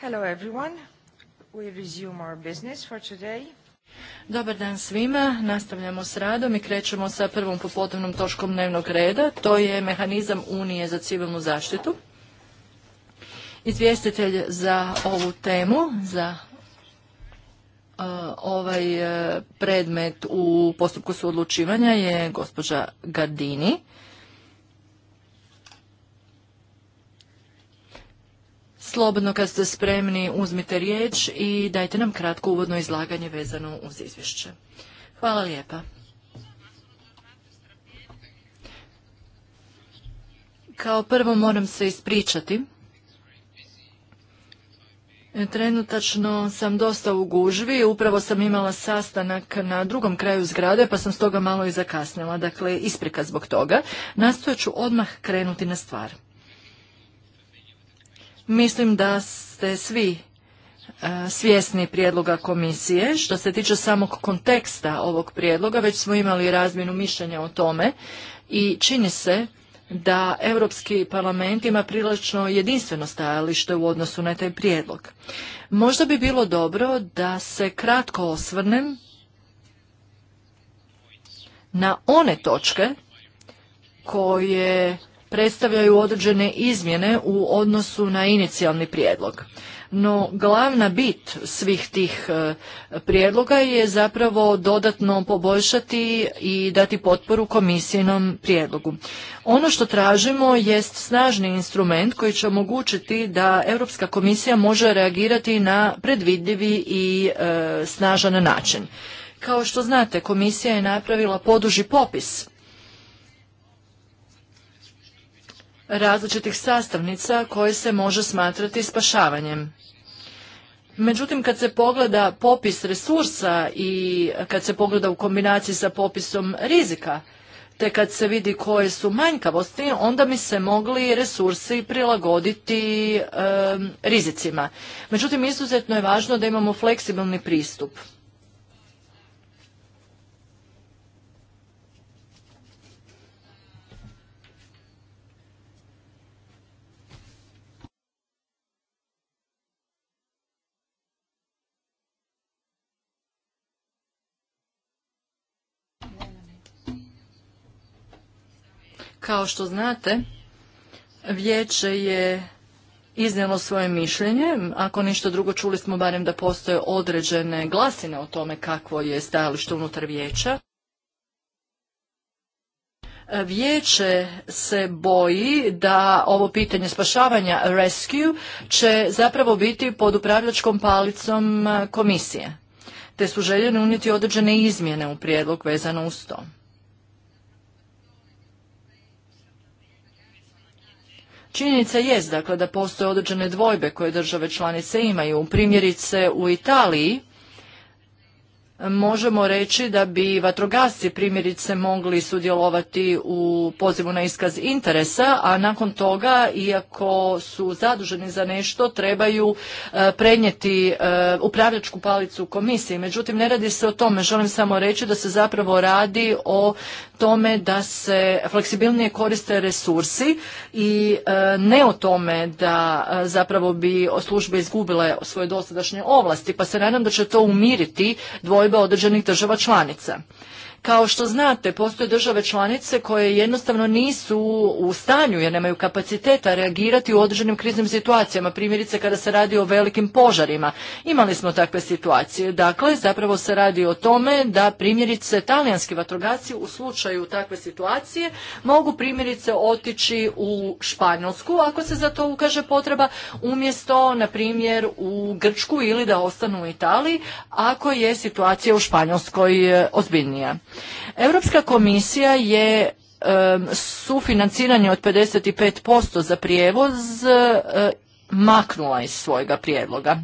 Hello everyone. We resume our business for today. Dobar dan svima, nastavljamo s radom i krećemo sa prvom popodnevnom točkom dnevnog reda, to je mehanizam Unije za civilnu zaštitu. Izvjestitelj za ovu temu, za e, ovaj e, predmet u postupku suodlučivanja je gospođa Gardini. Slobodno kad ste spremni uzmite riječ i dajte nam kratko uvodno izlaganje vezano uz izvješće. Hvala lijepa. Kao prvo moram se ispričati. Trenutačno sam dosta u gužvi, upravo sam imala sastanak na drugom kraju zgrade pa sam stoga malo i zakasnila, dakle isprika zbog toga. Nastojat ću odmah krenuti na stvar. Mislim da ste svi e, svjesni prijedloga komisije. Što se tiče samog konteksta ovog prijedloga, već smo imali razmjenu mišljenja o tome i čini se da Europski parlament ima prilično jedinstveno stajalište u odnosu na taj prijedlog. Možda bi bilo dobro da se kratko osvrnem na one točke koje predstavljaju određene izmjene u odnosu na inicijalni prijedlog. No glavna bit svih tih e, prijedloga je zapravo dodatno poboljšati i dati potporu komisijenom prijedlogu. Ono što tražimo jest snažni instrument koji će omogućiti da Europska komisija može reagirati na predvidljivi i e, snažan način. Kao što znate, komisija je napravila poduži popis različitih sastavnica koje se može smatrati spašavanjem. Međutim, kad se pogleda popis resursa i kad se pogleda u kombinaciji sa popisom rizika, te kad se vidi koje su manjkavosti, onda mi se mogli resursi prilagoditi rizicima. Međutim, izuzetno je važno da imamo fleksibilni pristup Kao što znate, vijeće je iznijelo svoje mišljenje. Ako ništa drugo, čuli smo barem da postoje određene glasine o tome kakvo je stajalište unutar vijeća. Vijeće se boji da ovo pitanje spašavanja Rescue će zapravo biti pod upravljačkom palicom komisije, te su željene uniti određene izmjene u prijedlog vezano uz to. Činjenica je, dakle da postoje određene dvojbe koje države članice imaju. Primjerice u Italiji možemo reći da bi vatrogasci primjerice mogli sudjelovati u pozivu na iskaz interesa, a nakon toga, iako su zaduženi za nešto, trebaju e, prenijeti e, upravljačku palicu komisiji. Međutim, ne radi se o tome, želim samo reći da se zapravo radi o tome da se fleksibilnije koriste resursi i e, ne o tome da zapravo bi službe izgubile svoje dosadašnje ovlasti, pa se nadam da će to umiriti dvoje određenih država članica. Kao što znate, postoje države članice koje jednostavno nisu u stanju jer nemaju kapaciteta reagirati u određenim kriznim situacijama, primjerice kada se radi o velikim požarima. Imali smo takve situacije. Dakle, zapravo se radi o tome da primjerice talijanski vatrogasci u slučaju takve situacije mogu primjerice otići u Španjolsku ako se za to ukaže potreba, umjesto na primjer u Grčku ili da ostanu u Italiji ako je situacija u Španjolskoj e, ozbiljnija. Europska komisija je sufinanciranje od 55% za prijevoz maknula iz svojega prijedloga.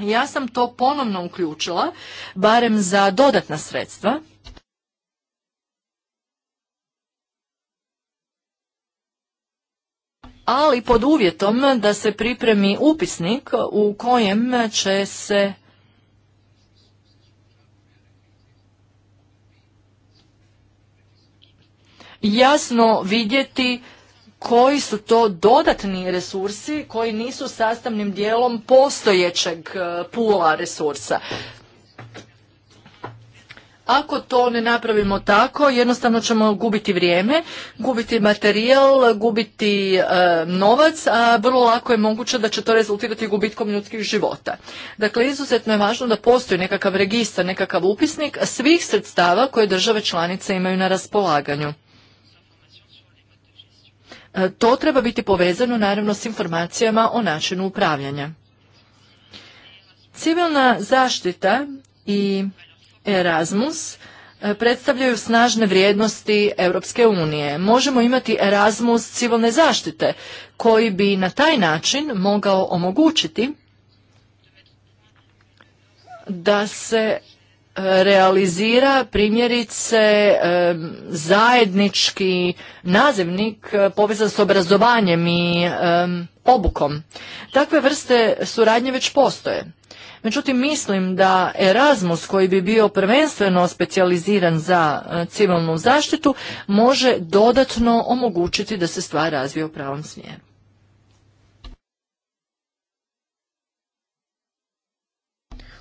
Ja sam to ponovno uključila, barem za dodatna sredstva, ali pod uvjetom da se pripremi upisnik u kojem će se jasno vidjeti koji su to dodatni resursi koji nisu sastavnim dijelom postojećeg e, pula resursa. Ako to ne napravimo tako, jednostavno ćemo gubiti vrijeme, gubiti materijal, gubiti e, novac, a vrlo lako je moguće da će to rezultirati gubitkom ljudskih života. Dakle, izuzetno je važno da postoji nekakav registar, nekakav upisnik svih sredstava koje države članice imaju na raspolaganju. E, to treba biti povezano naravno s informacijama o načinu upravljanja. Civilna zaštita i Erasmus e, predstavljaju snažne vrijednosti Europske unije. Možemo imati Erasmus civilne zaštite koji bi na taj način mogao omogućiti da se realizira primjerice zajednički nazivnik eh, povezan s obrazovanjem i obukom. Takve vrste suradnje već postoje. Međutim, mislim da Erasmus koji bi bio prvenstveno specijaliziran za eh, civilnu zaštitu može dodatno omogućiti da se stvar razvije u pravom smjeru.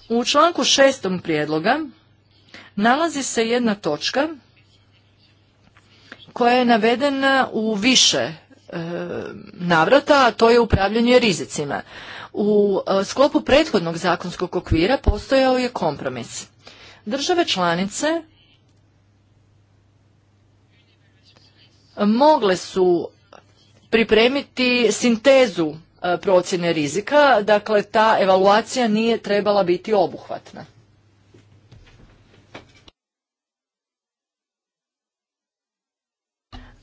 U članku šestom prijedloga nalazi se jedna točka koja je navedena u više e, navrata, a to je upravljanje rizicima. U e, sklopu prethodnog zakonskog okvira postojao je kompromis. Države članice mogle su pripremiti sintezu procjene rizika, dakle ta evaluacija nije trebala biti obuhvatna.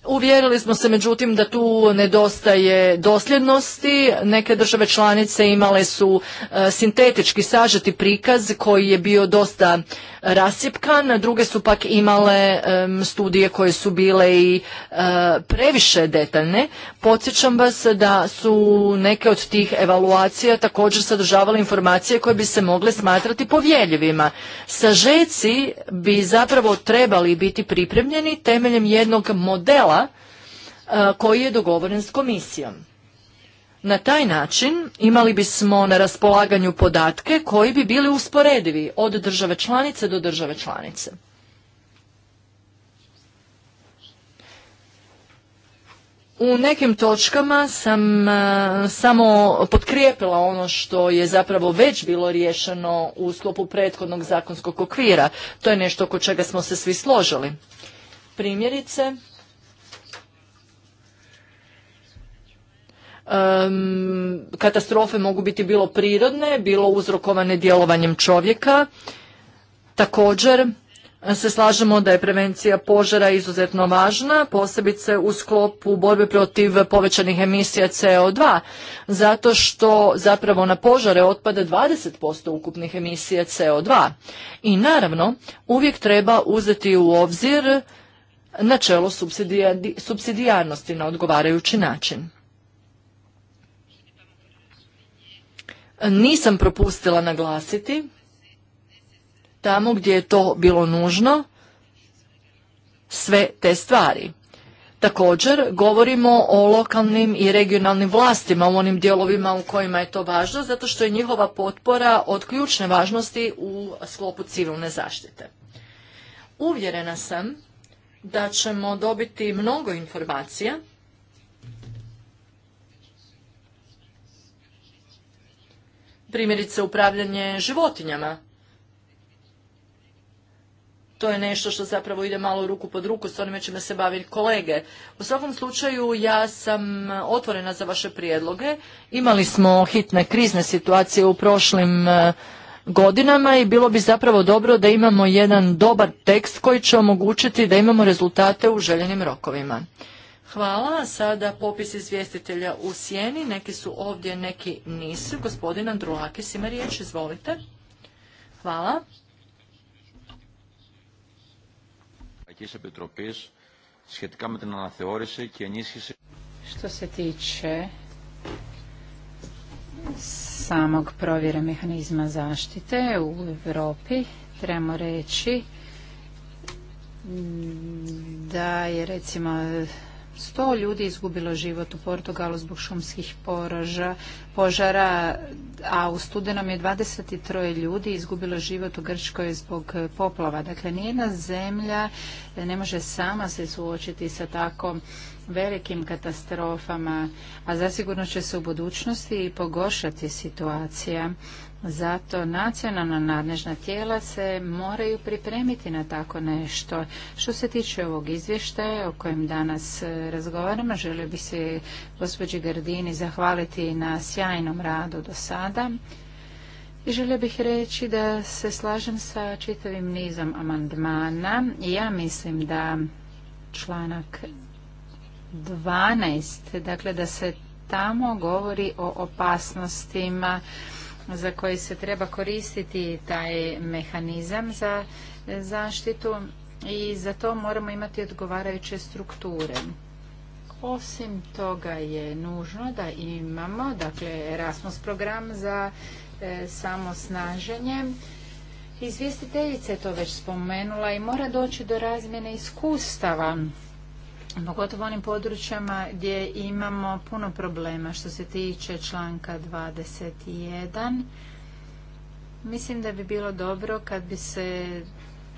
Uvjerili smo se međutim da tu nedostaje dosljednosti. Neke države članice imale su e, sintetički sažeti prikaz koji je bio dosta rasjepkan, druge su pak imale studije koje su bile i e, previše detaljne. Podsjećam vas da su neke od tih evaluacija također sadržavale informacije koje bi se mogle smatrati povjeljivima. Sažeci bi zapravo trebali biti pripremljeni temeljem jednog modela E, koji je dogovoren s komisijom. Na taj način imali bismo na raspolaganju podatke koji bi bili usporedivi od države članice do države članice. U nekim točkama sam e, samo potkrijepila ono što je zapravo već bilo riješeno u sklopu prethodnog zakonskog okvira. To je nešto oko čega smo se svi složili. Primjerice, katastrofe mogu biti bilo prirodne, bilo uzrokovane djelovanjem čovjeka. Također se slažemo da je prevencija požara izuzetno važna, posebice u sklopu borbe protiv povećanih emisija CO2, zato što zapravo na požare otpada 20% ukupnih emisija CO2. I naravno, uvijek treba uzeti u obzir načelo subsidijarnosti na odgovarajući način. nisam propustila naglasiti tamo gdje je to bilo nužno sve te stvari. Također govorimo o lokalnim i regionalnim vlastima u onim dijelovima u kojima je to važno zato što je njihova potpora od ključne važnosti u sklopu civilne zaštite. Uvjerena sam da ćemo dobiti mnogo informacija primjerice upravljanje životinjama. To je nešto što zapravo ide malo ruku pod ruku s onime čime se bavi kolege. U svakom slučaju ja sam otvorena za vaše prijedloge. Imali smo hitne krizne situacije u prošlim e, godinama i bilo bi zapravo dobro da imamo jedan dobar tekst koji će omogućiti da imamo rezultate u željenim rokovima. Hvala. Sada popis izvjestitelja u sjeni. Neki su ovdje, neki nisu. Gospodin Andrulakis ima riječ. Izvolite. Hvala. Što se tiče samog provjera mehanizma zaštite u Europi, trebamo reći da je recimo Sto ljudi izgubilo život u Portugalu zbog šumskih poroža, požara, a u studenom je 23 ljudi izgubilo život u Grčkoj zbog poplava. Dakle, nijedna zemlja ne može sama se suočiti sa tako velikim katastrofama, a zasigurno će se u budućnosti i pogošati situacija zato nacionalna nadležna tijela se moraju pripremiti na tako nešto. Što se tiče ovog izvještaja o kojem danas e, razgovaramo, želio bi se gospođi Gardini zahvaliti na sjajnom radu do sada. I želio bih reći da se slažem sa čitavim nizom amandmana i ja mislim da članak 12, dakle da se tamo govori o opasnostima za koji se treba koristiti taj mehanizam za e, zaštitu i za to moramo imati odgovarajuće strukture. Osim toga je nužno da imamo dakle Erasmus program za e, samosnaženje. Izvjestiteljica je to već spomenula i mora doći do razmjene iskustava pogotovo onim područjama gdje imamo puno problema što se tiče članka 21. Mislim da bi bilo dobro kad bi se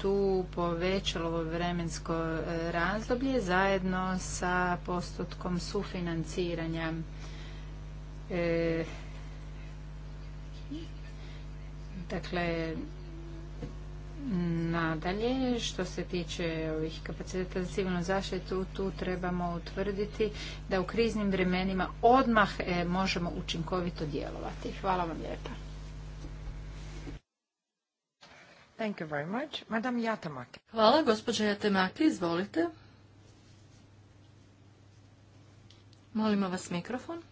tu povećalo vremensko e, razdoblje zajedno sa postotkom sufinanciranja. E, dakle, Nadalje, što se tiče ovih kapaciteta za civilnu zaštitu, tu trebamo utvrditi da u kriznim vremenima odmah e, možemo učinkovito djelovati. Hvala vam lijepa. Thank you very Jatamaki. Hvala, gospođa Jatamaki, izvolite. Molimo vas mikrofon.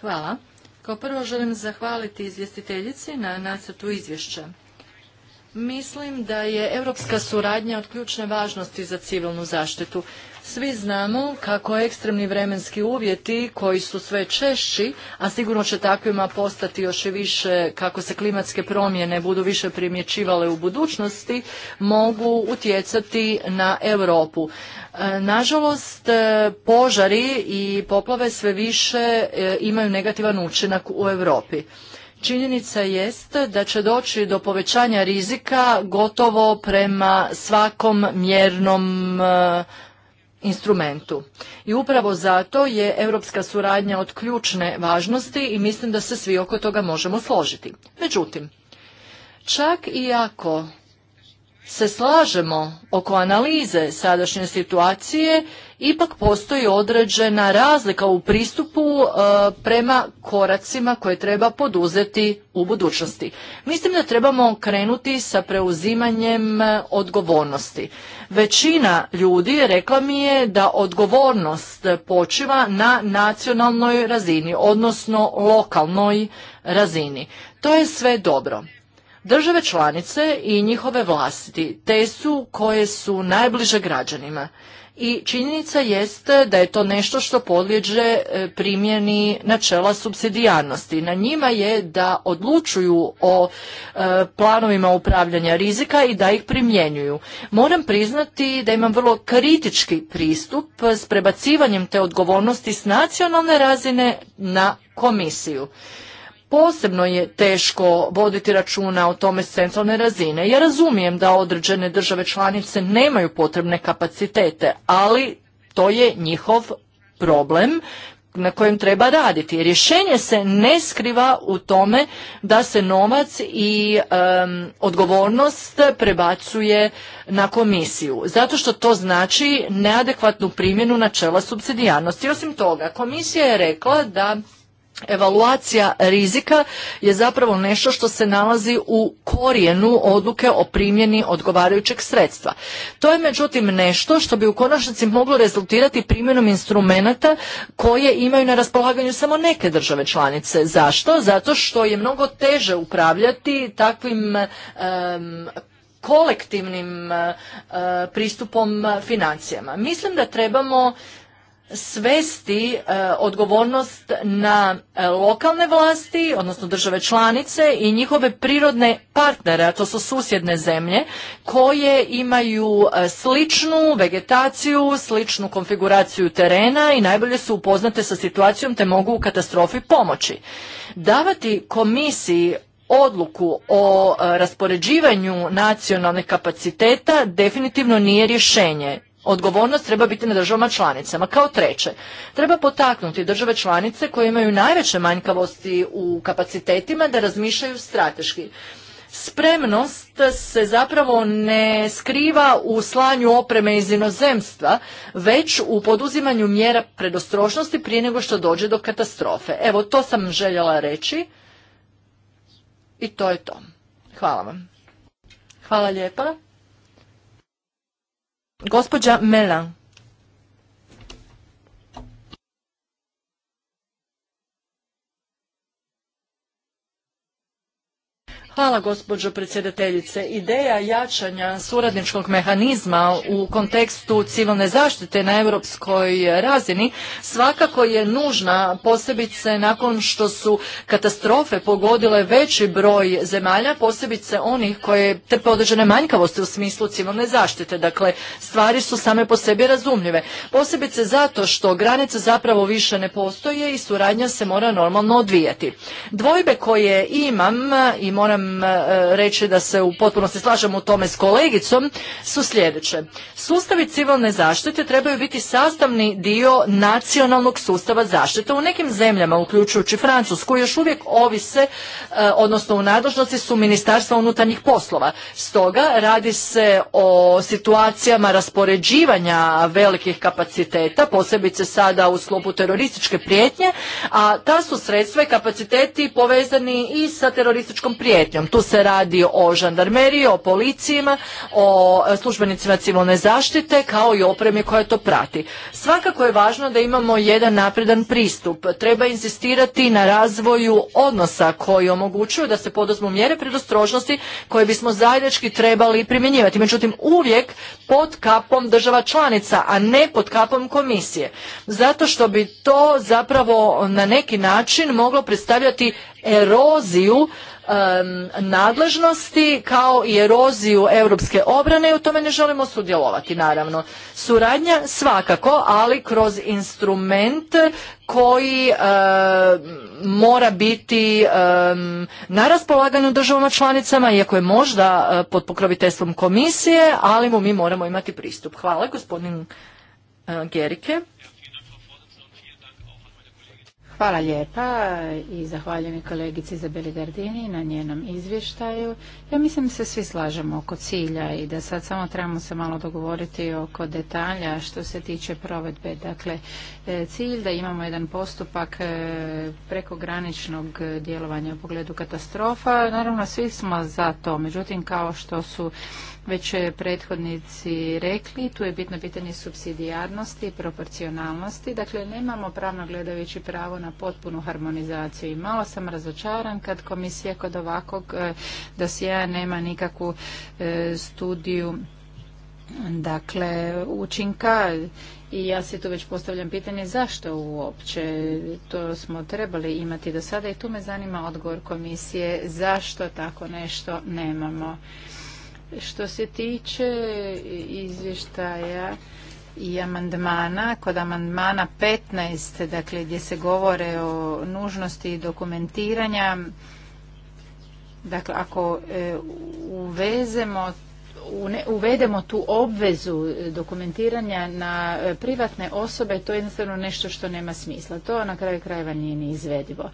Hvala. Kao prvo želim zahvaliti izvjestiteljici na nacrtu izvješća. Mislim da je europska suradnja od ključne važnosti za civilnu zaštitu. Svi znamo kako ekstremni vremenski uvjeti koji su sve češći, a sigurno će takvima postati još i više kako se klimatske promjene budu više primjećivale u budućnosti, mogu utjecati na Europu. E, nažalost, e, požari i poplave sve više e, imaju negativan učinak u Europi. Činjenica jest da će doći do povećanja rizika gotovo prema svakom mjernom instrumentu. I upravo zato je europska suradnja od ključne važnosti i mislim da se svi oko toga možemo složiti. Međutim, čak i ako se slažemo oko analize sadašnje situacije ipak postoji određena razlika u pristupu e, prema koracima koje treba poduzeti u budućnosti. Mislim da trebamo krenuti sa preuzimanjem e, odgovornosti. Većina ljudi rekla mi je da odgovornost počiva na nacionalnoj razini, odnosno lokalnoj razini. To je sve dobro. Države članice i njihove vlasti te su koje su najbliže građanima i činjenica jest da je to nešto što podlijeđe e, primjeni načela subsidijarnosti. Na njima je da odlučuju o e, planovima upravljanja rizika i da ih primjenjuju. Moram priznati da imam vrlo kritički pristup s prebacivanjem te odgovornosti s nacionalne razine na komisiju posebno je teško voditi računa o tome s centralne razine. Ja razumijem da određene države članice nemaju potrebne kapacitete, ali to je njihov problem na kojem treba raditi. Rješenje se ne skriva u tome da se novac i odgovornost prebacuje na komisiju. Zato što to znači neadekvatnu primjenu načela subsidijarnosti. Osim toga, komisija je rekla da Evaluacija rizika je zapravo nešto što se nalazi u korijenu odluke o primjeni odgovarajućeg sredstva. To je međutim nešto što bi u konačnici moglo rezultirati primjenom instrumenata koje imaju na raspolaganju samo neke države članice. Zašto? Zato što je mnogo teže upravljati takvim kolektivnim eh, pristupom financijama. Mislim da trebamo svesti e, odgovornost na e, lokalne vlasti, odnosno države članice i njihove prirodne partnere, a to su susjedne zemlje, koje imaju e, sličnu vegetaciju, sličnu konfiguraciju terena i najbolje su upoznate sa situacijom te mogu u katastrofi pomoći. Davati komisiji odluku o raspoređivanju nacionalnih kapaciteta definitivno nije rješenje odgovornost treba biti na državama članicama. Kao treće, treba potaknuti države članice koje imaju najveće manjkavosti u kapacitetima da razmišljaju strateški. Spremnost se zapravo ne skriva u slanju opreme iz inozemstva, već u poduzimanju mjera predostrošnosti prije nego što dođe do katastrofe. Evo, to sam željela reći i to je to. Hvala vam. Hvala lijepa. Gospođa Melan. Hvala gospođo predsjedateljice. Ideja jačanja suradničkog mehanizma u kontekstu civilne zaštite na europskoj razini svakako je nužna posebice nakon što su katastrofe pogodile veći broj zemalja, posebice onih koje trpe određene manjkavosti u smislu civilne zaštite. Dakle, stvari su same po sebi razumljive. Posebice zato što granica zapravo više ne postoje i suradnja se mora normalno odvijati. Dvojbe koje imam i moram E, reći da se u potpunosti slažem u tome s kolegicom, su sljedeće. Sustavi civilne zaštite trebaju biti sastavni dio nacionalnog sustava zaštite. U nekim zemljama, uključujući Francusku, još uvijek ovise, e, odnosno u nadležnosti su ministarstva unutarnjih poslova. Stoga radi se o situacijama raspoređivanja velikih kapaciteta, posebice sada u sklopu terorističke prijetnje, a ta su sredstva i kapaciteti povezani i sa terorističkom prijetnjom prijetnjom. Tu se radi o žandarmeriji, o policijima, o službenicima civilne zaštite kao i opremi koja to prati. Svakako je važno da imamo jedan napredan pristup. Treba insistirati na razvoju odnosa koji omogućuju da se poduzmu mjere predostrožnosti koje bismo zajednički trebali primjenjivati. Međutim, uvijek pod kapom država članica, a ne pod kapom komisije. Zato što bi to zapravo na neki način moglo predstavljati eroziju nadležnosti kao i eroziju europske obrane i u tome ne želimo sudjelovati naravno. Suradnja svakako, ali kroz instrument koji mora biti na raspolaganju državama članicama, iako je možda e, pod pokroviteljstvom komisije, ali mu mi moramo imati pristup. Hvala gospodin e, Gerike. Hvala lijepa i zahvaljujem kolegici Izabeli Gardini na njenom izvještaju. Ja mislim da se svi slažemo oko cilja i da sad samo trebamo se malo dogovoriti oko detalja što se tiče provedbe. Dakle, e, cilj da imamo jedan postupak e, prekograničnog djelovanja u pogledu katastrofa, naravno svi smo za to. Međutim, kao što su već prethodnici rekli, tu je bitno pitanje subsidijarnosti i proporcionalnosti. Dakle, nemamo pravno gledajući pravo na potpunu harmonizaciju i malo sam razočaran kad komisija kod ovakvog e, dosjeja nema nikakvu e, studiju dakle učinka i ja se tu već postavljam pitanje zašto uopće to smo trebali imati do sada i tu me zanima odgovor komisije zašto tako nešto nemamo. Što se tiče izvještaja i amandmana, kod amandmana 15, dakle gdje se govore o nužnosti dokumentiranja, dakle ako e, uvezemo uvedemo tu obvezu dokumentiranja na e, privatne osobe, to je jednostavno nešto što nema smisla. To na kraju krajeva nije ni izvedivo.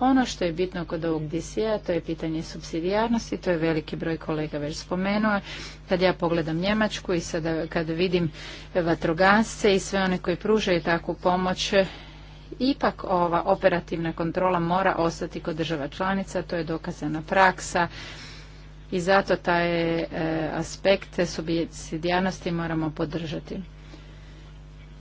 Ono što je bitno kod ovog disija, to je pitanje subsidijarnosti, to je veliki broj kolega već spomenuo. Kad ja pogledam Njemačku i sada kad vidim vatrogasce i sve one koji pružaju takvu pomoć, ipak ova operativna kontrola mora ostati kod država članica, to je dokazana praksa i zato taj e, aspekt subsidijarnosti moramo podržati.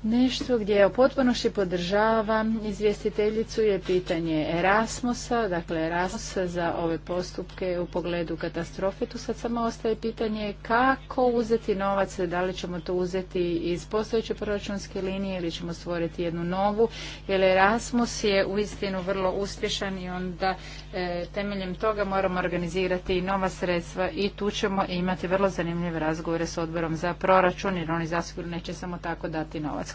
Nešto gdje u potpunosti podržavam izvjestiteljicu je pitanje Erasmusa, dakle Erasmus za ove postupke u pogledu katastrofe. Tu sad samo ostaje pitanje kako uzeti novac, da li ćemo to uzeti iz postojeće proračunske linije ili ćemo stvoriti jednu novu, jer Erasmus je uistinu vrlo uspješan i onda e, temeljem toga moramo organizirati i nova sredstva i tu ćemo imati vrlo zanimljive razgovore s odborom za proračun jer oni zasigurno neće samo tako dati novac.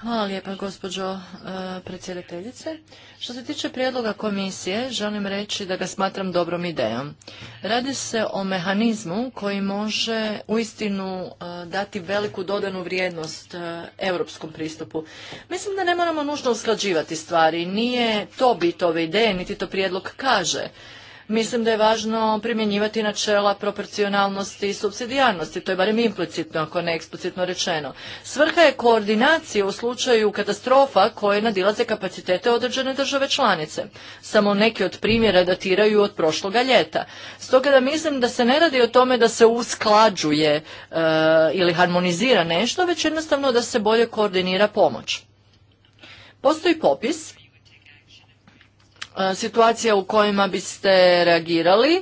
Hvala lijepa, gospođo e, predsjedateljice. Što se tiče prijedloga komisije, želim reći da ga smatram dobrom idejom. Radi se o mehanizmu koji može uistinu e, dati veliku dodanu vrijednost e, europskom pristupu. Mislim da ne moramo nužno usklađivati stvari. Nije to bit ove ideje, niti to prijedlog kaže. Mislim da je važno primjenjivati načela proporcionalnosti i subsidijarnosti, to je barem implicitno, ako ne eksplicitno rečeno. Svrha je koordinacije u slučaju katastrofa koje nadilaze kapacitete određene države članice. Samo neki od primjera datiraju od prošloga ljeta. Stoga da mislim da se ne radi o tome da se usklađuje e, ili harmonizira nešto, već jednostavno da se bolje koordinira pomoć. Postoji popis E, situacija u kojima biste reagirali.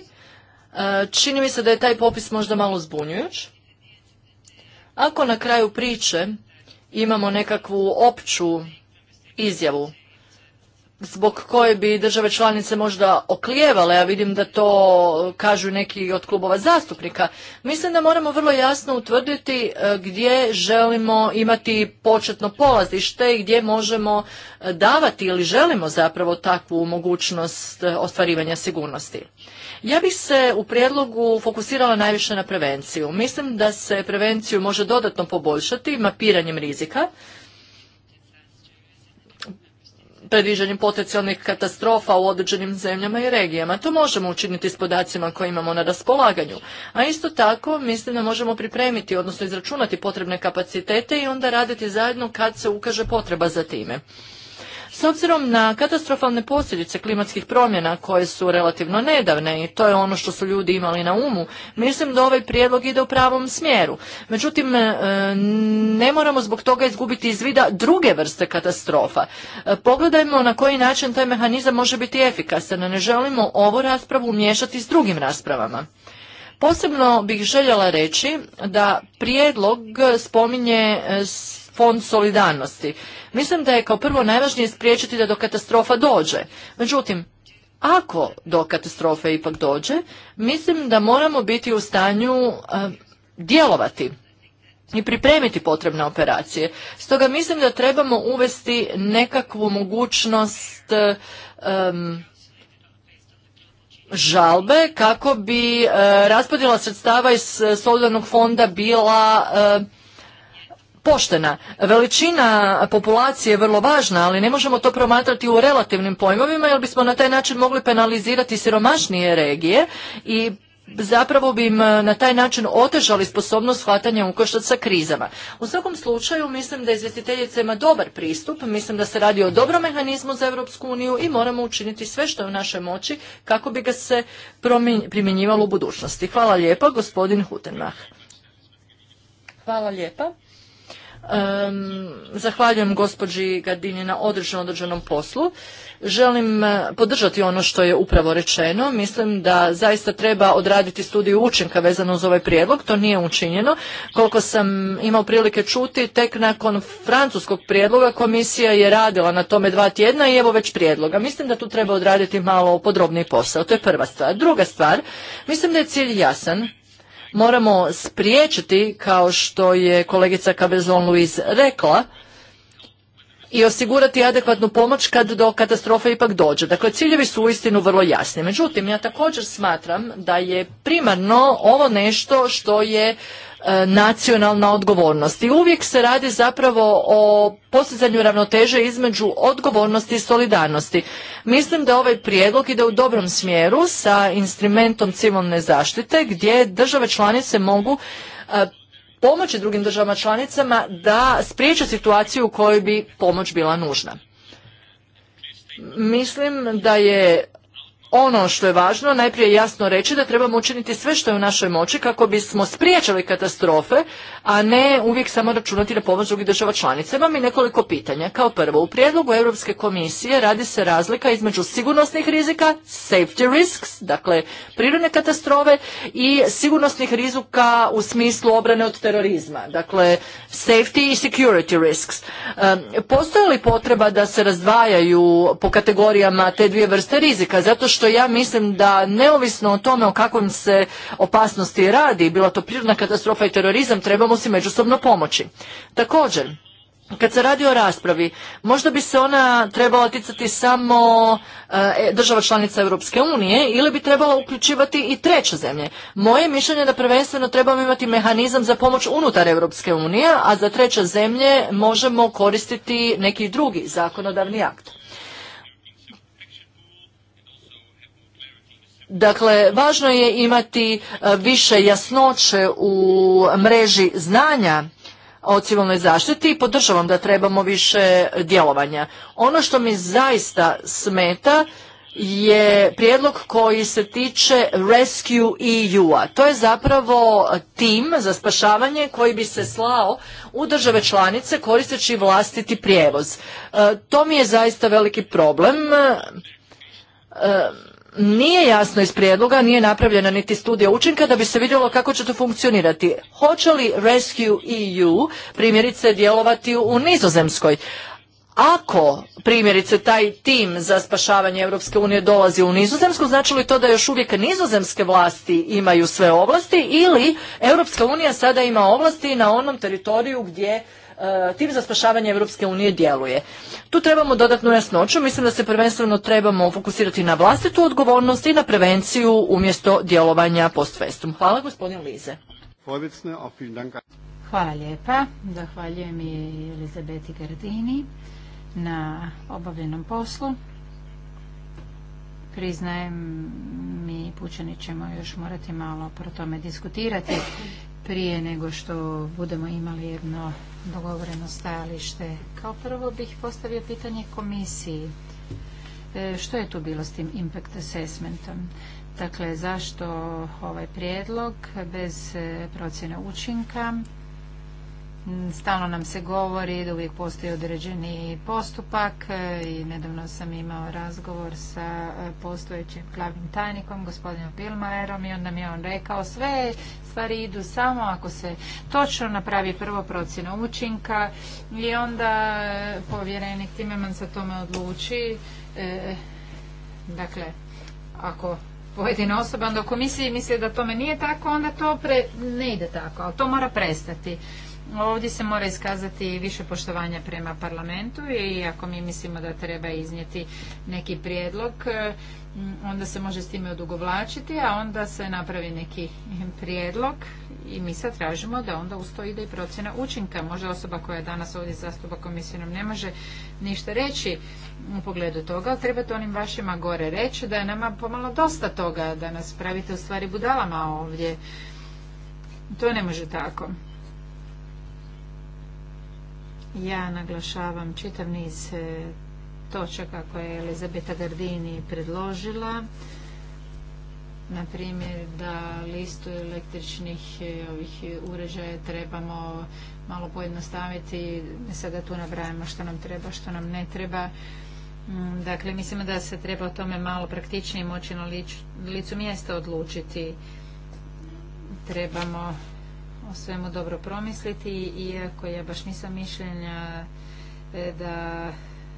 E, čini mi se da je taj popis možda malo zbunjujuć. Ako na kraju priče imamo nekakvu opću izjavu zbog koje bi države članice možda oklijevale, a vidim da to kažu neki od klubova zastupnika. Mislim da moramo vrlo jasno utvrditi e, gdje želimo imati početno polazište i gdje možemo e, davati ili želimo zapravo takvu mogućnost e, ostvarivanja sigurnosti. Ja bih se u prijedlogu fokusirala najviše na prevenciju. Mislim da se prevenciju može dodatno poboljšati mapiranjem rizika, predviđanjem potencijalnih katastrofa u određenim zemljama i regijama. To možemo učiniti s podacima koje imamo na raspolaganju. A isto tako mislim da možemo pripremiti, odnosno izračunati potrebne kapacitete i onda raditi zajedno kad se ukaže potreba za time. S obzirom na katastrofalne posljedice klimatskih promjena koje su relativno nedavne i to je ono što su ljudi imali na umu, mislim da ovaj prijedlog ide u pravom smjeru. Međutim, e, ne moramo zbog toga izgubiti iz vida druge vrste katastrofa. E, pogledajmo na koji način taj mehanizam može biti efikasan, ne želimo ovu raspravu umješati s drugim raspravama. Posebno bih željela reći da prijedlog spominje fond solidarnosti. Mislim da je kao prvo najvažnije spriječiti da do katastrofa dođe. Međutim, ako do katastrofe ipak dođe, mislim da moramo biti u stanju eh, djelovati i pripremiti potrebne operacije. Stoga mislim da trebamo uvesti nekakvu mogućnost eh, žalbe kako bi e, raspodjela sredstava iz solidarnog fonda bila poštena. Veličina populacije je vrlo važna, ali ne možemo to promatrati u relativnim pojmovima jer bismo na taj način mogli penalizirati siromašnije regije i zapravo bi im eh, na taj način otežali sposobnost hvatanja ukoštac sa krizama. U svakom slučaju mislim da izvjestiteljica ima dobar pristup, mislim da se radi o dobrom mehanizmu za Europsku uniju i moramo učiniti sve što je u našoj moći kako bi ga se primjenjivalo u budućnosti. Hvala lijepa, gospodin Hutenmach. Hvala lijepa. Um, zahvaljujem gospođi Gardini na određenom određenom poslu. Želim eh, podržati ono što je upravo rečeno. Mislim da zaista treba odraditi studiju učinka vezano uz ovaj prijedlog. To nije učinjeno. Koliko sam imao prilike čuti, tek nakon francuskog prijedloga komisija je radila na tome dva tjedna i evo već prijedloga. Mislim da tu treba odraditi malo podrobniji posao. To je prva stvar. Druga stvar, mislim da je cilj jasan moramo spriječiti, kao što je kolegica Cabezon Luis rekla, i osigurati adekvatnu pomoć kad do katastrofe ipak dođe. Dakle, ciljevi su uistinu vrlo jasni. Međutim, ja također smatram da je primarno ovo nešto što je E, nacionalna odgovornost. I uvijek se radi zapravo o postizanju ravnoteže između odgovornosti i solidarnosti. Mislim da ovaj prijedlog ide u dobrom smjeru sa instrumentom civilne zaštite gdje države članice mogu e, pomoći drugim državama članicama da spriječe situaciju u kojoj bi pomoć bila nužna. Mislim da je ono što je važno, najprije jasno reći da trebamo učiniti sve što je u našoj moći kako bismo spriječali katastrofe, a ne uvijek samo računati na pomoć drugih država članica. Imam i nekoliko pitanja. Kao prvo, u prijedlogu Europske komisije radi se razlika između sigurnosnih rizika, safety risks, dakle prirodne katastrofe i sigurnosnih rizika u smislu obrane od terorizma, dakle safety i security risks. Postoje li potreba da se razdvajaju po kategorijama te dvije vrste rizika, zato što ja mislim da neovisno o tome o kakvim se opasnosti radi, bila to prirodna katastrofa i terorizam, trebamo si međusobno pomoći. Također, kad se radi o raspravi, možda bi se ona trebala ticati samo e, država članica Europske unije ili bi trebala uključivati i treće zemlje. Moje mišljenje je da prvenstveno trebamo imati mehanizam za pomoć unutar Europske unije, a za treće zemlje možemo koristiti neki drugi zakonodavni akt. Dakle, važno je imati e, više jasnoće u mreži znanja o civilnoj zaštiti i podržavam da trebamo više djelovanja. Ono što mi zaista smeta je prijedlog koji se tiče Rescue EU-a. To je zapravo tim za spašavanje koji bi se slao u države članice koristeći vlastiti prijevoz. E, to mi je zaista veliki problem. E, nije jasno iz prijedloga, nije napravljena niti studija učinka da bi se vidjelo kako će to funkcionirati. Hoće li Rescue EU primjerice djelovati u Nizozemskoj? Ako primjerice taj tim za spašavanje Europske unije dolazi u Nizozemsku, znači li to da još uvijek nizozemske vlasti imaju sve ovlasti ili Europska unija sada ima ovlasti na onom teritoriju gdje E, tim za spašavanje Europske unije djeluje. Tu trebamo dodatnu jasnoću, mislim da se prvenstveno trebamo fokusirati na vlastitu odgovornost i na prevenciju umjesto djelovanja post festum. Hvala gospodin Lize. Hvala lijepa. Zahvaljujem i Elizabeti Gardini na obavljenom poslu. Priznajem, mi pučani ćemo još morati malo pro tome diskutirati prije nego što budemo imali jedno dogovoreno stajalište. Kao prvo bih postavio pitanje komisiji. E, što je tu bilo s tim impact assessmentom? Dakle, zašto ovaj prijedlog bez e, procjene učinka? Mm, stalno nam se govori da uvijek postoji određeni postupak e, i nedavno sam imao razgovor sa e, postojećim glavnim tajnikom, gospodinom Pilmajerom i onda mi je on rekao sve stvari idu samo ako se točno napravi prvo procjena učinka i onda e, povjerenik Timeman se tome odluči. dakle, ako pojedina osoba onda u komisiji misli da tome nije tako, onda to ne ide tako, ali to mora prestati. Ovdje se mora iskazati više poštovanja prema parlamentu i ako mi mislimo da treba iznijeti neki prijedlog, e, onda se može s time odugovlačiti, a onda se napravi neki prijedlog i mi sad tražimo da onda uz to ide i procjena učinka. Možda osoba koja je danas ovdje zastupa nam ne može ništa reći u pogledu toga, ali trebate onim vašima gore reći da je nama pomalo dosta toga, da nas pravite u stvari budalama ovdje. To ne može tako. Ja naglašavam čitav niz e, točaka koje je Elizabeta Gardini predložila. Na primjer da listu električnih e, ovih uređaja trebamo malo pojednostaviti, sada tu nabrajamo što nam treba, što nam ne treba. Mm, dakle, mislimo da se treba o tome malo praktičnije moći na licu mjesta odlučiti. Trebamo o svemu dobro promisliti, iako ja baš nisam mišljenja e, da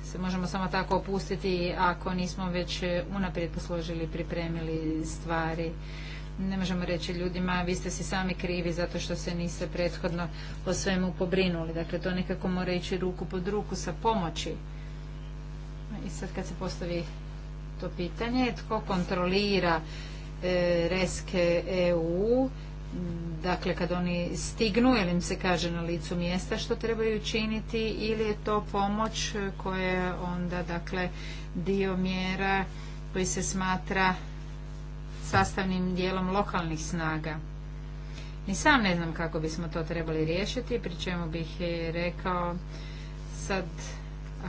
se možemo samo tako opustiti ako nismo već e, unaprijed posložili, pripremili stvari. Ne možemo reći ljudima, vi ste si sami krivi zato što se niste prethodno o svemu pobrinuli. Dakle, to nekako mora ići ruku pod ruku sa pomoći. I sad kad se postavi to pitanje, tko kontrolira e, reske EU, dakle kad oni stignu ili im se kaže na licu mjesta što trebaju učiniti ili je to pomoć koja je onda dakle dio mjera koji se smatra sastavnim dijelom lokalnih snaga. Ni sam ne znam kako bismo to trebali riješiti, pri čemu bih rekao sad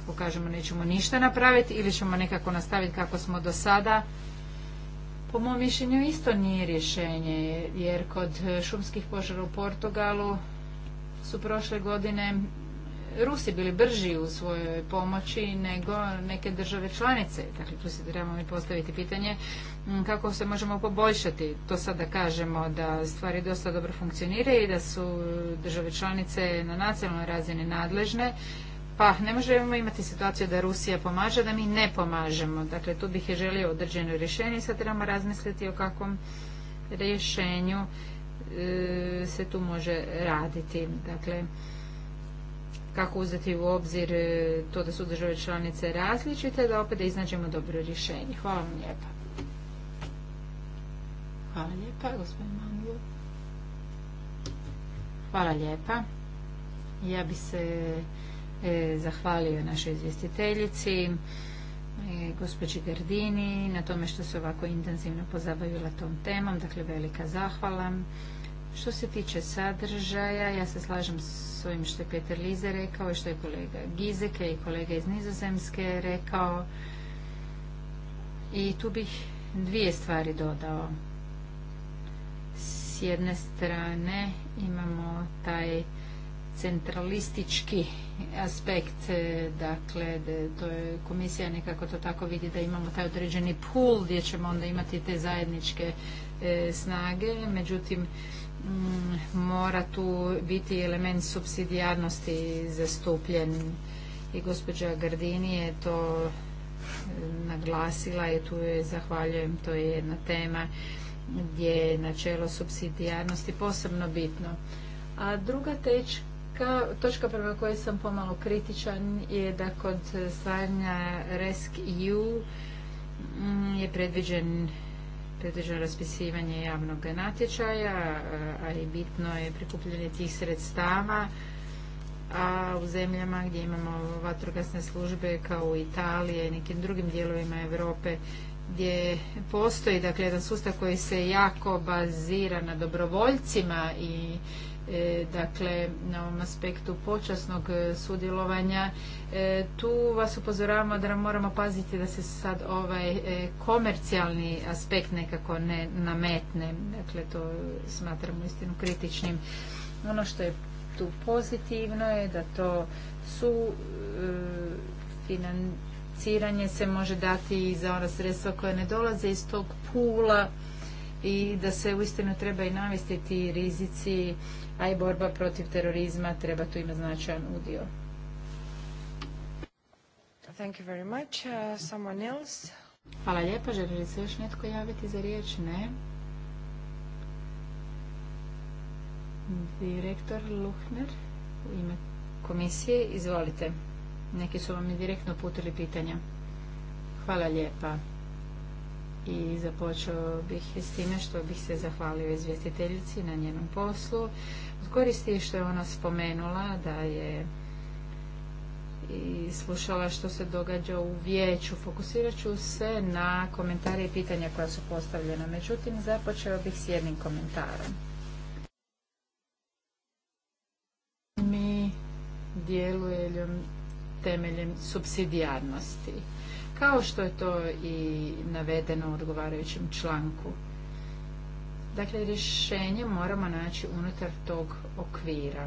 ako kažemo nećemo ništa napraviti ili ćemo nekako nastaviti kako smo do sada, po mom mišljenju isto nije rješenje, jer kod šumskih požara u Portugalu su prošle godine Rusi bili brži u svojoj pomoći nego neke države članice. Dakle, tu se trebamo mi postaviti pitanje kako se možemo poboljšati. To sada kažemo da stvari dosta dobro funkcioniraju i da su države članice na nacionalnoj razini nadležne pa ne možemo imati situaciju da Rusija pomaže, da mi ne pomažemo. Dakle, tu bih je želio određeno rješenje. Sad trebamo razmisliti o kakvom rješenju e, se tu može raditi. Dakle, kako uzeti u obzir e, to da su države članice različite, da opet iznađemo dobro rješenje. Hvala vam lijepa. Hvala lijepa, gospodin Manglu. Hvala lijepa. Ja bi se E, zahvalio našoj izvjestiteljici, e, gospođi Gardini, na tome što se ovako intenzivno pozabavila tom temom, dakle velika zahvala. Što se tiče sadržaja, ja se slažem s ovim što je Peter Lize rekao i što je kolega Gizeke i kolega iz Nizozemske rekao. I tu bih dvije stvari dodao. S jedne strane imamo taj centralistički aspekt, e, dakle to je komisija nekako to tako vidi da imamo taj određeni pool gdje ćemo onda imati te zajedničke e, snage, međutim mm, mora tu biti element subsidijarnosti zastupljen i gospođa Gardini je to e, naglasila i tu je zahvaljujem, to je jedna tema gdje je načelo subsidijarnosti posebno bitno. A druga teč, točka, točka prema kojoj sam pomalo kritičan je da kod stvaranja RESC-EU mm, je predviđen predviđeno raspisivanje javnog natječaja, a i bitno je prikupljanje tih sredstava, a u zemljama gdje imamo vatrogasne službe kao u Italije i nekim drugim dijelovima Europe gdje postoji dakle jedan sustav koji se jako bazira na dobrovoljcima i E, dakle, na ovom aspektu počasnog e, sudjelovanja. E, tu vas upozoravamo da moramo paziti da se sad ovaj komercijalni aspekt nekako ne nametne. Dakle, to smatramo istinu kritičnim. Ono što je tu pozitivno je da to su financiranje se može dati i za ona sredstva koja ne dolaze iz tog pula i da se uistinu treba i navesti ti rizici, a i borba protiv terorizma treba tu ima značajan udio. Thank you much. Uh, someone Hvala lijepa. Želi li se još netko javiti za riječ? Ne. Direktor Luhner u ime komisije, izvolite. Neki su vam i direktno putili pitanja. Hvala lijepa i započeo bih s time što bih se zahvalio izvjestiteljici na njenom poslu. Koristi što je ona spomenula da je i slušala što se događa u vijeću. Fokusirat ću se na komentare i pitanja koja su postavljena. Međutim, započeo bih s jednim komentarom. Mi djelujemo temeljem subsidijarnosti kao što je to i navedeno u odgovarajućem članku. Dakle, rješenje moramo naći unutar tog okvira.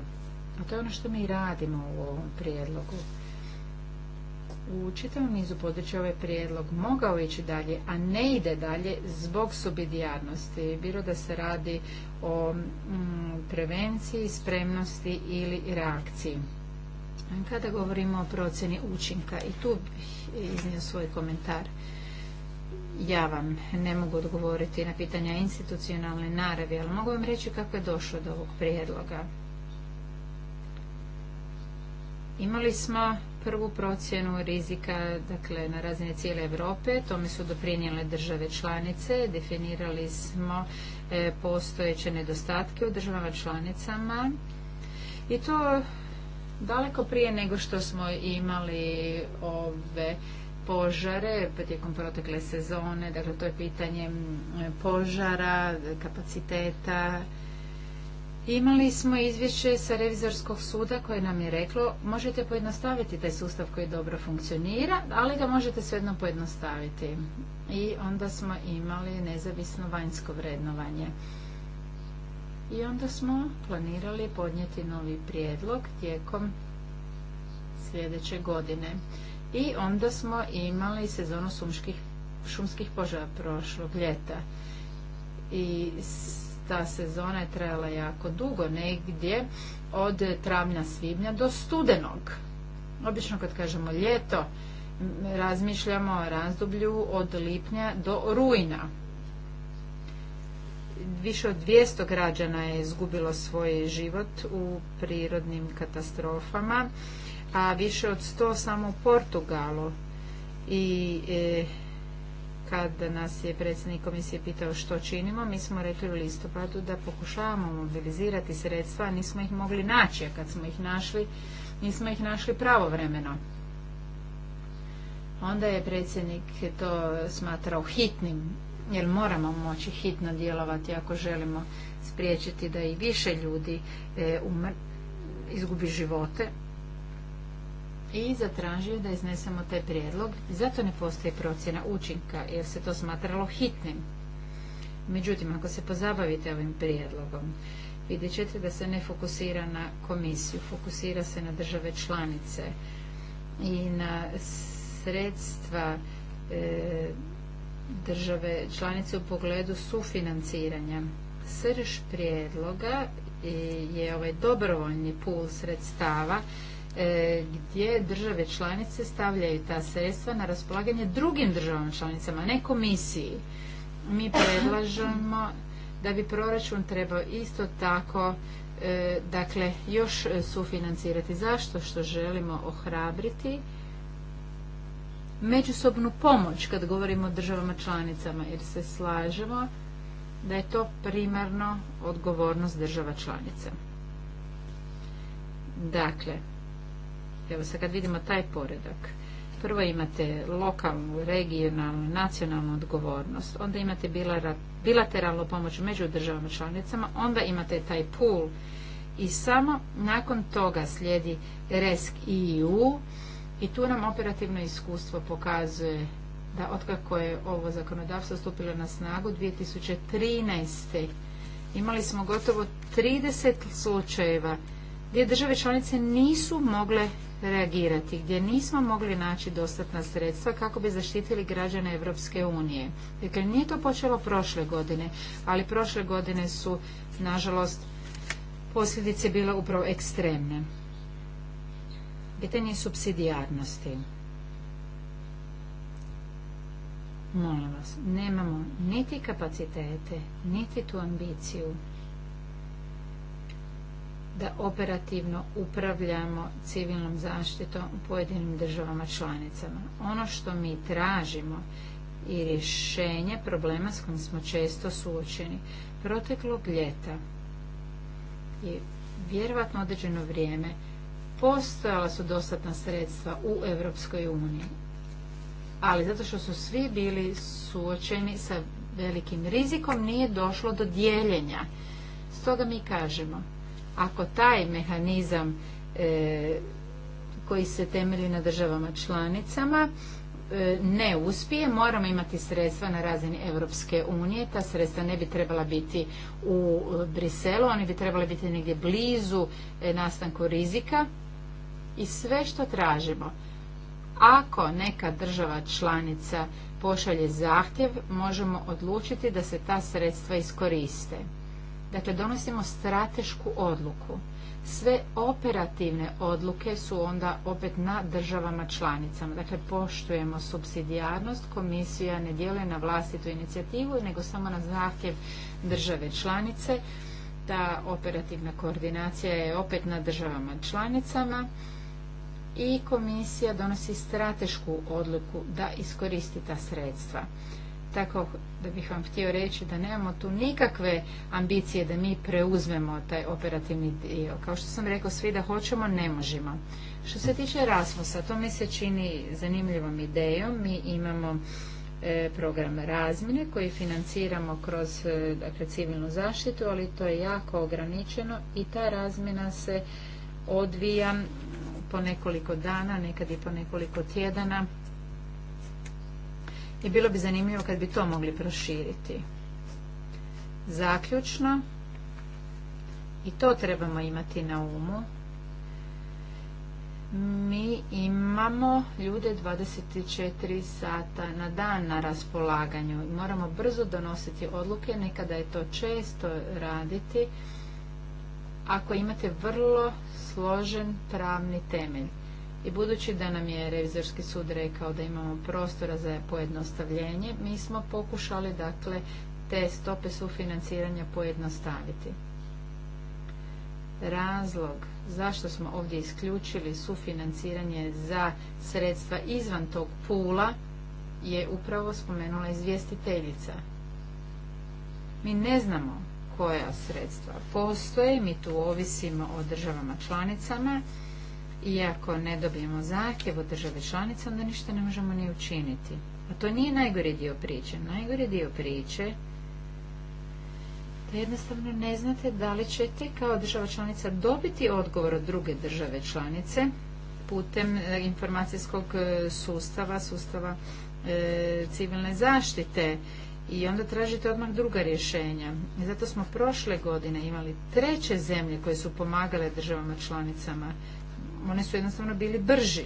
A to je ono što mi radimo u ovom prijedlogu. U čitavom nizu područja ovaj prijedlog mogao ići dalje, a ne ide dalje zbog subidijarnosti. Bilo da se radi o mm, prevenciji, spremnosti ili reakciji. Kada govorimo o procjeni učinka i tu bih iznio svoj komentar. Ja vam ne mogu odgovoriti na pitanja institucionalne naravi, ali mogu vam reći kako je došlo do ovog prijedloga. Imali smo prvu procjenu rizika dakle, na razine cijele Europe, tome su doprinijele države članice, definirali smo e, postojeće nedostatke u državama članicama i to Daleko prije nego što smo imali ove požare tijekom protekle sezone, dakle to je pitanje požara, kapaciteta. Imali smo izvješće sa revizorskog suda koje nam je reklo možete pojednostaviti taj sustav koji dobro funkcionira, ali ga možete svejedno pojednostaviti. I onda smo imali nezavisno vanjsko vrednovanje i onda smo planirali podnijeti novi prijedlog tijekom sljedeće godine. I onda smo imali sezonu šumskih požara prošlog ljeta. I ta sezona je trajala jako dugo, negdje od travnja svibnja do studenog. Obično kad kažemo ljeto, razmišljamo o razdoblju od lipnja do rujna više od 200 građana je izgubilo svoj život u prirodnim katastrofama, a više od 100 samo u Portugalu. I e, kad nas je predsjednik komisije pitao što činimo, mi smo rekli u listopadu da pokušavamo mobilizirati sredstva, a nismo ih mogli naći, a kad smo ih našli, nismo ih našli pravovremeno. Onda je predsjednik to smatrao hitnim jer moramo moći hitno djelovati ako želimo spriječiti da i više ljudi e, izgubi živote i zatražio da iznesemo taj prijedlog. Zato ne postoji procjena učinka jer se to smatralo hitnim. Međutim, ako se pozabavite ovim prijedlogom, vidjet ćete da se ne fokusira na komisiju, fokusira se na države članice i na sredstva e, države članice u pogledu sufinanciranja. Srž prijedloga je ovaj dobrovoljni pul sredstava e, gdje države članice stavljaju ta sredstva na raspolaganje drugim državama članicama, ne komisiji. Mi predlažemo da bi proračun trebao isto tako e, dakle još sufinancirati. Zašto? Što želimo ohrabriti međusobnu pomoć kad govorimo o državama članicama, jer se slažemo da je to primarno odgovornost država članica. Dakle, evo sad kad vidimo taj poredak, prvo imate lokalnu, regionalnu, nacionalnu odgovornost, onda imate bilateralnu pomoć među državama članicama, onda imate taj pool i samo nakon toga slijedi RESC EU, i tu nam operativno iskustvo pokazuje da otkako je ovo zakonodavstvo stupilo na snagu 2013. imali smo gotovo 30 slučajeva gdje države članice nisu mogle reagirati, gdje nismo mogli naći dostatna sredstva kako bi zaštitili građane Europske unije. Dakle, nije to počelo prošle godine, ali prošle godine su, nažalost, posljedice bile upravo ekstremne. Pitanje subsidijarnosti. Molim vas, nemamo niti kapacitete, niti tu ambiciju da operativno upravljamo civilnom zaštitom u pojedinim državama članicama. Ono što mi tražimo i rješenje problema s kojim smo često suočeni. Proteklog ljeta i vjerovatno određeno vrijeme postojala su dostatna sredstva u Europskoj uniji. Ali zato što su svi bili suočeni sa velikim rizikom, nije došlo do dijeljenja. Stoga mi kažemo, ako taj mehanizam e, koji se temelji na državama članicama e, ne uspije, moramo imati sredstva na razini Europske unije. Ta sredstva ne bi trebala biti u Briselu, oni bi trebali biti negdje blizu e, nastanku rizika i sve što tražimo. Ako neka država članica pošalje zahtjev, možemo odlučiti da se ta sredstva iskoriste. Dakle, donosimo stratešku odluku. Sve operativne odluke su onda opet na državama članicama. Dakle, poštujemo subsidijarnost, komisija ne djeluje na vlastitu inicijativu, nego samo na zahtjev države članice. Ta operativna koordinacija je opet na državama članicama i komisija donosi stratešku odluku da iskoristi ta sredstva. Tako da bih vam htio reći da nemamo tu nikakve ambicije da mi preuzmemo taj operativni dio. Kao što sam rekao, svi da hoćemo, ne možemo. Što se tiče Rasmusa, to mi se čini zanimljivom idejom. Mi imamo e, program razmjene koji financiramo kroz e, dakle, civilnu zaštitu, ali to je jako ograničeno i ta razmjena se odvija po nekoliko dana, nekad i po nekoliko tjedana. I bilo bi zanimljivo kad bi to mogli proširiti. Zaključno, i to trebamo imati na umu, mi imamo ljude 24 sata na dan na raspolaganju. Moramo brzo donositi odluke, nekada je to često raditi, ako imate vrlo složen pravni temelj. I budući da nam je revizorski sud rekao da imamo prostora za pojednostavljenje, mi smo pokušali dakle te stope sufinanciranja pojednostaviti. Razlog zašto smo ovdje isključili sufinanciranje za sredstva izvan tog pula je upravo spomenula izvjestiteljica. Mi ne znamo koja sredstva postoje, mi tu ovisimo o državama članicama i ako ne dobijemo zahtjev od države članice, onda ništa ne možemo ni učiniti. A to nije najgori dio priče. Najgori dio priče da jednostavno ne znate da li ćete kao država članica dobiti odgovor od druge države članice putem e, informacijskog e, sustava, sustava e, civilne zaštite i onda tražite odmah druga rješenja. I zato smo prošle godine imali treće zemlje koje su pomagale državama članicama. One su jednostavno bili brži.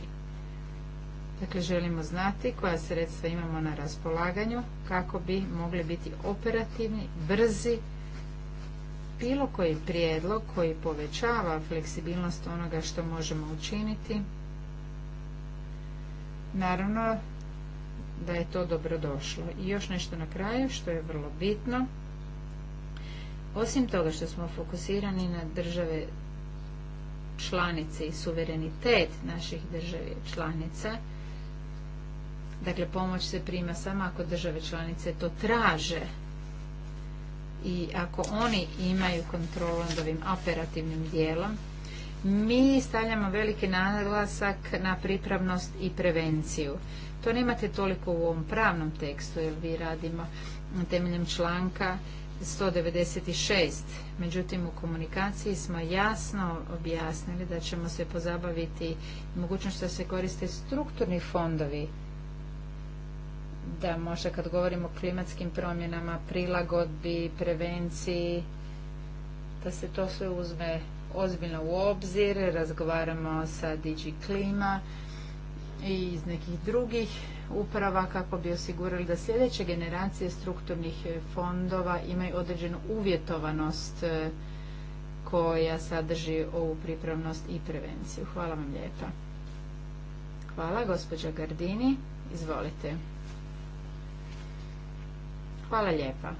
Dakle, želimo znati koja sredstva imamo na raspolaganju kako bi mogli biti operativni, brzi. Bilo koji prijedlog koji povećava fleksibilnost onoga što možemo učiniti, naravno da je to dobrodošlo. I još nešto na kraju što je vrlo bitno. Osim toga što smo fokusirani na države članice i suverenitet naših države članica, dakle pomoć se prima samo ako države članice to traže i ako oni imaju kontrolu nad ovim operativnim dijelom, mi stavljamo veliki naglasak na pripravnost i prevenciju. To nemate toliko u ovom pravnom tekstu, jer vi radimo temeljem članka 196. Međutim, u komunikaciji smo jasno objasnili da ćemo se pozabaviti mogućnost da se koriste strukturni fondovi da možda kad govorimo o klimatskim promjenama, prilagodbi, prevenciji, da se to sve uzme ozbiljno u obzir. Razgovaramo sa DG Klima, i iz nekih drugih uprava kako bi osigurali da sljedeće generacije strukturnih e, fondova imaju određenu uvjetovanost e, koja sadrži ovu pripravnost i prevenciju. Hvala vam lijepa. Hvala, gospođa Gardini. Izvolite. Hvala lijepa.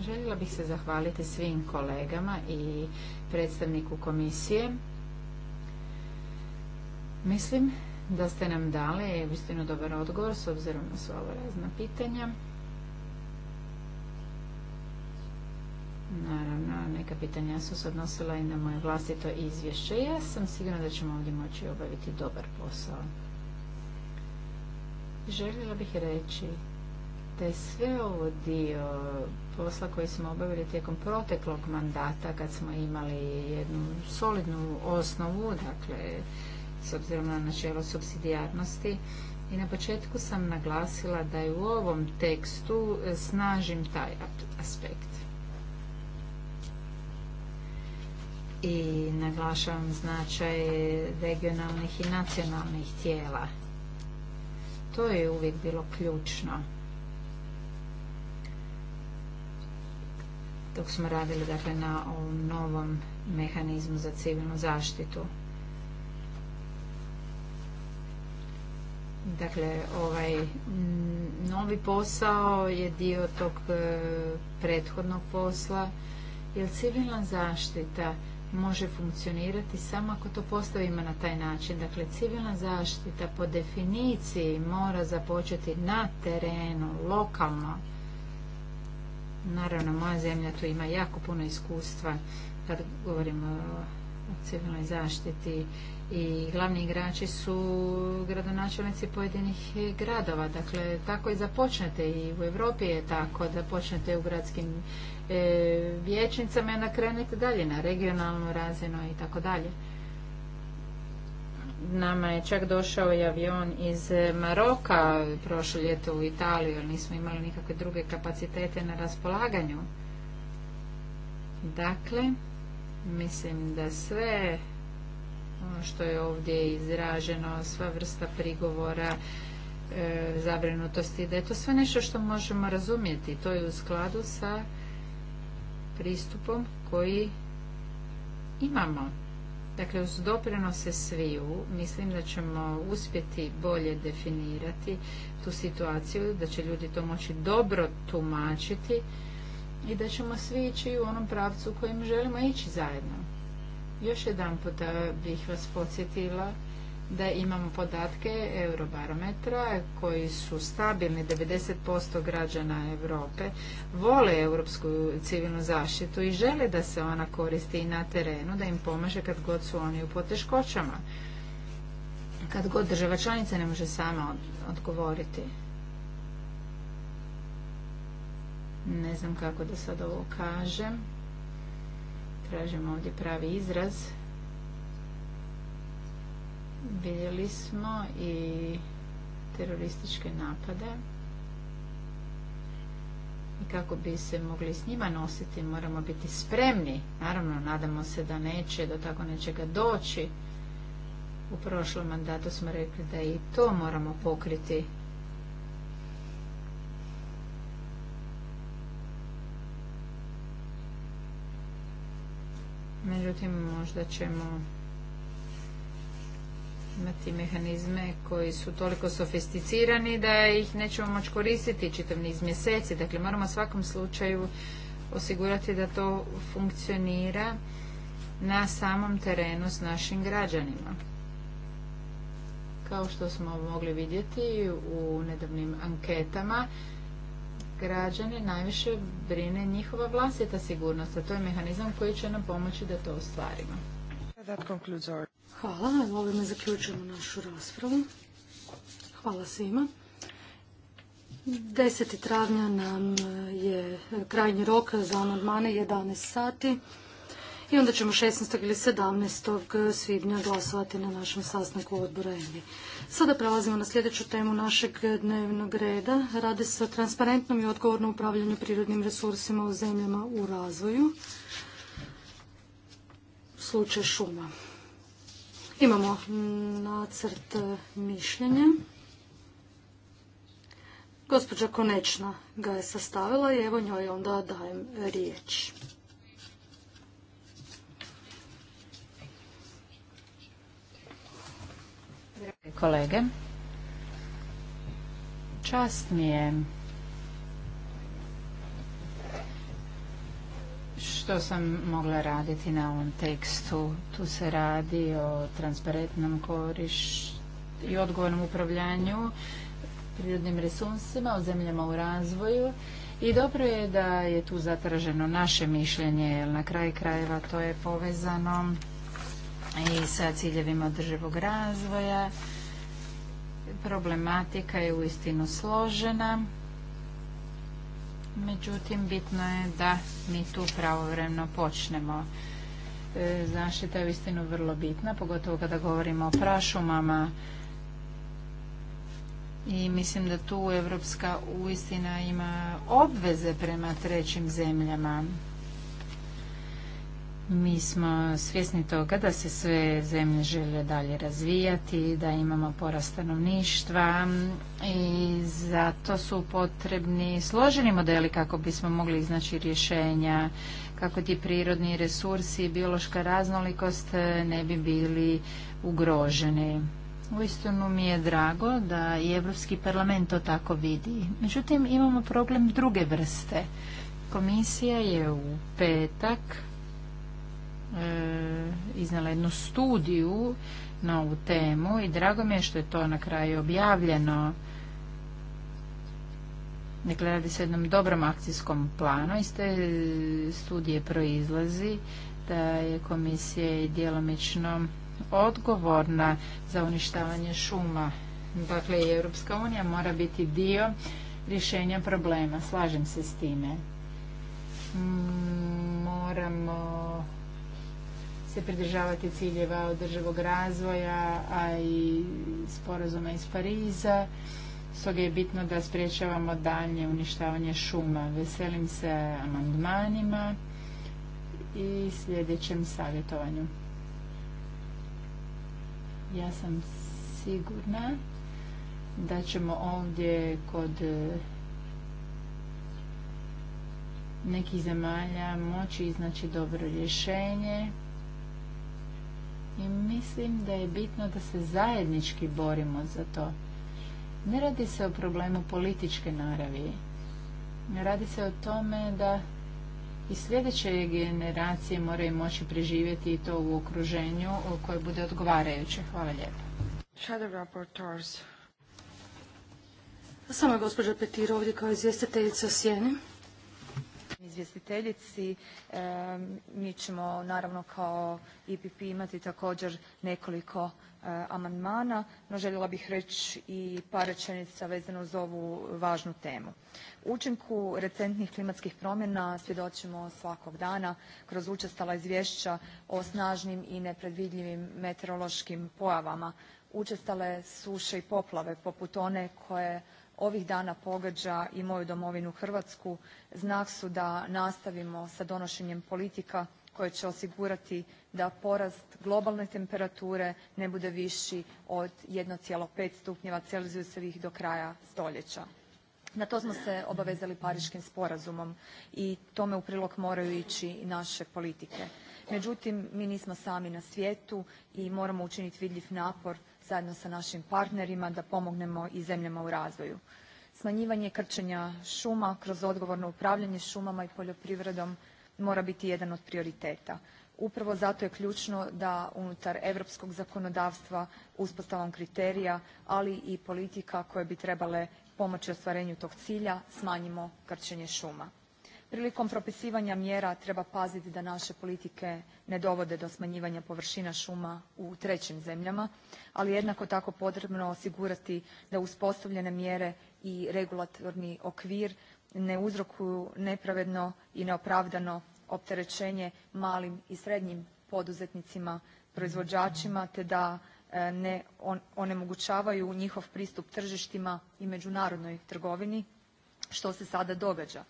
Željela bih se zahvaliti svim kolegama i predstavniku komisije. Mislim da ste nam dali uistinu dobar odgovor s obzirom na sva ova razna pitanja. Naravno, neka pitanja su se odnosila i na moje vlastito izvješće. Ja sam sigurna da ćemo ovdje moći obaviti dobar posao. Željela bih reći da je sve ovo dio posla koji smo obavili tijekom proteklog mandata kad smo imali jednu solidnu osnovu, dakle s obzirom na načelo subsidijarnosti. I na početku sam naglasila da je u ovom tekstu e, snažim taj aspekt. I naglašavam značaj regionalnih i nacionalnih tijela. To je uvijek bilo ključno. Dok smo radili dakle, na ovom novom mehanizmu za civilnu zaštitu. Dakle, ovaj mm, novi posao je dio tog e, prethodnog posla, jer civilna zaštita može funkcionirati samo ako to postavimo na taj način. Dakle, civilna zaštita po definiciji mora započeti na terenu, lokalno. Naravno, moja zemlja tu ima jako puno iskustva kad govorimo o civilnoj zaštiti i glavni igrači su gradonačelnici pojedinih gradova. Dakle, tako i započnete i u Europi je tako da počnete u gradskim e, vijećnicama i nakrenete dalje na regionalnu razinu i tako dalje. Nama je čak došao i avion iz Maroka prošlo ljeto u Italiju, jer nismo imali nikakve druge kapacitete na raspolaganju. Dakle, mislim da sve ono što je ovdje izraženo, sva vrsta prigovora, e, zabrinutosti, da je to sve nešto što možemo razumjeti. To je u skladu sa pristupom koji imamo. Dakle, uz doprinose sviju, mislim da ćemo uspjeti bolje definirati tu situaciju, da će ljudi to moći dobro tumačiti i da ćemo svi ići u onom pravcu u kojem želimo ići zajedno. Još jedan bih vas podsjetila da imamo podatke Eurobarometra koji su stabilni 90% građana Europe vole europsku civilnu zaštitu i žele da se ona koristi i na terenu da im pomaže kad god su oni u poteškoćama kad god država članica ne može sama odgovoriti ne znam kako da sad ovo kažem tražimo ovdje pravi izraz. Vidjeli smo i terorističke napade i kako bi se mogli s njima nositi moramo biti spremni. Naravno, nadamo se da neće do tako nečega doći. U prošlom mandatu smo rekli da i to moramo pokriti Međutim, možda ćemo imati mehanizme koji su toliko sofisticirani da ih nećemo moći koristiti čitav niz mjeseci. Dakle, moramo u svakom slučaju osigurati da to funkcionira na samom terenu s našim građanima. Kao što smo mogli vidjeti u nedavnim anketama, građane najviše brine njihova vlastita sigurnost, a to je mehanizam koji će nam pomoći da to ostvarimo. Hvala, ovime zaključujemo našu raspravu. Hvala svima. 10. travnja nam je krajnji rok za amandmane 11 sati i onda ćemo 16. ili 17. Eh, svibnja glasovati na našem sastanku odbora ENVI. Sada prelazimo na sljedeću temu našeg dnevnog reda. Radi se o transparentnom i odgovornom upravljanju prirodnim resursima u zemljama u razvoju. Slučaj šuma. Imamo mm, nacrt eh, mišljenja. Gospođa Konečna ga je sastavila i evo njoj onda dajem riječ. kolege, čast mi je što sam mogla raditi na ovom tekstu. Tu se radi o transparentnom koriš i odgovornom upravljanju prirodnim resursima o zemljama u razvoju i dobro je da je tu zatraženo naše mišljenje jer na kraj krajeva to je povezano i sa ciljevima održivog razvoja. Problematika je uistinu složena. Međutim, bitno je da mi tu pravovremeno počnemo. E, zaštita je uistinu vrlo bitna, pogotovo kada govorimo o prašumama. I mislim da tu Evropska uistina ima obveze prema trećim zemljama. Mi smo svjesni toga da se sve zemlje žele dalje razvijati, da imamo porast stanovništva i zato su potrebni složeni modeli kako bismo mogli iznaći rješenja, kako ti prirodni resursi i biološka raznolikost ne bi bili ugroženi. Uistinu mi je drago da i Europski parlament to tako vidi. Međutim, imamo problem druge vrste. Komisija je u petak E, iznala jednu studiju na ovu temu i drago mi je što je to na kraju objavljeno. Dakle, radi se jednom dobrom akcijskom planu. Iz te studije proizlazi da je komisija djelomično odgovorna za uništavanje šuma. Dakle, i Europska unija mora biti dio rješenja problema. Slažem se s time. Moramo se pridržavati ciljeva održivog razvoja, a i sporazuma iz Pariza. Stoga je bitno da spriječavamo daljnje uništavanje šuma. Veselim se amandmanima i sljedećem savjetovanju. Ja sam sigurna da ćemo ovdje kod e, nekih zemalja moći iznaći dobro rješenje i mislim da je bitno da se zajednički borimo za to. Ne radi se o problemu političke naravi. Radi se o tome da i sljedeće generacije moraju moći preživjeti i to u okruženju koje bude odgovarajuće. Hvala lijepo. Samo je gospođa Petir ovdje kao izvjestiteljica Sjene izvjestiteljici. mi ćemo naravno kao IPP e imati također nekoliko e, amandmana, no željela bih reći i par rečenica vezano uz ovu važnu temu. Učinku recentnih klimatskih promjena svjedočimo svakog dana kroz učestala izvješća o snažnim i nepredvidljivim meteorološkim pojavama. Učestale suše i poplave poput one koje ovih dana pogađa i moju domovinu Hrvatsku znak su da nastavimo sa donošenjem politika koje će osigurati da porast globalne temperature ne bude viši od 1,5 stupnjeva Celzijusevih do kraja stoljeća. Na to smo se obavezali Pariškim sporazumom i tome u prilog moraju ići i naše politike. Međutim, mi nismo sami na svijetu i moramo učiniti vidljiv napor zajedno sa našim partnerima da pomognemo i zemljama u razvoju. Smanjivanje krčenja šuma kroz odgovorno upravljanje šumama i poljoprivredom mora biti jedan od prioriteta. Upravo zato je ključno da unutar europskog zakonodavstva uspostavom kriterija, ali i politika koje bi trebale pomoći ostvarenju tog cilja smanjimo krčenje šuma prilikom propisivanja mjera treba paziti da naše politike ne dovode do smanjivanja površina šuma u trećim zemljama ali jednako tako potrebno osigurati da uspostavljene mjere i regulatorni okvir ne uzrokuju nepravedno i neopravdano opterećenje malim i srednjim poduzetnicima proizvođačima te da e, ne onemogućavaju njihov pristup tržištima i međunarodnoj trgovini što se sada događa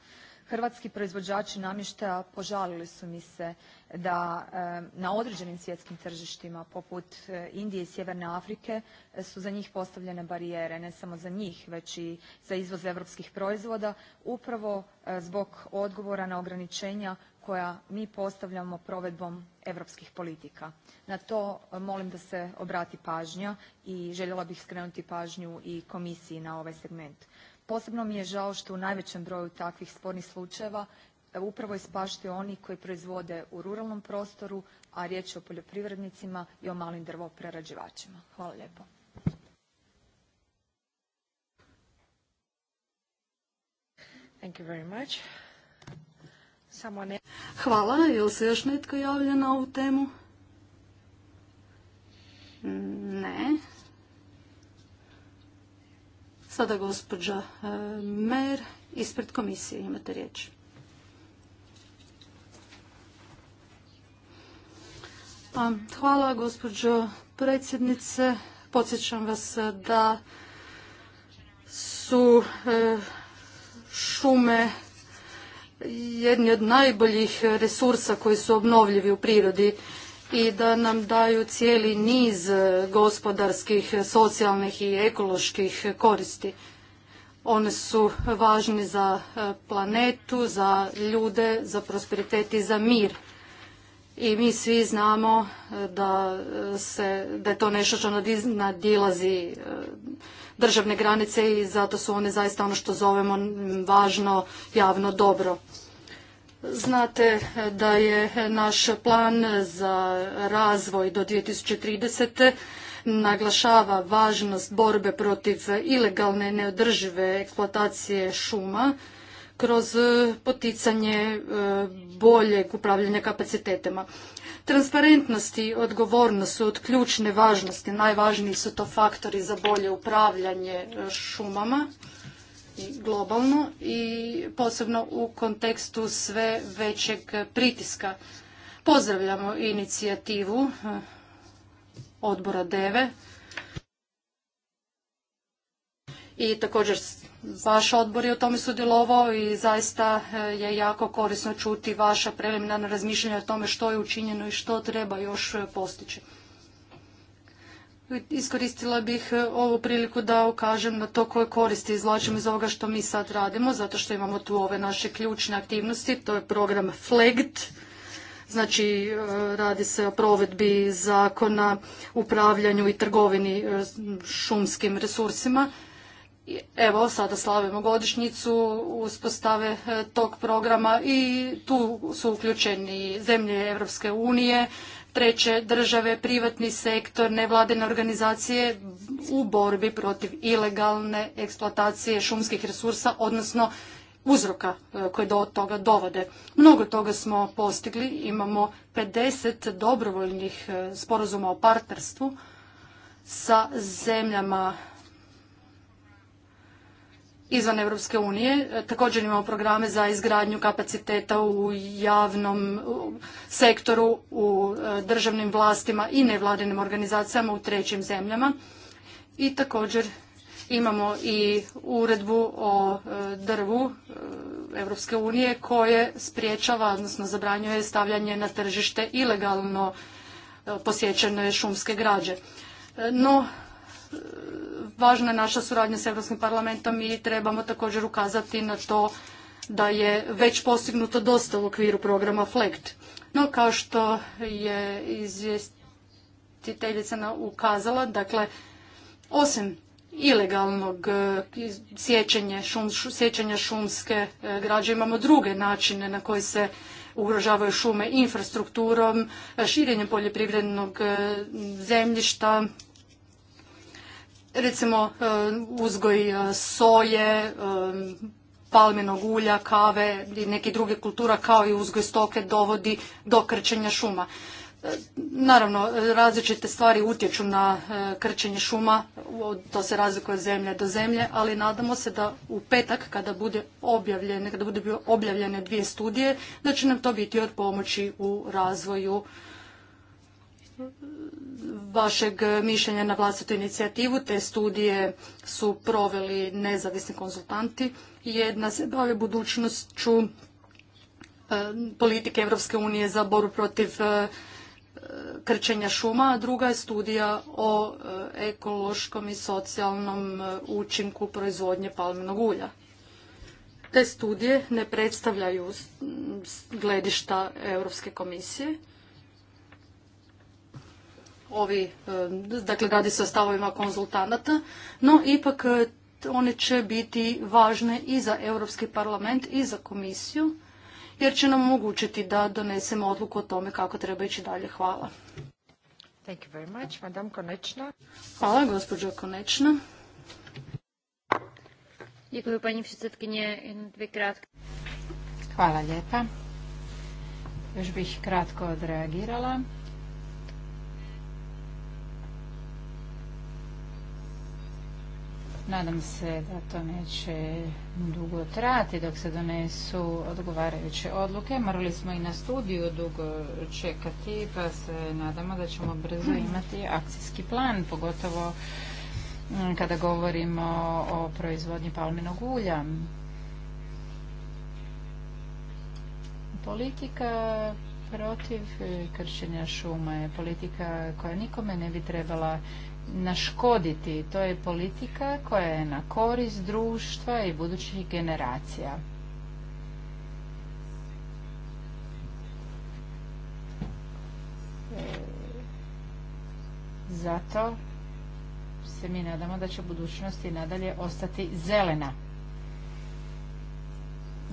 hrvatski proizvođači namještaja požalili su mi se da na određenim svjetskim tržištima poput e, Indije i Sjeverne Afrike e, su za njih postavljene barijere, ne samo za njih već i za izvoz europskih proizvoda upravo e, zbog odgovora na ograničenja koja mi postavljamo provedbom europskih politika. Na to molim da se obrati pažnja i željela bih skrenuti pažnju i komisiji na ovaj segment. Posebno mi je žao što u najvećem broju takvih spornih slučajeva e, upravo ispaštaju oni koji proizvode u ruralnom prostoru, a riječ je o poljoprivrednicima i o malim drvoprerađivačima. Hvala lijepo. Thank you very much. se još netko javlja na ovu temu? Sada gospođa e, Mer ispred komisije imate riječ. Hvala gospođo predsjednice. Podsjećam vas da su e, šume jedni od najboljih resursa koji su obnovljivi u prirodi i da nam daju cijeli niz e, gospodarskih, socijalnih i ekoloških koristi. One su važni za e, planetu, za ljude, za prosperitet i za mir. I mi svi znamo e, da, se, da je to nešto što nadilazi državne granice i zato su one zaista ono što zovemo važno javno dobro. Znate da je naš plan za razvoj do 2030. naglašava važnost borbe protiv ilegalne neodržive eksploatacije šuma kroz poticanje e, boljeg upravljanja kapacitetima. Transparentnost i odgovornost su od ključne važnosti. Najvažniji su to faktori za bolje upravljanje e, šumama globalno i posebno u kontekstu sve većeg pritiska. Pozdravljamo inicijativu eh, odbora DEVE i također vaš odbor je u tome sudjelovao i zaista eh, je jako korisno čuti vaša preliminarna razmišljanja o tome što je učinjeno i što treba još eh, postići. Iskoristila bih e, ovu priliku da ukažem na to koje koristi izvlačim iz ovoga što mi sad radimo, zato što imamo tu ove naše ključne aktivnosti, to je program FLEGT, znači e, radi se o provedbi zakona, upravljanju i trgovini e, šumskim resursima. Evo, sada slavimo godišnjicu uspostave tog programa i tu su uključeni zemlje Europske unije, treće države, privatni sektor, nevladine organizacije u borbi protiv ilegalne eksploatacije šumskih resursa, odnosno uzroka e, koje do toga dovode. Mnogo toga smo postigli, imamo 50 dobrovoljnih e, sporazuma o partnerstvu sa zemljama izvan Europske unije. E, također imamo programe za izgradnju kapaciteta u javnom sektoru, u e, državnim vlastima i nevladinim organizacijama u trećim zemljama. I također imamo i uredbu o e, drvu Europske unije koje spriječava, odnosno zabranjuje stavljanje na tržište ilegalno posjećene šumske građe. No, važna je naša suradnja s Europskim parlamentom i trebamo također ukazati na to da je već postignuto dosta u okviru programa FLECT. No, kao što je izvjestiteljica ukazala, dakle, osim ilegalnog e, sjećanja, sjećanja šumske e, građe, imamo druge načine na koje se ugrožavaju šume infrastrukturom, e, širenjem poljoprivrednog zemljišta, recimo e, uzgoj e, soje, e, palminog ulja, kave i nekih drugih kultura kao i uzgoj stoke dovodi do krčenja šuma. Naravno, različite stvari utječu na krčenje šuma, to se razlikuje od zemlje do zemlje, ali nadamo se da u petak kada bude objavljene, kada budu objavljene dvije studije, da će nam to biti od pomoći u razvoju vašeg mišljenja na vlastitu inicijativu. Te studije su proveli nezavisni konzultanti. Jedna se bavi budućnošću e, politike Europske unije za boru protiv e, krčenja šuma, a druga je studija o e, ekološkom i socijalnom učinku proizvodnje palminog ulja. Te studije ne predstavljaju gledišta Europske komisije, ovi, e, dakle radi se o stavovima konzultanata, no ipak e, one će biti važne i za Europski parlament i za komisiju, jer će nam omogućiti da donesemo odluku o tome kako treba ići dalje. Hvala. Thank you very much. Madam Konečna. Hvala, gospođo Konečna. Děkuji, paní Hvala lijepa. Još bih kratko odreagirala Nadam se da to neće dugo trati dok se donesu odgovarajuće odluke. Morali smo i na studiju dugo čekati pa se nadamo da ćemo brzo imati akcijski plan, pogotovo mm, kada govorimo o proizvodnji palminog ulja. Politika protiv kršenja šuma je politika koja nikome ne bi trebala naškoditi. To je politika koja je na korist društva i budućih generacija. Zato se mi nadamo da će budućnost i nadalje ostati zelena.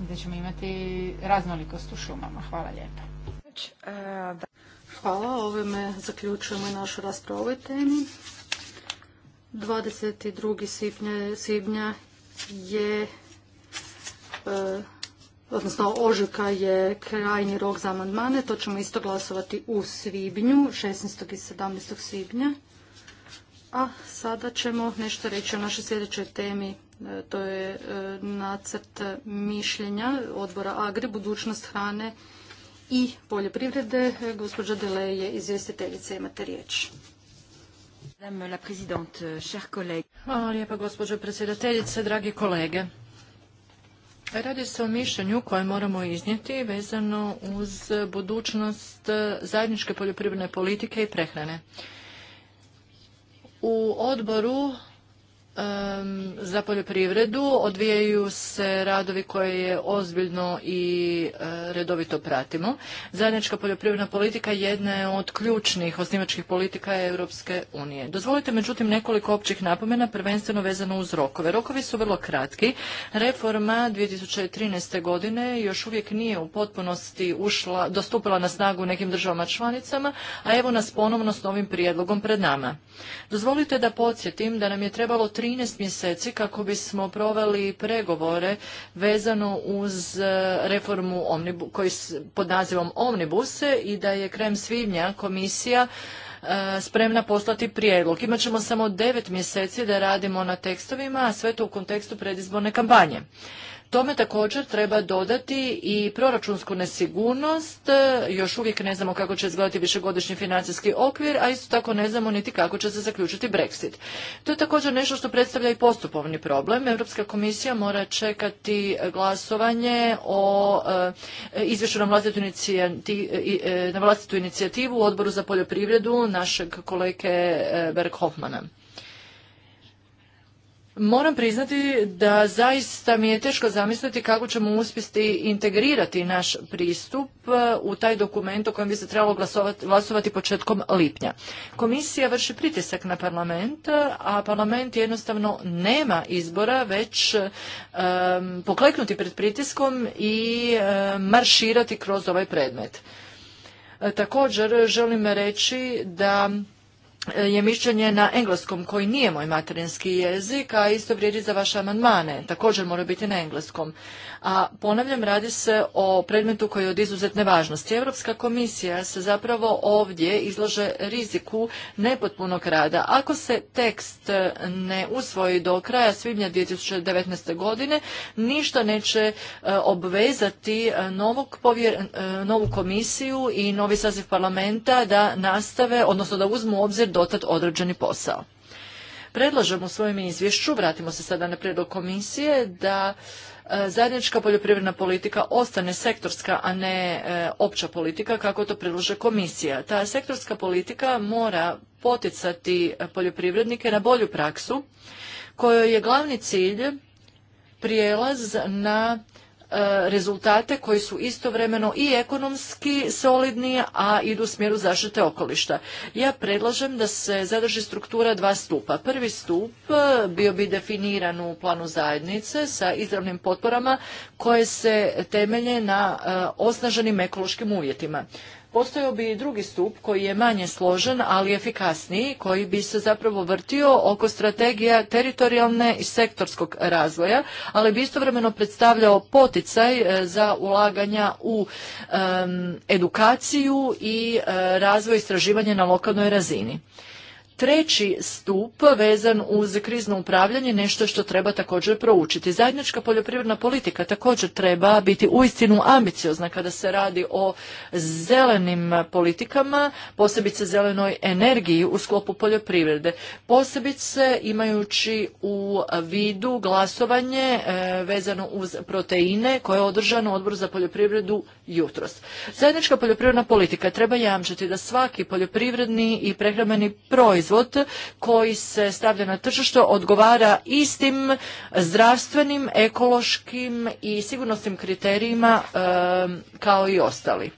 Da ćemo imati raznolikost u šumama. Hvala lijepa. Hvala, ovime zaključujemo našu raspravu temi. 22. Svibnja, svibnja je e, odnosno ožujka je krajnji rok za amandmane, to ćemo isto glasovati u svibnju, 16. i 17. svibnja. A sada ćemo nešto reći o našoj sljedećoj temi, e, to je e, nacrt mišljenja odbora Agri, budućnost hrane i poljoprivrede. Gospođa Dele je izvjestiteljica, imate riječ. Euh, Hvala lijepa gospođo predsjedateljice, dragi kolege. Radi se o mišljenju koje moramo iznijeti vezano uz budućnost e, zajedničke poljoprivredne politike i prehrane. U odboru za poljoprivredu odvijaju se radovi koje je ozbiljno i e, redovito pratimo. Zajednička poljoprivredna politika jedna je od ključnih osnivačkih politika Europske unije. Dozvolite međutim nekoliko općih napomena, prvenstveno vezano uz rokove. Rokovi su vrlo kratki. Reforma 2013. godine još uvijek nije u potpunosti ušla, dostupila na snagu u nekim državama članicama, a evo nas ponovno s novim prijedlogom pred nama. Dozvolite da podsjetim da nam je trebalo tri 13 mjeseci kako bismo proveli pregovore vezano uz e, reformu koji pod nazivom Omnibuse i da je krajem svibnja komisija e, spremna poslati prijedlog. Imaćemo samo devet mjeseci da radimo na tekstovima, a sve to u kontekstu predizborne kampanje. Tome također treba dodati i proračunsku nesigurnost, još uvijek ne znamo kako će izgledati višegodišnji financijski okvir, a isto tako ne znamo niti kako će se zaključiti Brexit. To je također nešto što predstavlja i postupovni problem. Europska komisija mora čekati glasovanje o e, izvješću e, na vlastitu, inicijativu u odboru za poljoprivredu našeg kolege e, Berg Moram priznati da zaista mi je teško zamisliti kako ćemo uspjeti integrirati naš pristup uh, u taj dokument o kojem bi se trebalo glasovati, početkom lipnja. Komisija vrši pritisak na parlament, uh, a parlament jednostavno nema izbora već um, pokleknuti pred pritiskom i uh, marširati kroz ovaj predmet. Također želim reći da E, je mišljenje na engleskom koji nije moj materinski jezik, a isto vrijedi za vaše amandmane. Također mora biti na engleskom. A ponavljam, radi se o predmetu koji je od izuzetne važnosti. Europska komisija se zapravo ovdje izlože riziku nepotpunog rada. Ako se tekst ne usvoji do kraja svibnja 2019. godine, ništa neće e, obvezati e, novog novu komisiju i novi saziv parlamenta da nastave, odnosno da uzmu obzir dotad određeni posao. Predlažem u svojem izvješću, vratimo se sada na prijedlog komisije, da e, zajednička poljoprivredna politika ostane sektorska, a ne e, opća politika, kako to predlaže komisija. Ta sektorska politika mora poticati poljoprivrednike na bolju praksu, kojoj je glavni cilj prijelaz na E, rezultate koji su istovremeno i ekonomski solidni, a idu u smjeru zaštite okolišta. Ja predlažem da se zadrži struktura dva stupa. Prvi stup e, bio bi definiran u planu zajednice sa izravnim potporama koje se temelje na e, osnaženim ekološkim uvjetima. Postojao bi i drugi stup koji je manje složen, ali efikasniji, koji bi se zapravo vrtio oko strategija teritorijalne i sektorskog razvoja, ali bi istovremeno predstavljao poticaj e, za ulaganja u edukaciju i e, razvoj istraživanja na lokalnoj razini treći stup vezan uz krizno upravljanje nešto što treba također proučiti. Zajednička poljoprivredna politika također treba biti uistinu ambiciozna kada se radi o zelenim politikama, posebice zelenoj energiji u sklopu poljoprivrede. Posebice imajući u vidu glasovanje e, vezano uz proteine koje je održano odbor za poljoprivredu jutros. Zajednička poljoprivredna politika treba jamčiti da svaki poljoprivredni i prehrambeni proizvod proizvod koji se stavlja na tržište odgovara istim zdravstvenim, ekološkim i sigurnosnim kriterijima e, kao i ostali.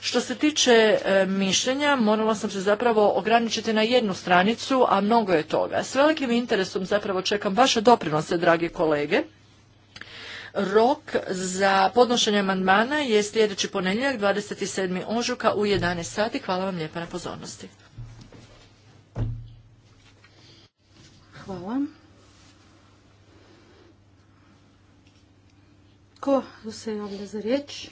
Što se tiče e, mišljenja, morala sam se zapravo ograničiti na jednu stranicu, a mnogo je toga. S velikim interesom zapravo čekam vaše doprinose, dragi kolege. Rok za podnošenje amandmana je sljedeći ponedjeljak 27. ožuka u 11 sati. Hvala vam lijepa na pozornosti. Hvala. Ko se javlja za riječ?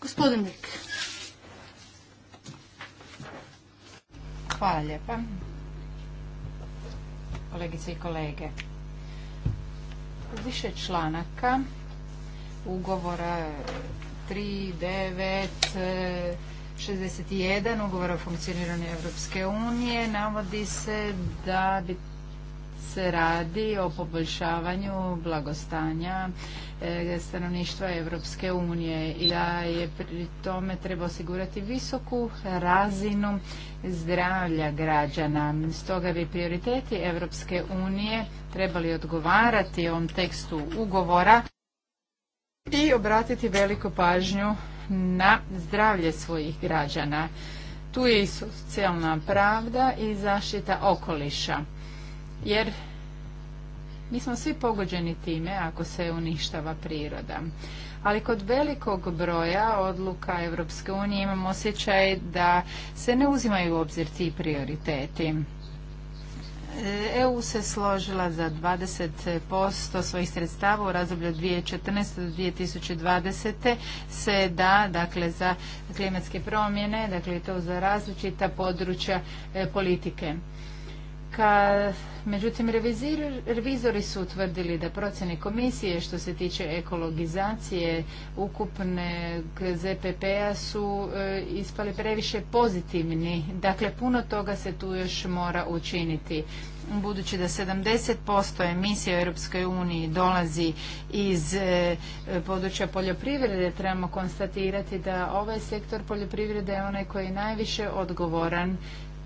Gospodin Hvala lijepa. Kolegice i kolege. više članaka ugovora 3, 9, 61 ugovora o funkcioniranju Europske unije navodi se da bi se radi o poboljšavanju blagostanja e, stanovništva Europske unije i da je pri tome treba osigurati visoku razinu zdravlja građana. Stoga bi prioriteti Europske unije trebali odgovarati ovom tekstu ugovora i obratiti veliku pažnju na zdravlje svojih građana. Tu je i socijalna pravda i zaštita okoliša. Jer mi smo svi pogođeni time ako se uništava priroda. Ali kod velikog broja odluka Europske unije imamo osjećaj da se ne uzimaju u obzir ti prioriteti. EU e se složila za 20% svojih sredstava u razdoblju od 2014. do 2020. se da dakle za klimatske promjene, dakle to za različita područja e, politike. Ka, međutim, revizori su utvrdili da procjene komisije što se tiče ekologizacije ukupne ZPP-a su e, ispali previše pozitivni. Dakle, puno toga se tu još mora učiniti. Budući da 70% emisije u Europskoj dolazi iz e, područja poljoprivrede, trebamo konstatirati da ovaj sektor poljoprivrede je onaj koji je najviše odgovoran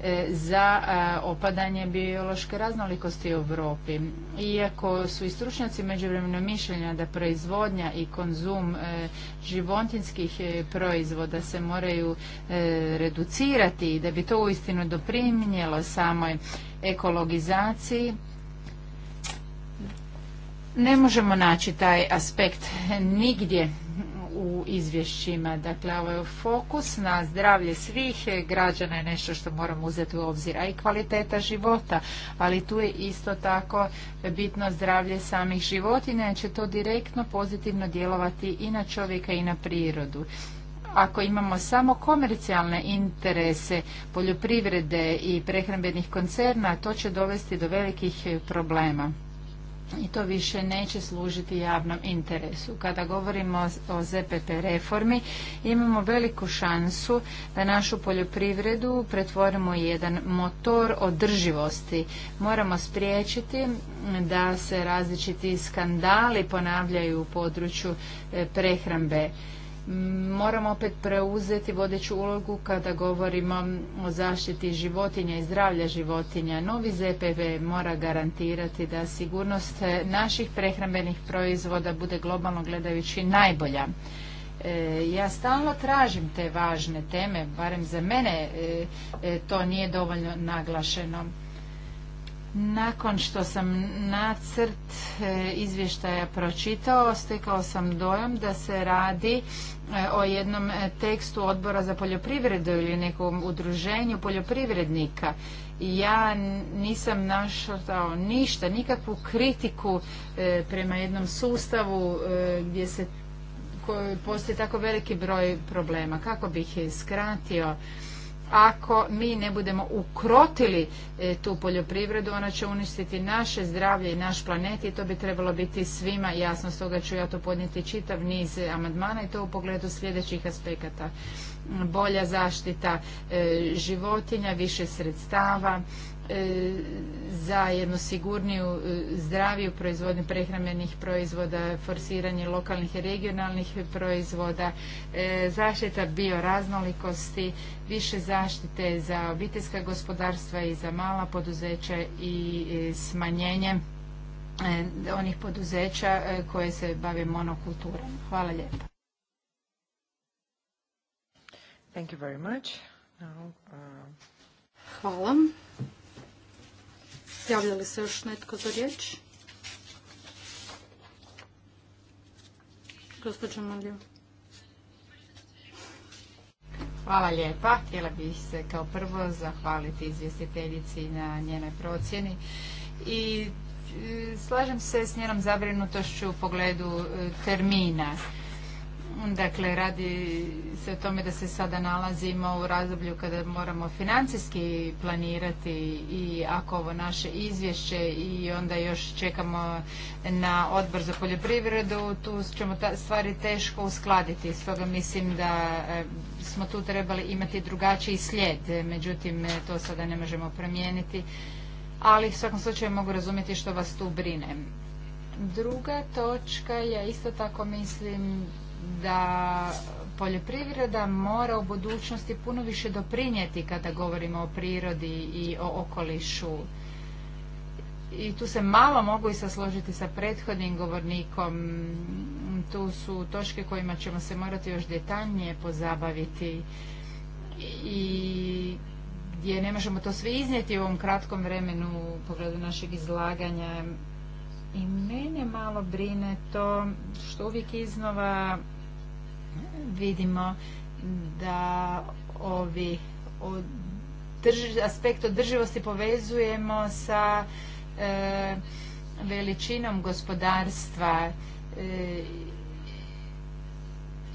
E, za e, opadanje biološke raznolikosti u Europi. Iako su i stručnjaci međuvremeno mišljenja da proizvodnja i konzum e, životinskih proizvoda se moraju reducirati i da bi to uistinu doprinijelo samoj ekologizaciji, ne možemo naći taj aspekt nigdje u izvješćima. Dakle, ovo je fokus na zdravlje svih građana je nešto što moramo uzeti u obzir, a i kvaliteta života, ali tu je isto tako bitno zdravlje samih životinja, jer će to direktno pozitivno djelovati i na čovjeka i na prirodu ako imamo samo komercijalne interese poljoprivrede i prehrambenih koncerna, to će dovesti do velikih problema i to više neće služiti javnom interesu. Kada govorimo o ZPP reformi, imamo veliku šansu da našu poljoprivredu pretvorimo u jedan motor održivosti. Moramo spriječiti da se različiti skandali ponavljaju u području e, prehrambe moramo opet preuzeti vodeću ulogu kada govorimo o zaštiti životinja i zdravlja životinja. Novi ZPV mora garantirati da sigurnost naših prehrambenih proizvoda bude globalno gledajući najbolja. E, ja stalno tražim te važne teme, barem za mene e, e, to nije dovoljno naglašeno. Nakon što sam nacrt e, izvještaja pročitao, stekao sam dojam da se radi e, o jednom e, tekstu odbora za poljoprivredu ili nekom udruženju poljoprivrednika. Ja nisam našao ništa, nikakvu kritiku prema jednom sustavu gdje se postoji tako veliki broj problema. Kako bih skratio ako mi ne budemo ukrotili e, tu poljoprivredu, ona će uništiti naše zdravlje i naš planet i to bi trebalo biti svima jasno. Stoga ću ja to podnijeti čitav niz e, amandmana i to u pogledu sljedećih aspekata. Bolja zaštita e, životinja, više sredstava, E, za jednu sigurniju, e, zdraviju proizvodnju prehrambenih proizvoda, forsiranje lokalnih i regionalnih proizvoda, e, zaštita bioraznolikosti, više zaštite za obiteljska gospodarstva i za mala poduzeća i smanjenje onih poduzeća koje se bave monokulturom Hvala lijepa. Thank you very much. Uh, Hvala. Javlja li se još netko za riječ? Gospođa Hvala lijepa. Htjela bih se kao prvo zahvaliti izvjestiteljici na njenoj procjeni i e, slažem se s njenom zabrinutošću u pogledu e, termina. Dakle, radi se o tome da se sada nalazimo u razdoblju kada moramo financijski planirati i ako ovo naše izvješće i onda još čekamo na odbor za poljoprivredu, tu ćemo stvari teško uskladiti. Stoga mislim da e, smo tu trebali imati drugačiji slijed, međutim e, to sada ne možemo promijeniti, ali u svakom slučaju mogu razumjeti što vas tu brine. Druga točka, ja isto tako mislim da poljoprivreda mora u budućnosti puno više doprinijeti kada govorimo o prirodi i o okolišu. I tu se malo mogu i sasložiti sa prethodnim govornikom. Tu su točke kojima ćemo se morati još detaljnije pozabaviti i gdje ne možemo to svi iznijeti u ovom kratkom vremenu u pogledu našeg izlaganja. I mene malo brine to što uvijek iznova vidimo da ovi aspekt održivosti povezujemo sa e, veličinom gospodarstva e,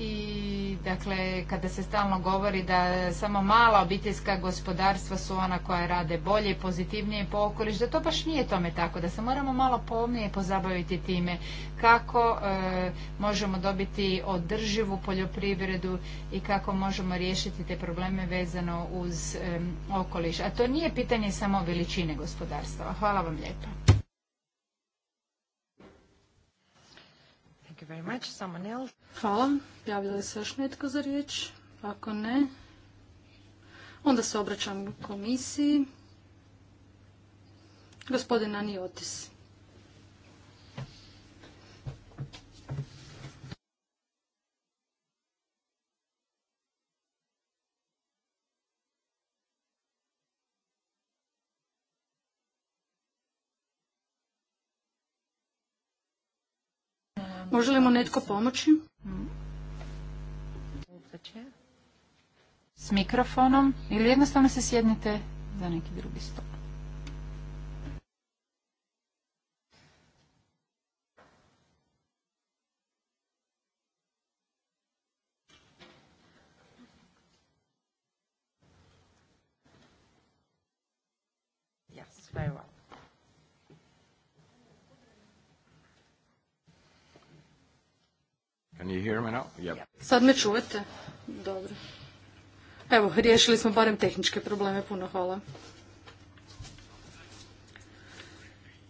i dakle kada se stalno govori da samo mala obiteljska gospodarstva su ona koja rade bolje i pozitivnije po okoliš, da to baš nije tome tako, da se moramo malo pomnije pozabaviti time kako e, možemo dobiti održivu poljoprivredu i kako možemo riješiti te probleme vezano uz e, okoliš. A to nije pitanje samo veličine gospodarstva. Hvala vam lijepa. Hvala. Javlja li se još netko za riječ? Ako ne, onda se obraćam komisiji. Gospodina Ani Otis. Može li mu netko pomoći? S mikrofonom ili jednostavno se sjednite za neki drugi stol. Yes, very well. Can you hear me now? Yep. Sad me čujete? Dobro. Evo, riješili smo barem tehničke probleme, puno hvala.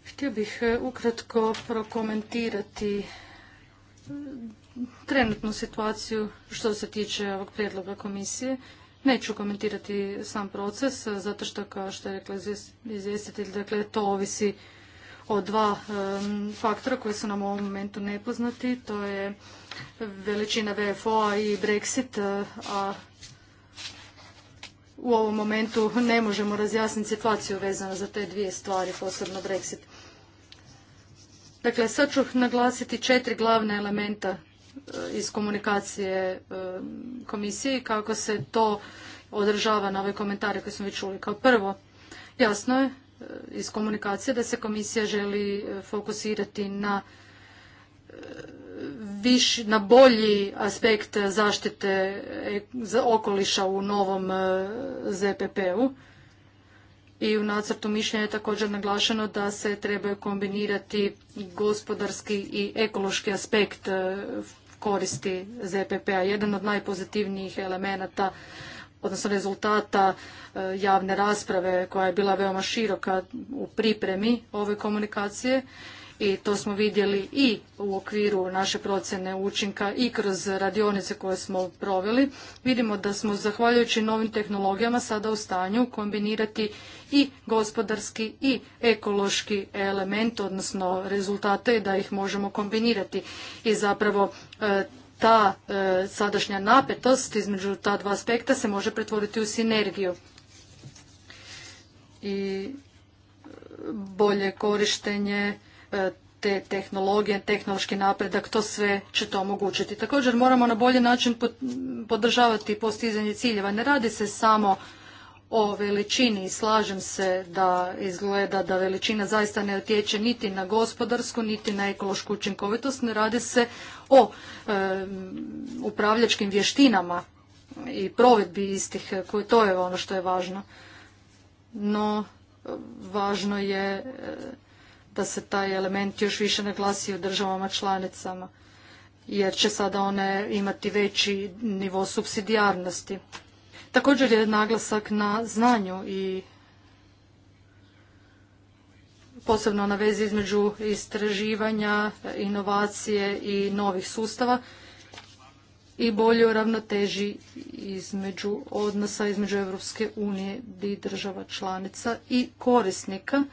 Htio bih e, ukratko prokomentirati e, trenutnu situaciju što se tiče ovog prijedloga komisije. Neću komentirati sam proces, e, zato što, kao što je rekla izvjestitelj, dakle, to ovisi o dva faktora koji su nam u ovom momentu nepoznati. To je veličina VFO-a i Brexit, e, a u ovom momentu ne možemo razjasniti situaciju vezano za te dvije stvari, posebno Brexit. Dakle, sad ću naglasiti četiri glavne elementa e, iz komunikacije e, komisije i kako se to održava na ove komentare koje smo vi čuli. Kao prvo, jasno je Eh, iz komunikacije da se komisija želi eh, fokusirati eh, na bolji aspekt zaštite okoliša u novom ZPP-u. I u nacrtu mišljenja je također naglašeno da se trebaju kombinirati gospodarski i ekološki aspekt koristi ZPP-a. Jedan od najpozitivnijih elemenata odnosno rezultata e, javne rasprave koja je bila veoma široka u pripremi ove komunikacije i to smo vidjeli i u okviru naše procjene učinka i kroz radionice koje smo proveli. Vidimo da smo zahvaljujući novim tehnologijama sada u stanju kombinirati i gospodarski i ekološki element, odnosno rezultate da ih možemo kombinirati i zapravo e, ta e, sadašnja napetost između ta dva aspekta se može pretvoriti u sinergiju i bolje korištenje e, te tehnologije, tehnološki napredak, to sve će to omogućiti. Također moramo na bolji način podržavati postizanje ciljeva. Ne radi se samo o veličini i slažem se da izgleda da veličina zaista ne utječe niti na gospodarsku, niti na ekološku učinkovitost. Ne radi se o upravljačkim vještinama i provedbi istih, to je ono što je važno. No, važno je eh, da se taj element još više naglasi u državama članicama, jer će sada one imati veći nivo subsidijarnosti. Također je naglasak na znanju i posebno na vezi između istraživanja, inovacije i novih sustava i boljoj ravnoteži između odnosa između Europske unije i država članica i korisnika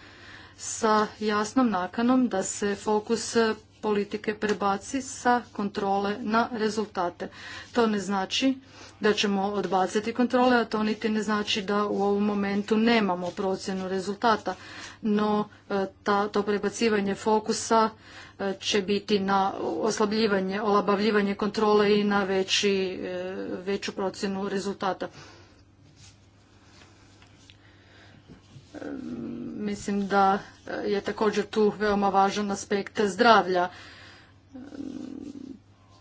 sa jasnom nakanom da se fokus politike prebaci sa kontrole na rezultate. To ne znači da ćemo odbaciti kontrole, a to niti ne znači da u ovom momentu nemamo procjenu rezultata no e, ta, to prebacivanje fokusa e, će biti na oslabljivanje, olabavljivanje kontrole i na veći, e, veću procjenu rezultata. Mislim da je također tu veoma važan aspekt zdravlja.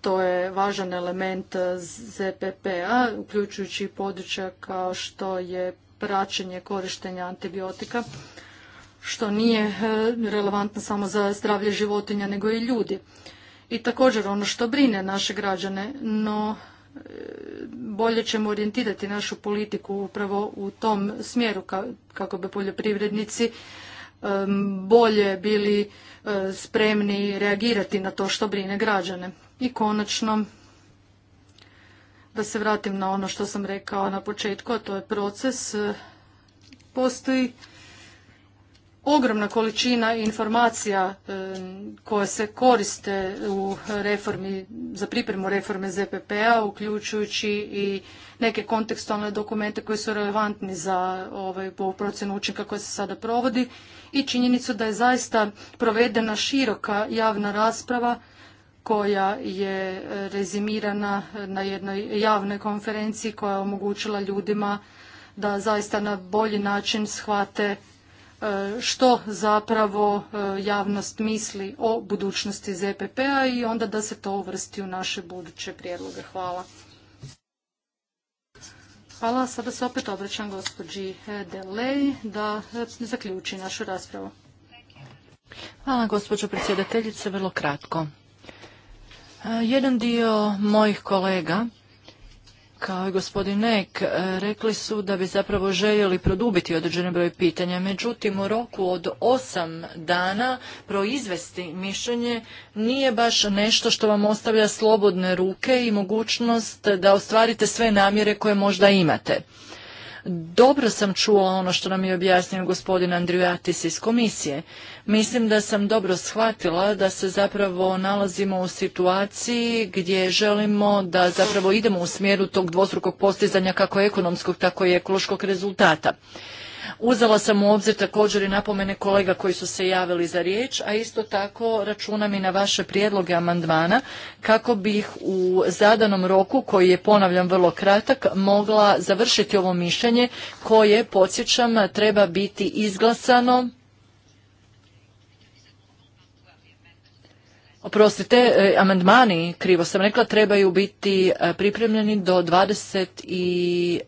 To je važan element ZPP-a, uključujući područja kao što je praćenje korištenja antibiotika što nije e, relevantno samo za zdravlje životinja nego i ljudi. I također ono što brine naše građane, no e, bolje ćemo orijentirati našu politiku upravo u tom smjeru kako bi poljoprivrednici e, bolje bili spremni reagirati na to što brine građane. I konačno, da se vratim na ono što sam rekao na početku, a to je proces. Postoji ogromna količina informacija koje se koriste u reformi, za pripremu reforme ZPP-a, uključujući i neke kontekstualne dokumente koji su relevantni za ovaj, ovu procjenu učinka koja se sada provodi i činjenicu da je zaista provedena široka javna rasprava koja je rezimirana na jednoj javnoj konferenciji koja je omogućila ljudima da zaista na bolji način shvate E, što zapravo e, javnost misli o budućnosti ZPP-a i onda da se to uvrsti u naše buduće prijedloge. Hvala. Hvala. Sada se opet obraćam gospođi e, Delej da zaključi našu raspravu. Hvala gospođo predsjedateljice, vrlo kratko. Jedan dio mojih kolega kao i gospodin Nek, e, rekli su da bi zapravo željeli produbiti određeni broj pitanja. Međutim, u roku od osam dana proizvesti mišljenje nije baš nešto što vam ostavlja slobodne ruke i mogućnost da ostvarite sve namjere koje možda imate dobro sam čuo ono što nam je objasnio gospodin Andrijatis iz komisije. Mislim da sam dobro shvatila da se zapravo nalazimo u situaciji gdje želimo da zapravo idemo u smjeru tog dvostrukog postizanja kako ekonomskog, tako i ekološkog rezultata. Uzela sam u obzir također i napomene kolega koji su se javili za riječ, a isto tako računam i na vaše prijedloge amandmana kako bih u zadanom roku, koji je ponavljam vrlo kratak, mogla završiti ovo mišljenje koje, podsjećam, treba biti izglasano Oprostite, e, amandmani, krivo sam rekla, trebaju biti e, pripremljeni do 27.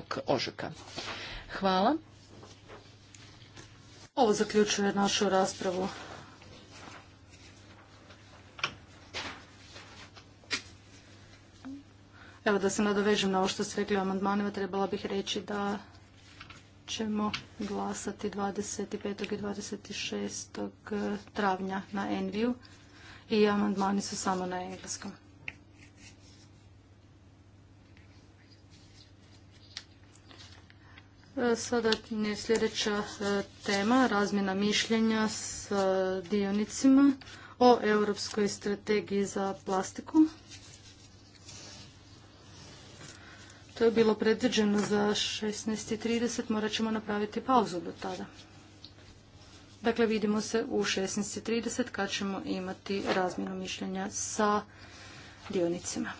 E, ožuka. Hvala. Ovo zaključuje našu raspravu. Evo da se nadovežem na ovo što ste rekli o amandmanima, trebala bih reći da ćemo glasati 25. i 26. travnja na Enviju i amandmani su samo na engleskom. Sada je sljedeća e, tema, razmjena mišljenja s e, dionicima o europskoj strategiji za plastiku. To je bilo predviđeno za 16.30, morat ćemo napraviti pauzu do tada. Dakle, vidimo se u 16.30 kad ćemo imati razmjenu mišljenja sa dionicima.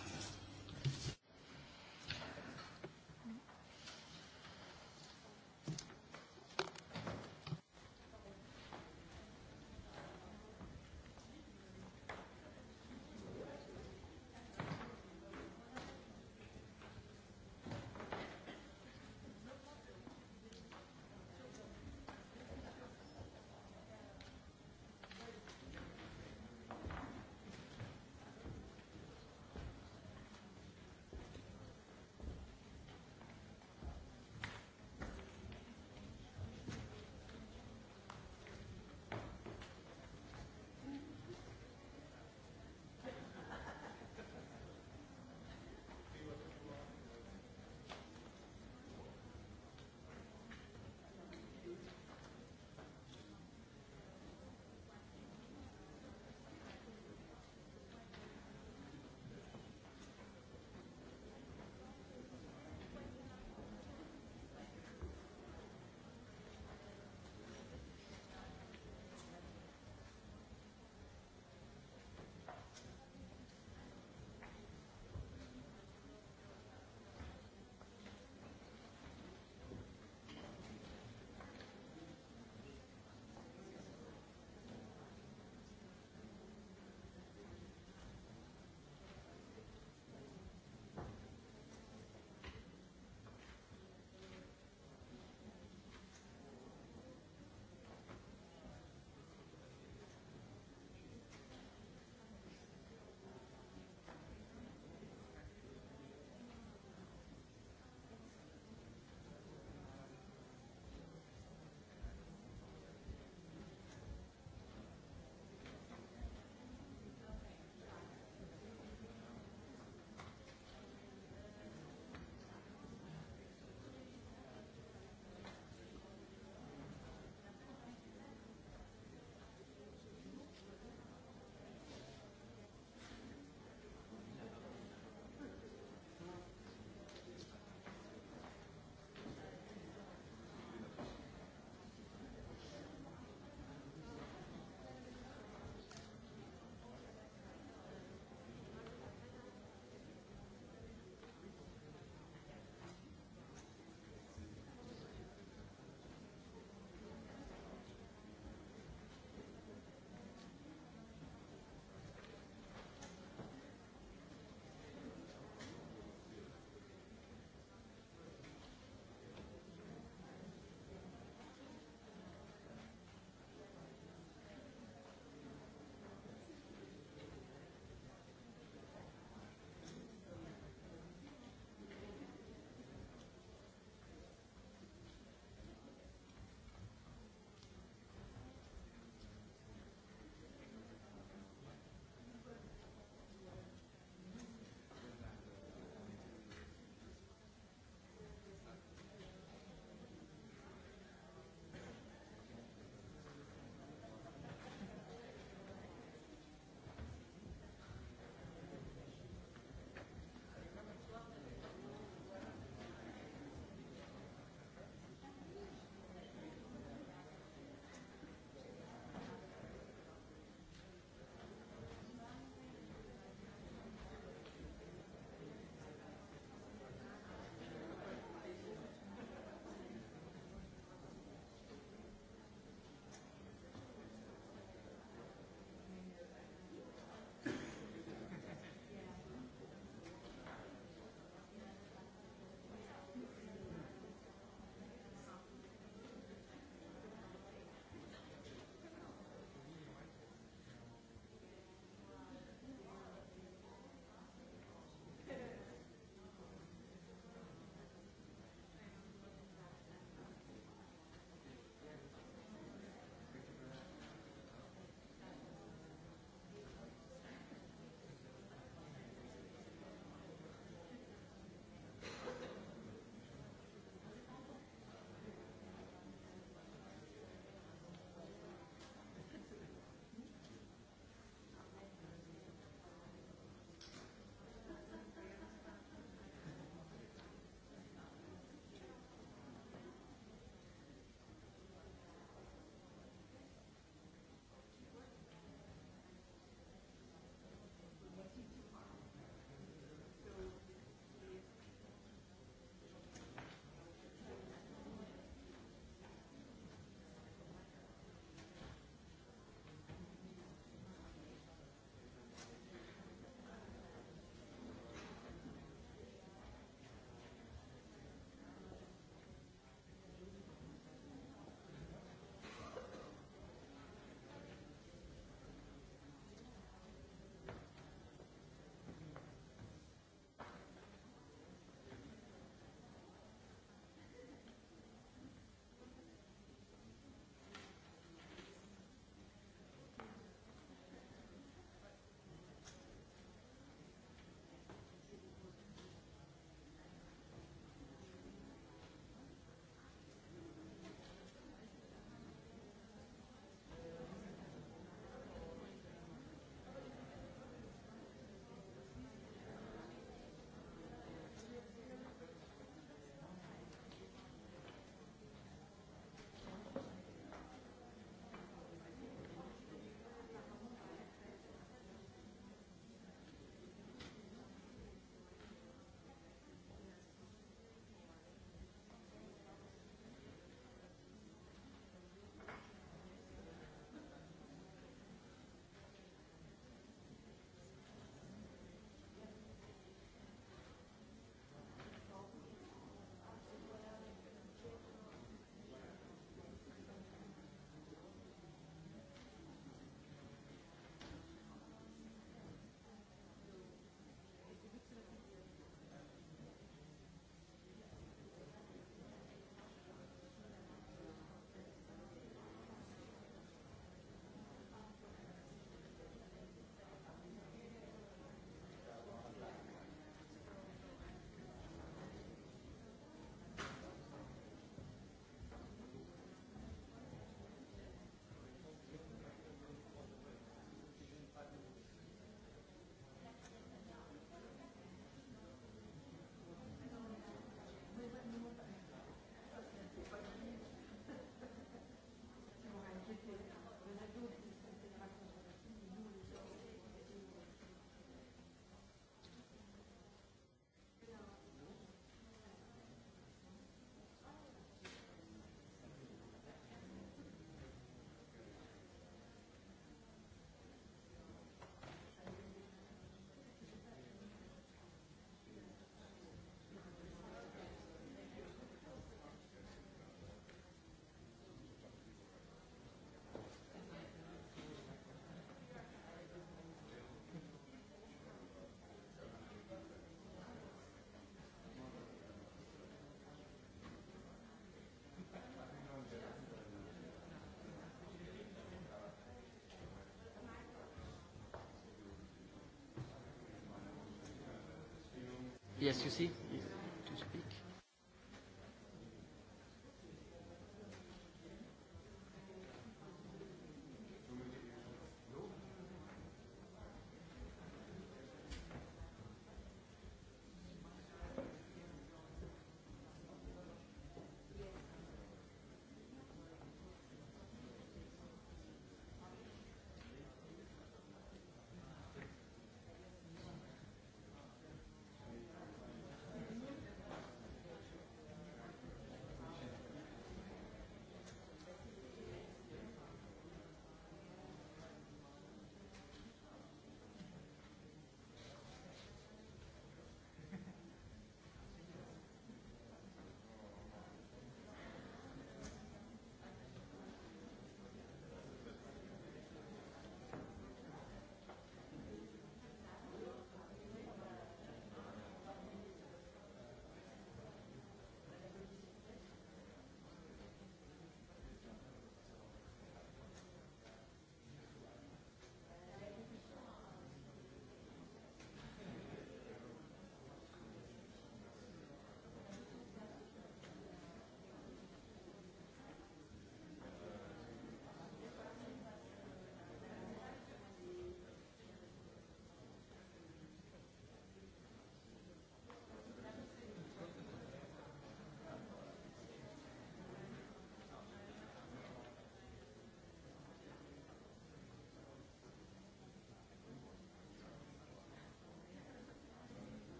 Yes, you see?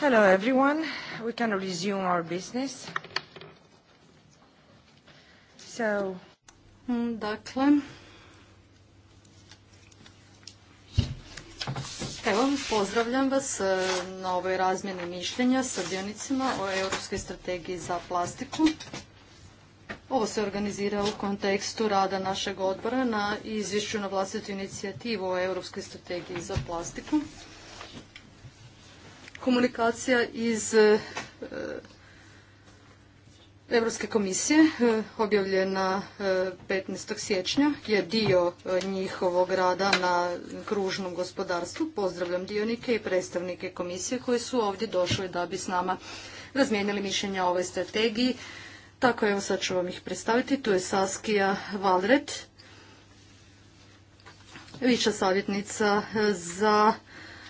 Hello everyone. We can resume our business. So... Dakle, pozdravljam vas e, na ovoj razmjeni mišljenja sa dionicima o Europskoj strategiji za plastiku. Ovo se organizira u kontekstu rada našeg odbora na izvješću na vlastitu inicijativu o Europskoj strategiji za plastiku komunikacija iz Europske e, komisije e, objavljena 15. E, siječnja je dio njihovog rada na kružnom gospodarstvu. Pozdravljam dionike i predstavnike komisije koji su ovdje došli da bi s nama razmijenili mišljenja o ovoj strategiji. Tako evo sad ću vam ih predstaviti. Tu je Saskija Valret, viša savjetnica za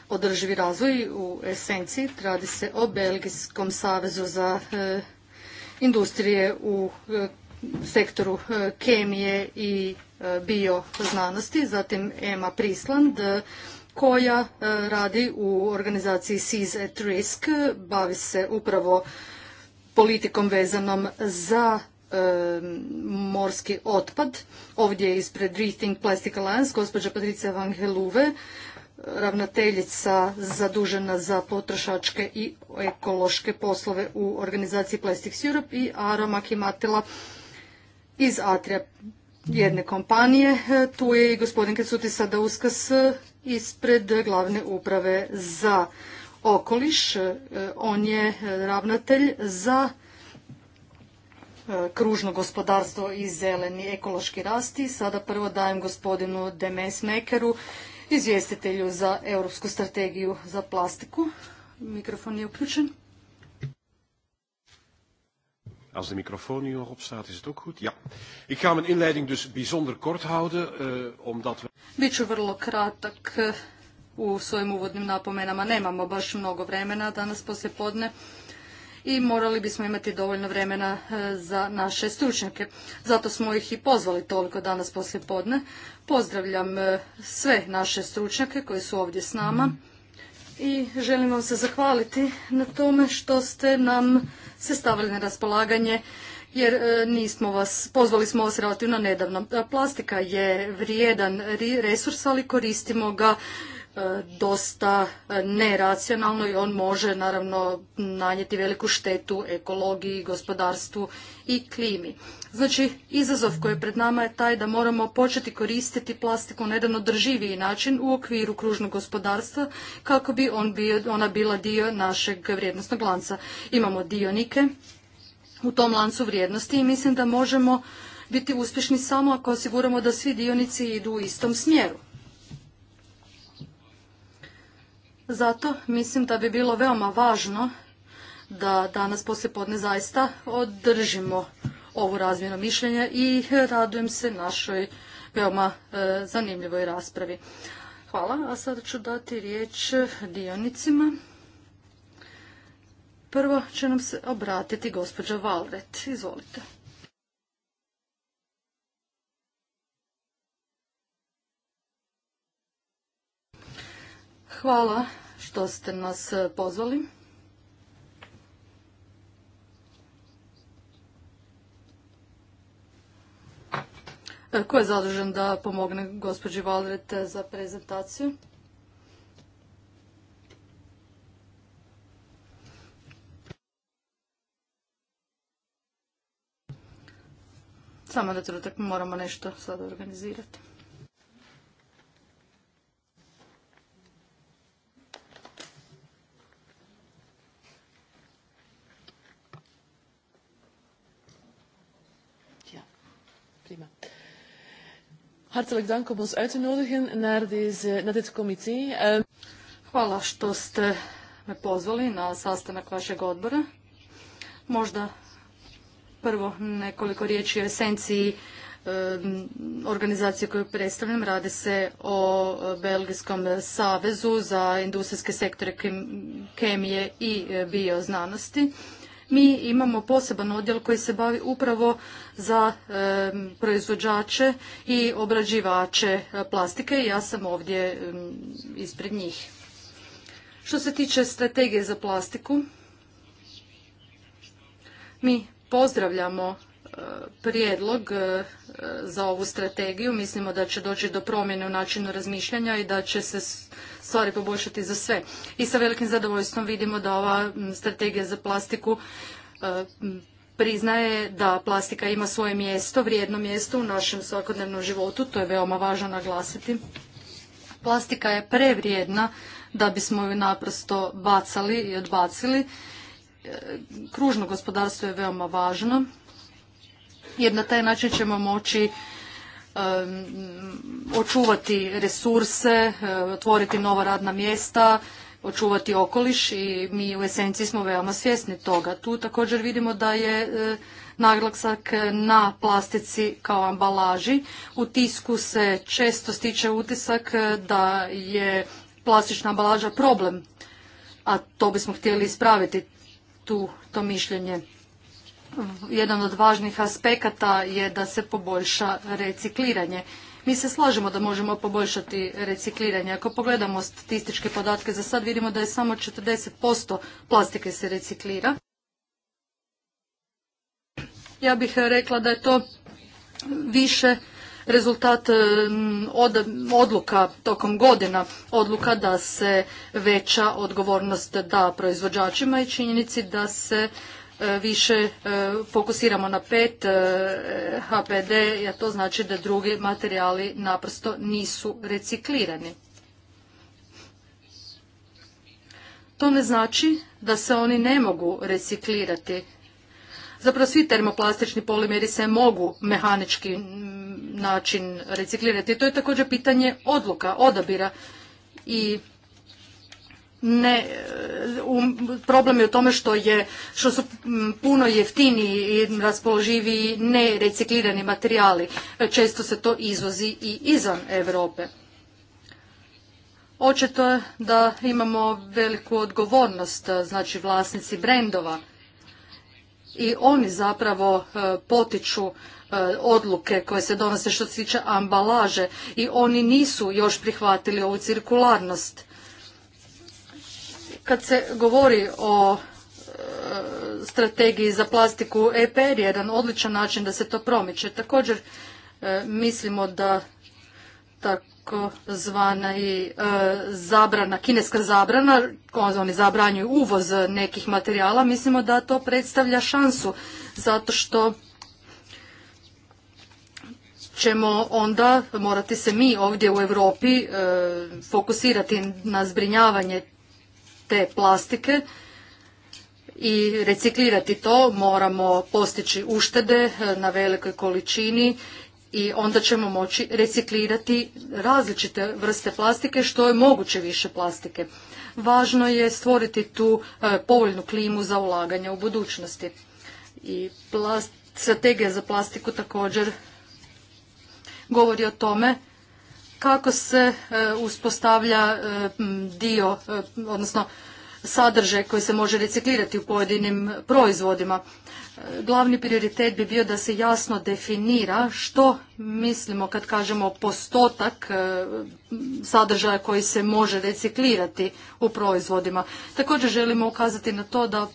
održivi razvoj u esenciji. Radi se o Belgijskom savezu za e, industrije u e, sektoru e, kemije i bioznanosti, zatim Ema Prisland koja radi u organizaciji Seas at Risk, bavi se upravo politikom vezanom za morski otpad. Ovdje je ispred Rethink Plastic Alliance gospođa Patricia Van Heluve ravnateljica zadužena za potrošačke i ekološke poslove u organizaciji Plastics Europe i Ara Makimatila iz Atria, jedne kompanije. Tu je i gospodin Kecuti sada uskas ispred glavne uprave za okoliš. On je ravnatelj za e, kružno gospodarstvo i zeleni ekološki rasti. Sada prvo dajem gospodinu Demes Mekeru izvjestitelju za Europsku strategiju za plastiku. Mikrofon je uključen. Als de microfoon nu nog op staat, is het ook goed. Ja. Ik ga mijn inleiding dus bijzonder kort houden, uh, omdat we... Biću vrlo kratak eh, u svojim uvodnim napomenama. Nemamo baš mnogo vremena danas poslije podne. Uh, i morali bismo imati dovoljno vremena e, za naše stručnjake. Zato smo ih i pozvali toliko danas poslije podne. Pozdravljam e, sve naše stručnjake koji su ovdje s nama i želim vam se zahvaliti na tome što ste nam se stavili na raspolaganje jer e, nismo vas, pozvali smo vas relativno nedavno. Plastika je vrijedan resurs, ali koristimo ga E, dosta e, neracionalno i on može naravno nanijeti veliku štetu ekologiji, gospodarstvu i klimi. Znači, izazov koji je pred nama je taj da moramo početi koristiti plastiku na jedan održiviji način u okviru kružnog gospodarstva kako bi on bio, ona bila dio našeg vrijednostnog lanca. Imamo dionike u tom lancu vrijednosti i mislim da možemo biti uspješni samo ako osiguramo da svi dionici idu u istom smjeru. Zato mislim da bi bilo veoma važno da danas podne zaista održimo ovu razmjenu mišljenja i radujem se našoj veoma e, zanimljivoj raspravi. Hvala, a sada ću dati riječ dionicima. Prvo će nam se obratiti gospođa Valret. Izvolite. Hvala što ste nas e, pozvali. E, ko je zadužen da pomogne gospođi Valret e, za prezentaciju? Samo da trenutak moramo nešto sada organizirati. hartelijk dank om ons uit te nodigen naar, deze, naar dit comité. Ehm, Hvala što ste me pozvali na sastanak vašeg odbora. Možda prvo nekoliko riječi o esenciji ehm, organizacije koju predstavljam. Radi se o e, Belgijskom savezu za industrijske sektore kemije i e, bioznanosti mi imamo poseban odjel koji se bavi upravo za proizvođače i obrađivače e, plastike i ja sam ovdje ispred njih. Što se tiče strategije za plastiku, mi pozdravljamo prijedlog e, za ovu strategiju. Mislimo da će doći do promjene u načinu razmišljanja i da će se stvari poboljšati za sve. I sa velikim zadovoljstvom vidimo da ova strategija za plastiku e, priznaje da plastika ima svoje mjesto, vrijedno mjesto u našem svakodnevnom životu, to je veoma važno naglasiti. Plastika je prevrijedna da bismo ju naprosto bacali i odbacili. E, kružno gospodarstvo je veoma važno jer na taj način ćemo moći očuvati resurse, eh, otvoriti nova radna mjesta, očuvati okoliš i mi u esenciji smo veoma svjesni toga. Tu također vidimo da je eh, naglasak na plastici kao ambalaži. U tisku se često stiče utisak eh, da je plastična ambalaža problem, a to bismo htjeli ispraviti tu, to mišljenje jedan od važnih aspekata je da se poboljša recikliranje. Mi se slažemo da možemo poboljšati recikliranje. Ako pogledamo statističke podatke za sad, vidimo da je samo 40% plastike se reciklira. Ja bih rekla da je to više rezultat odluka tokom godina, odluka da se veća odgovornost da proizvođačima i činjenici da se E, više e, fokusiramo na pet e, HPD, jer to znači da drugi materijali naprosto nisu reciklirani. To ne znači da se oni ne mogu reciklirati. Zapravo svi termoplastični polimeri se mogu mehanički način reciklirati. To je također pitanje odluka, odabira i ne, problem je u tome što je, što su puno jeftiniji i raspoloživiji nereciklirani materijali. Često se to izvozi i izvan Europe. Očito je da imamo veliku odgovornost, znači vlasnici brendova i oni zapravo e, potiču e, odluke koje se donose što se tiče ambalaže i oni nisu još prihvatili ovu cirkularnost kad se govori o e, strategiji za plastiku EPR je jedan odličan način da se to promiče. Također e, mislimo da tako zvana i e, zabrana, kineska zabrana, oni zabranjuju uvoz nekih materijala, mislimo da to predstavlja šansu zato što ćemo onda morati se mi ovdje u Europi fokusirati na zbrinjavanje te plastike i reciklirati to, moramo postići uštede eh, na velikoj količini i onda ćemo moći reciklirati različite vrste plastike što je moguće više plastike. Važno je stvoriti tu eh, povoljnu klimu za ulaganje u budućnosti. I strategija za plastiku također govori o tome kako se e, uspostavlja e, dio, e, odnosno sadržaj koji se može reciklirati u pojedinim proizvodima. Glavni prioritet bi bio da se jasno definira što mislimo kad kažemo postotak sadržaja koji se može reciklirati u proizvodima. Također želimo ukazati na to da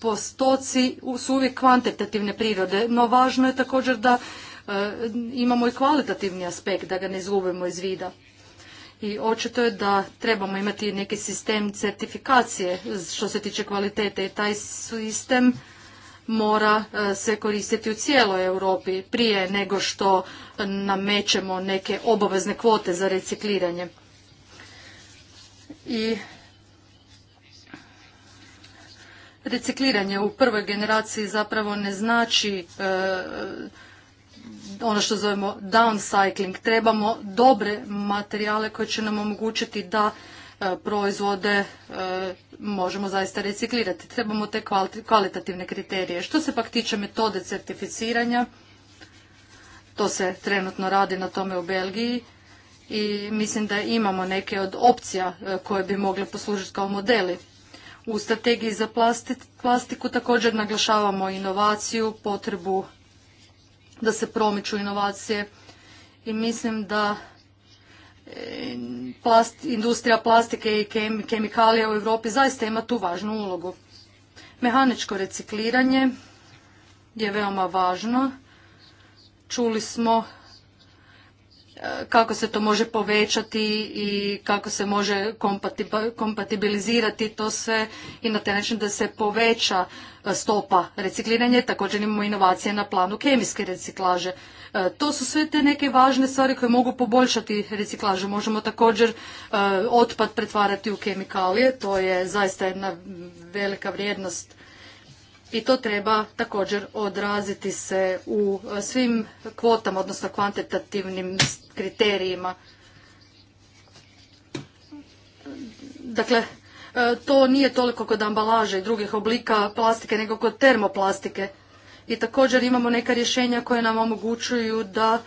postoci su uvijek kvantitativne prirode, no važno je također da E, imamo i kvalitativni aspekt da ga ne izgubimo iz vida. I očito je da trebamo imati neki sistem certifikacije što se tiče kvalitete i taj sistem mora e, se koristiti u cijeloj Europi prije nego što namećemo neke obavezne kvote za recikliranje. I recikliranje u prvoj generaciji zapravo ne znači e, ono što zovemo downcycling. Trebamo dobre materijale koje će nam omogućiti da e, proizvode e, možemo zaista reciklirati. Trebamo te kvalitativne kriterije. Što se pak tiče metode certificiranja, to se trenutno radi na tome u Belgiji i mislim da imamo neke od opcija e, koje bi mogle poslužiti kao modeli. U strategiji za plastiku također naglašavamo inovaciju, potrebu da se promiču inovacije i mislim da e, plast, industrija plastike i kemikalija u Europi zaista ima tu važnu ulogu. Mehaničko recikliranje je veoma važno. Čuli smo E, kako se to može povećati i kako se može kompatibilizirati to sve i na taj način da se poveća e, stopa recikliranja. Također imamo inovacije na planu kemijske reciklaže. E, to su sve te neke važne stvari koje mogu poboljšati reciklažu. Možemo također otpad pretvarati u kemikalije. To je zaista jedna velika vrijednost i to treba također odraziti se u svim kvotama, odnosno kvantitativnim kriterijima. Dakle, to nije toliko kod ambalaže i drugih oblika plastike, nego kod termoplastike. I također imamo neka rješenja koje nam omogućuju da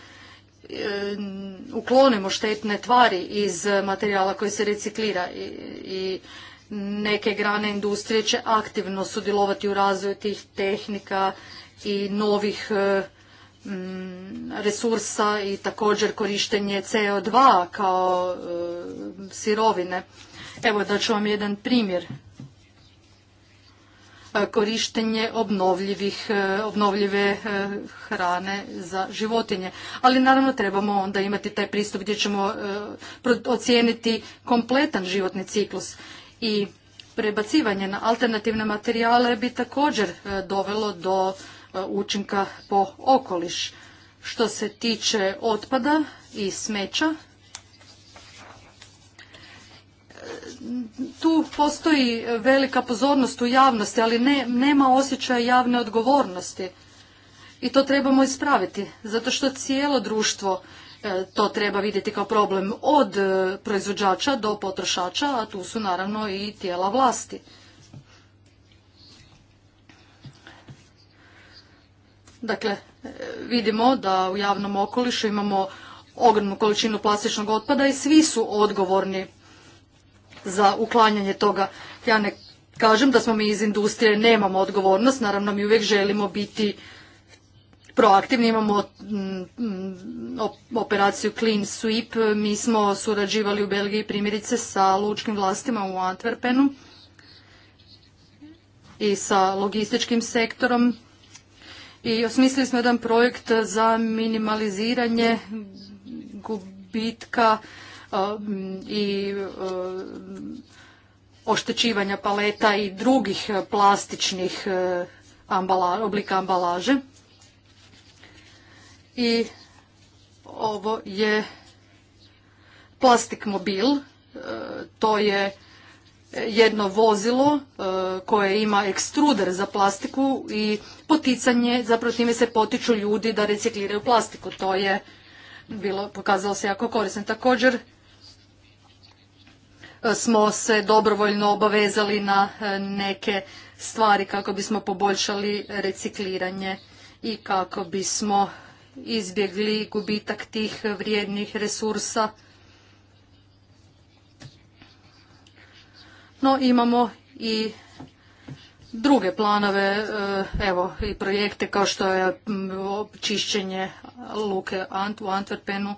uklonimo štetne tvari iz materijala koji se reciklira i, i Neke grane industrije će aktivno sudjelovati u razvoju tih tehnika i novih e, mm, resursa i također korištenje CO2 kao e, sirovine. Evo da ću vam jedan primjer. E, korištenje obnovljive hrane za životinje. Ali naravno trebamo onda imati taj pristup gdje ćemo ocijeniti kompletan životni ciklus i prebacivanje na alternativne materijale bi također e, dovelo do e, učinka po okoliš. Što se tiče otpada i smeća, e, tu postoji velika pozornost u javnosti, ali ne, nema osjećaja javne odgovornosti. I to trebamo ispraviti, zato što cijelo društvo E, to treba vidjeti kao problem od e, proizvođača do potrošača, a tu su naravno i tijela vlasti. Dakle, e, vidimo da u javnom okolišu imamo ogromnu količinu plastičnog otpada i svi su odgovorni za uklanjanje toga. Ja ne kažem da smo mi iz industrije, nemamo odgovornost, naravno mi uvijek želimo biti proaktivni. Imamo mm, operaciju Clean Sweep. Mi smo surađivali u Belgiji primjerice sa lučkim vlastima u Antwerpenu i sa logističkim sektorom. I osmislili smo jedan projekt za minimaliziranje gubitka mm, i oštećivanja paleta i drugih plastičnih oblika ambalaže i ovo je plastik mobil. E, to je jedno vozilo e, koje ima ekstruder za plastiku i poticanje, zapravo time se potiču ljudi da recikliraju plastiku. To je bilo, pokazalo se jako korisno. Također e, smo se dobrovoljno obavezali na neke stvari kako bismo poboljšali recikliranje i kako bismo izbjegli gubitak tih vrijednih resursa. No imamo i druge planove, eh, evo i projekte kao što je mm, čišćenje luke u Antwerpenu.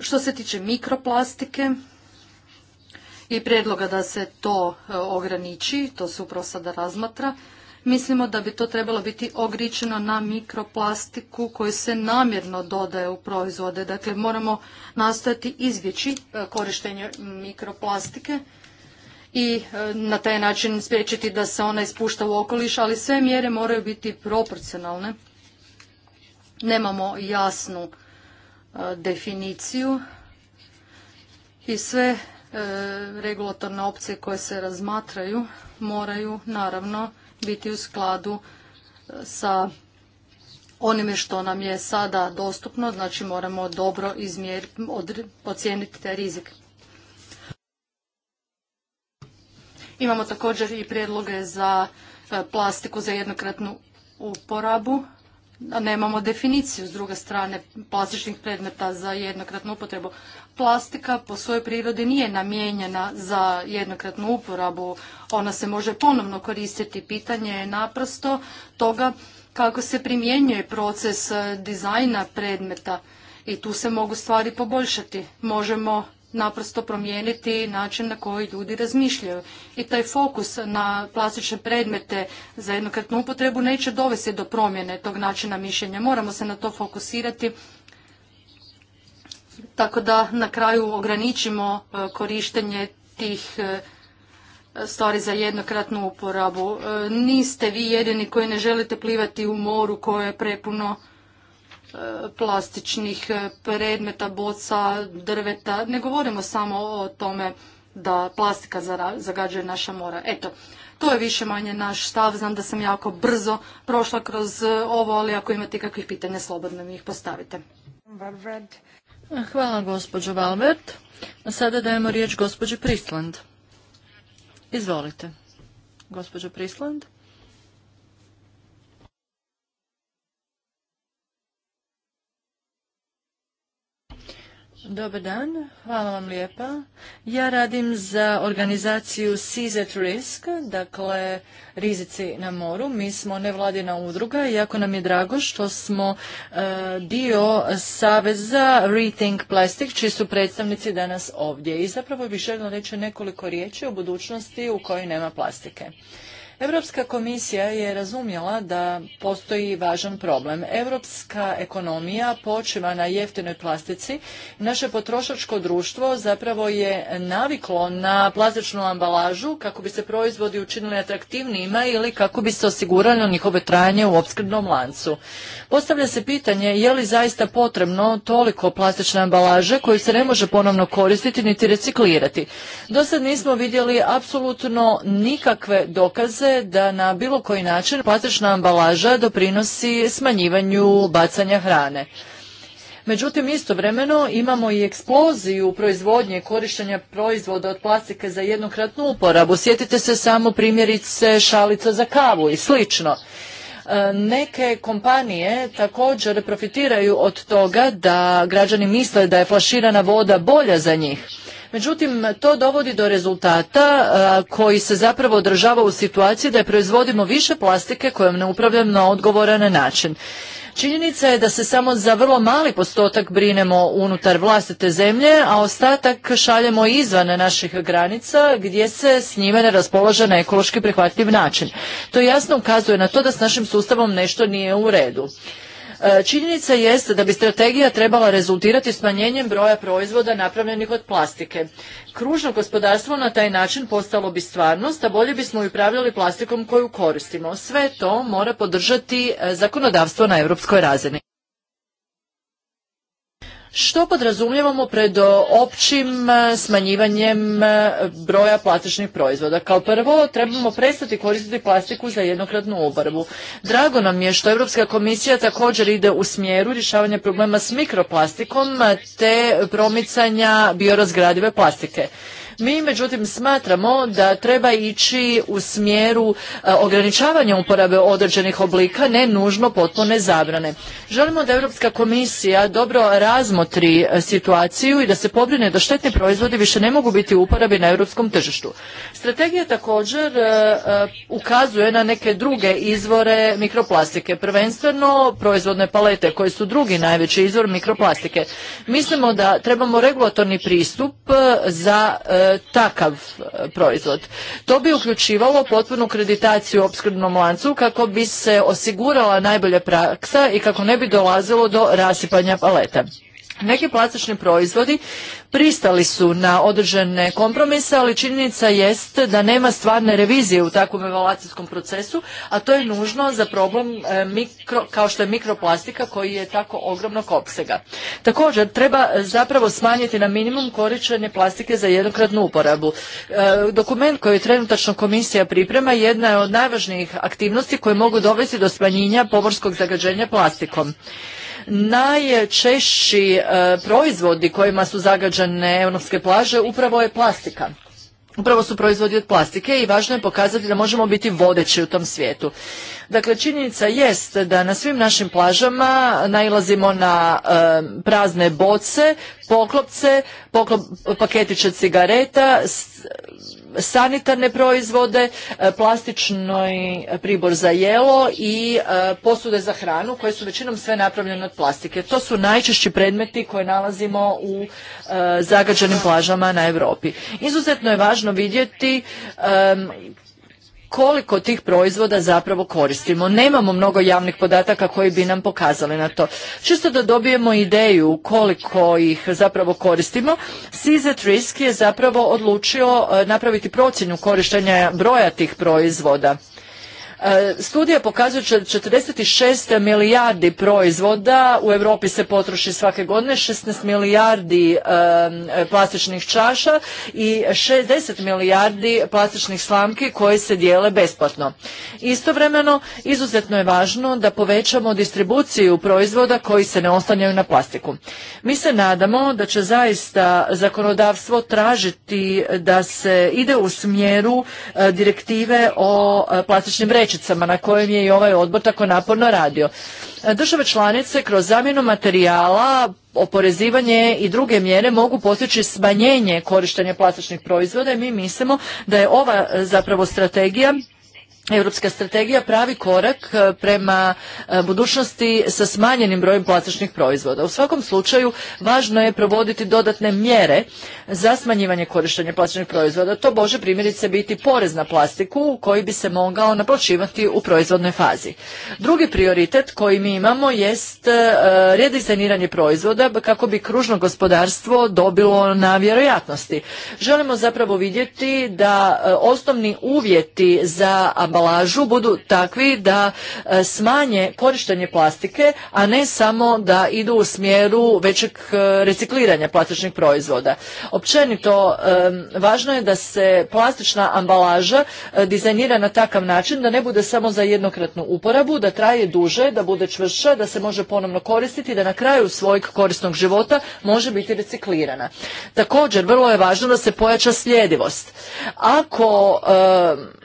Što se tiče mikroplastike i predloga da se to eh, ograniči, to se upravo sada razmatra, Mislimo da bi to trebalo biti ogričeno na mikroplastiku koju se namjerno dodaje u proizvode. Dakle, moramo nastojati izbjeći e, korištenje mikroplastike i e, na taj način spriječiti da se ona ispušta u okoliš, ali sve mjere moraju biti proporcionalne. Nemamo jasnu e, definiciju i sve regulatorne opcije koje se razmatraju moraju naravno biti u skladu e, sa onime što nam je sada dostupno, znači moramo dobro ocijeniti taj rizik. Imamo također i prijedloge za e, plastiku za jednokratnu uporabu nemamo definiciju s druge strane plastičnih predmeta za jednokratnu upotrebu. Plastika po svojoj prirodi nije namijenjena za jednokratnu uporabu, ona se može ponovno koristiti. Pitanje je naprosto toga kako se primjenjuje proces dizajna predmeta i tu se mogu stvari poboljšati. Možemo naprosto promijeniti način na koji ljudi razmišljaju. I taj fokus na plastične predmete za jednokratnu upotrebu neće dovesti do promjene tog načina mišljenja. Moramo se na to fokusirati tako da na kraju ograničimo e, korištenje tih e, stvari za jednokratnu uporabu. E, niste vi jedini koji ne želite plivati u moru koje je prepuno plastičnih predmeta, boca, drveta. Ne govorimo samo o tome da plastika zagađuje naša mora. Eto, to je više manje naš stav. Znam da sam jako brzo prošla kroz ovo, ali ako imate kakvih pitanja, slobodno mi ih postavite. Hvala gospođo Valbert. Sada dajemo riječ gospođi Prisland. Izvolite. Gospođo Prisland. Dobar dan, hvala vam lijepa. Ja radim za organizaciju Seas at Risk, dakle rizici na moru. Mi smo nevladina udruga i jako nam je drago što smo e, dio Saveza Rethink Plastic, čiji su predstavnici danas ovdje. I zapravo bih željela reći nekoliko riječi o budućnosti u kojoj nema plastike. Europska komisija je razumjela da postoji važan problem. Europska ekonomija počiva na jeftinoj plastici. Naše potrošačko društvo zapravo je naviklo na plastičnu ambalažu kako bi se proizvodi učinili atraktivnijima ili kako bi se osiguralo njihove trajanje u opskrbnom lancu. Postavlja se pitanje je li zaista potrebno toliko plastične ambalaže koju se ne može ponovno koristiti niti reciklirati. Do sad nismo vidjeli apsolutno nikakve dokaze da na bilo koji način plastična ambalaža doprinosi smanjivanju bacanja hrane. Međutim, istovremeno imamo i eksploziju proizvodnje korištenja proizvoda od plastike za jednokratnu uporabu. Sjetite se samo primjerice šalica za kavu i slično. E, neke kompanije također profitiraju od toga da građani misle da je flaširana voda bolja za njih. Međutim, to dovodi do rezultata koji se zapravo održava u situaciji da je proizvodimo više plastike kojom ne upravljamo na odgovoran način. Činjenica je da se samo za vrlo mali postotak brinemo unutar vlastite zemlje, a ostatak šaljemo izvan naših granica gdje se s njime ne raspolaže na ekološki prihvatljiv način. To jasno ukazuje na to da s našim sustavom nešto nije u redu. E, činjenica jest da bi strategija trebala rezultirati smanjenjem broja proizvoda napravljenih od plastike. Kružno gospodarstvo na taj način postalo bi stvarnost, a bolje bismo upravljali plastikom koju koristimo. Sve to mora podržati e, zakonodavstvo na europskoj razini što podrazumijevamo pred općim e, smanjivanjem e, broja plastičnih proizvoda. Kao prvo, trebamo prestati koristiti plastiku za jednokratnu oborbu. Drago nam je što Europska komisija također ide u smjeru rješavanja problema s mikroplastikom te promicanja biorazgradive plastike. Mi međutim smatramo da treba ići u smjeru e, ograničavanja uporabe određenih oblika, ne nužno potpune zabrane. Želimo da Europska komisija dobro razmotri e, situaciju i da se pobrine da štetni proizvodi više ne mogu biti u uporabi na europskom tržištu. Strategija također e, ukazuje na neke druge izvore mikroplastike, prvenstveno proizvodne palete koje su drugi najveći izvor mikroplastike. Mislimo da trebamo regulatorni pristup za takav e, proizvod. To bi uključivalo potpunu kreditaciju u opskrbnom lancu kako bi se osigurala najbolja praksa i kako ne bi dolazilo do rasipanja paleta. Neki plastični proizvodi pristali su na određene kompromise, ali činjenica jest da nema stvarne revizije u takvom evaluacijskom procesu, a to je nužno za problem e, mikro, kao što je mikroplastika koji je tako ogromnog opsega. Također, treba e, zapravo smanjiti na minimum korištenje plastike za jednokratnu uporabu. E, dokument koji trenutačno komisija priprema jedna je od najvažnijih aktivnosti koje mogu dovesti do smanjenja pomorskog zagađenja plastikom. Najčešći e, proizvodi kojima su zagađene europske plaže upravo je plastika. Upravo su proizvodi od plastike i važno je pokazati da možemo biti vodeći u tom svijetu. Dakle, činjenica jest da na svim našim plažama nailazimo na e, prazne boce, poklopce, poklop, paketiće cigareta, s, sanitarne proizvode, e, plastični e, pribor za jelo i e, posude za hranu koje su većinom sve napravljene od plastike. To su najčešći predmeti koje nalazimo u zagađenim plažama na Europi. Izuzetno je važno vidjeti koliko tih proizvoda zapravo koristimo. Nemamo mnogo javnih podataka koji bi nam pokazali na to. Čisto da dobijemo ideju koliko ih zapravo koristimo, CZ Risk je zapravo odlučio eh, napraviti procjenu korištenja broja tih proizvoda E, Studije pokazuju da 46 milijardi proizvoda u Europi se potroši svake godine, 16 milijardi plastičnih čaša i 60 milijardi plastičnih slamki koje se dijele besplatno. Istovremeno, izuzetno je važno da povećamo distribuciju proizvoda koji se ne ostanjaju na plastiku. Mi se nadamo da će zaista zakonodavstvo tražiti da se ide u smjeru e, direktive o e, plastičnim vrećima vrećicama na kojem je i ovaj odbor tako naporno radio. E, Države članice kroz zamjenu materijala oporezivanje i druge mjere mogu postići smanjenje korištenja plastičnih proizvoda i mi mislimo da je ova e, zapravo strategija Europska strategija pravi korak e, prema e, budućnosti sa smanjenim brojem plastičnih proizvoda. U svakom slučaju važno je provoditi dodatne mjere za smanjivanje korištenja plastičnih proizvoda. To može primjerice biti porez na plastiku koji bi se mogao naplaćivati u proizvodnoj fazi. Drugi prioritet koji mi imamo jest e, redizajniranje proizvoda kako bi kružno gospodarstvo dobilo na vjerojatnosti. Želimo zapravo vidjeti da osnovni uvjeti za ambalažu budu takvi da e, smanje korištenje plastike, a ne samo da idu u smjeru većeg e, recikliranja plastičnih proizvoda. Općenito, e, važno je da se plastična ambalaža dizajnira na takav način da ne bude samo za jednokratnu uporabu, da traje duže, da bude čvršća, da se može ponovno koristiti, da na kraju svojeg korisnog života može biti reciklirana. Također, vrlo je važno da se pojača sljedivost. Ako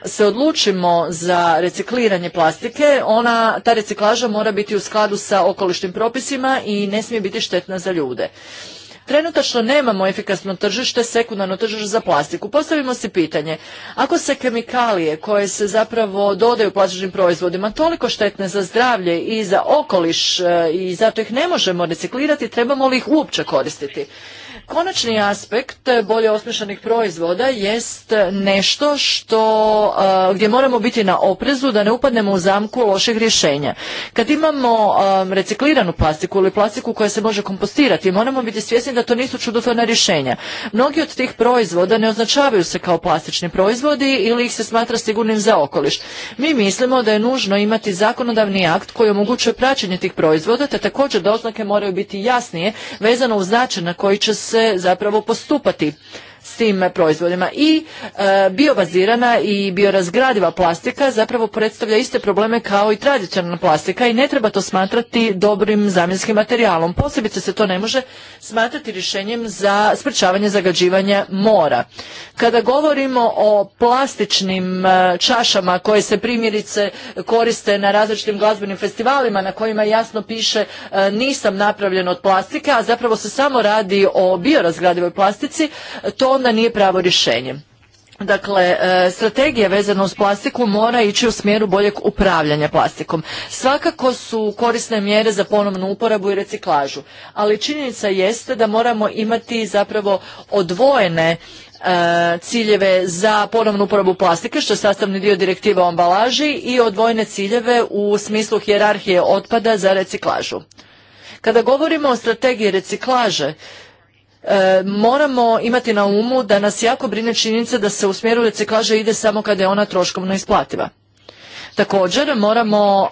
se odlučimo za recikliranje plastike, ona, ta reciklaža mora biti u skladu sa okolišnim propisima i ne smije biti štetna za ljude. Trenutačno nemamo efikasno tržište, sekundarno tržište za plastiku. Postavimo si pitanje, ako se kemikalije koje se zapravo dodaju plastičnim proizvodima toliko štetne za zdravlje i za okoliš e, i zato ih ne možemo reciklirati, trebamo li ih uopće koristiti? Konačni aspekt bolje osmišljenih proizvoda jest nešto što, e, gdje moramo biti na oprezu da ne upadnemo u zamku loših rješenja. Kad imamo e, recikliranu plastiku ili plastiku koja se može kompostirati, moramo biti svjesni da to nisu čudotvorna rješenja. Mnogi od tih proizvoda ne označavaju se kao plastični proizvodi ili ih se smatra sigurnim za okoliš. Mi mislimo da je nužno imati zakonodavni akt koji omogućuje praćenje tih proizvoda, te također da oznake moraju biti jasnije vezano uz način na koji će se se zapravo postupati s tim proizvodima. I e, biobazirana i biorazgradiva plastika zapravo predstavlja iste probleme kao i tradicionalna plastika i ne treba to smatrati dobrim zamjenskim materijalom. Posebice se to ne može smatrati rješenjem za sprečavanje zagađivanja mora. Kada govorimo o plastičnim e, čašama koje se primjerice koriste na različitim glazbenim festivalima na kojima jasno piše e, nisam napravljen od plastike, a zapravo se samo radi o biorazgradivoj plastici, to onda nije pravo rješenje. Dakle, e, strategija vezana uz plastiku mora ići u smjeru boljeg upravljanja plastikom. Svakako su korisne mjere za ponovnu uporabu i reciklažu, ali činjenica jeste da moramo imati zapravo odvojene e, ciljeve za ponovnu uporabu plastike, što je sastavni dio direktiva o ambalaži i odvojene ciljeve u smislu hjerarhije otpada za reciklažu. Kada govorimo o strategiji reciklaže, E, moramo imati na umu da nas jako brine činjenica da se u smjeru reciklaže ide samo kada je ona troškovno isplativa. Također moramo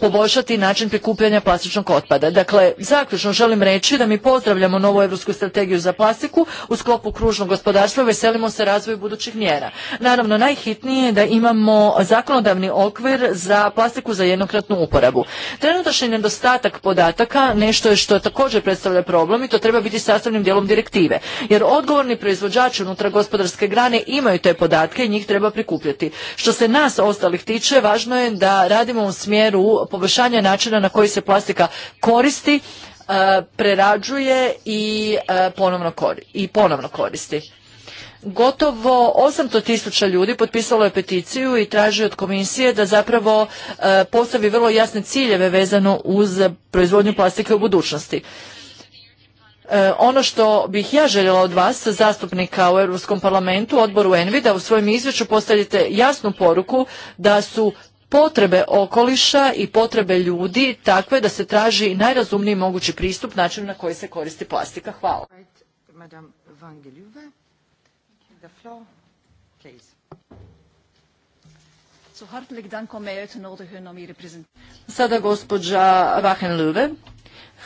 poboljšati način prikupljanja plastičnog otpada. Dakle, zaključno želim reći da mi pozdravljamo novu europsku strategiju za plastiku u sklopu kružnog gospodarstva i veselimo se razvoju budućih mjera. Naravno, najhitnije je da imamo zakonodavni okvir za plastiku za jednokratnu uporabu. Trenutačni nedostatak podataka nešto je što također predstavlja problem i to treba biti sastavnim dijelom direktive. Jer odgovorni proizvođači unutra gospodarske grane imaju te podatke i njih treba prikupljati. Što se nas ostalih tiče, važno je da radimo u smjeru poboljšanja načina na koji se plastika koristi, e, prerađuje e, i ponovno, koristi. Gotovo 800 tisuća ljudi potpisalo je peticiju i traži od komisije da zapravo e, postavi vrlo jasne ciljeve vezano uz proizvodnju plastike u budućnosti. E, ono što bih ja željela od vas, zastupnika u Europskom parlamentu, odboru Envi, da u svojem izvješću postavite jasnu poruku da su potrebe okoliša i potrebe ljudi takve da se traži najrazumniji mogući pristup načinu na koji se koristi plastika. Hvala. Sada gospođa Ljube.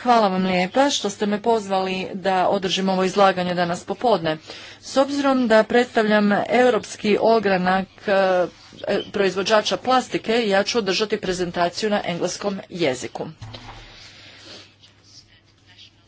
Hvala vam lijepa što ste me pozvali da održim ovo izlaganje danas popodne. S obzirom da predstavljam europski ogranak e, e, proizvođača plastike, ja ću održati prezentaciju na engleskom jeziku.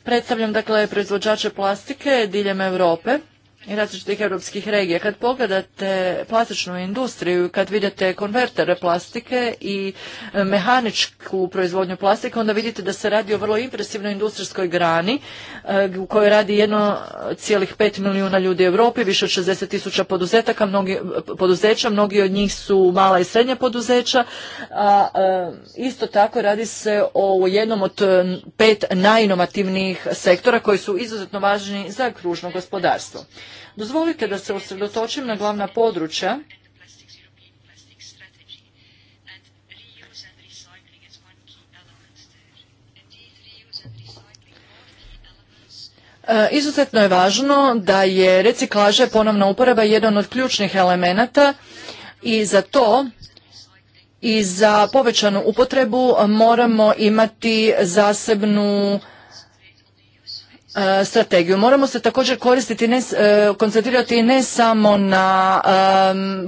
Predstavljam dakle proizvođače plastike diljem Europe i različitih europskih regija. Kad pogledate plastičnu industriju, kad vidite konvertere plastike i e, mehaničku proizvodnju plastike, onda vidite da se radi o vrlo impresivnoj industrijskoj grani e, u kojoj radi 1,5 milijuna ljudi u Europi, više od 60 tisuća poduzetaka, mnogi, poduzeća, mnogi od njih su mala i srednja poduzeća, a e, isto tako radi se o jednom od pet najinovativnijih sektora koji su izuzetno važni za kružno gospodarstvo. Dozvolite da se osredotočim na glavna područja e, Izuzetno je važno da je reciklaža ponovna uporaba jedan od ključnih elemenata i za to i za povećanu upotrebu moramo imati zasebnu E, strategiju. Moramo se također koristiti, e, koncentrirati ne samo na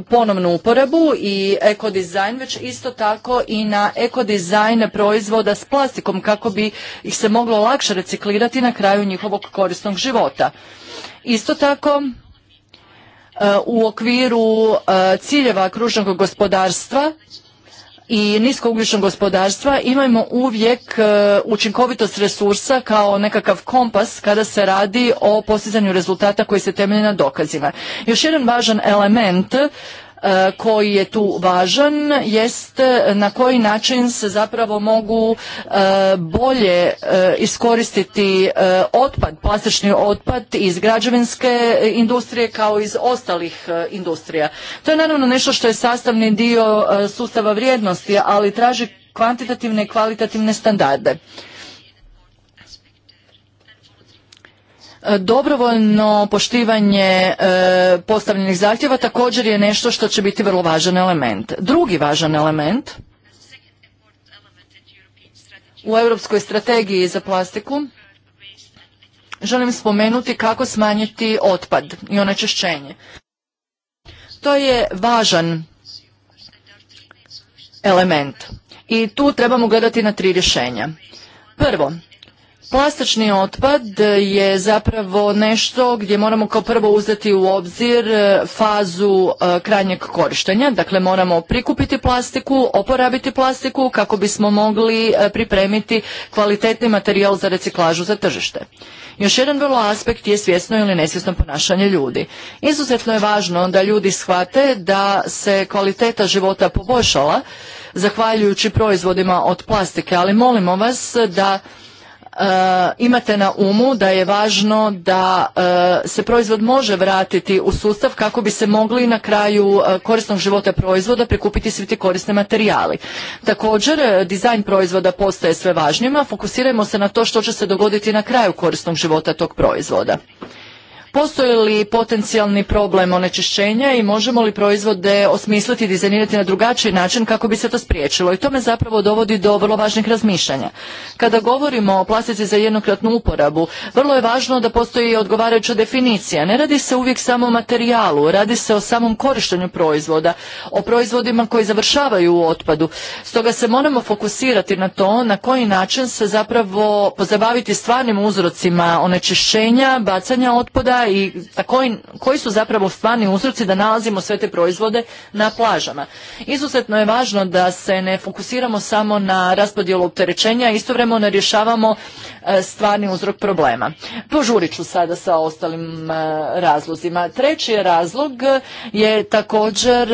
ponovnu uporabu i ekodizajn, već isto tako i na ekodizajn proizvoda s plastikom kako bi ih se moglo lakše reciklirati na kraju njihovog korisnog života. Isto tako, e, u okviru ciljeva kružnog gospodarstva i niskougljičnog gospodarstva imajmo uvijek e, učinkovitost resursa kao nekakav kompas kada se radi o postizanju rezultata koji se temelje na dokazima. Još jedan važan element E, koji je tu važan jest na koji način se zapravo mogu e, bolje e, iskoristiti otpad, plastični otpad iz građevinske industrije kao iz ostalih industrija. To je naravno nešto što je sastavni dio sustava vrijednosti, ali traži kvantitativne i kvalitativne standarde. E, dobrovoljno poštivanje e, postavljenih zahtjeva također je nešto što će biti vrlo važan element. Drugi važan element u Europskoj strategiji za plastiku želim spomenuti kako smanjiti otpad i onečišćenje. To je važan element i tu trebamo gledati na tri rješenja. Prvo, Plastični otpad je zapravo nešto gdje moramo kao prvo uzeti u obzir e, fazu e, krajnjeg korištenja. Dakle, moramo prikupiti plastiku, oporabiti plastiku kako bismo mogli e, pripremiti kvalitetni materijal za reciklažu za tržište. Još jedan vrlo aspekt je svjesno ili nesvjesno ponašanje ljudi. Izuzetno je važno da ljudi shvate da se kvaliteta života poboljšala zahvaljujući proizvodima od plastike, ali molimo vas da Eh, imate na umu da je važno da eh, se proizvod može vratiti u sustav kako bi se mogli na kraju eh, korisnog života proizvoda prikupiti svi ti korisne materijali. Također, dizajn proizvoda postaje sve važnijima, fokusirajmo se na to što će se dogoditi na kraju korisnog života tog proizvoda. Postoji li potencijalni problem onečišćenja i možemo li proizvode osmisliti i dizajnirati na drugačiji način kako bi se to spriječilo? I to me zapravo dovodi do vrlo važnih razmišljanja. Kada govorimo o plastici za jednokratnu uporabu, vrlo je važno da postoji odgovarajuća definicija. Ne radi se uvijek samo o materijalu, radi se o samom korištenju proizvoda, o proizvodima koji završavaju u otpadu. Stoga se moramo fokusirati na to na koji način se zapravo pozabaviti stvarnim uzrocima onečišćenja, bacanja otpada i koji, koji su zapravo stvarni uzroci da nalazimo sve te proizvode na plažama. Izuzetno je važno da se ne fokusiramo samo na raspodjelu opterećenja, istovremeno rješavamo e, stvarni uzrok problema. Požurit ću sada sa ostalim e, razlozima. Treći razlog e, je također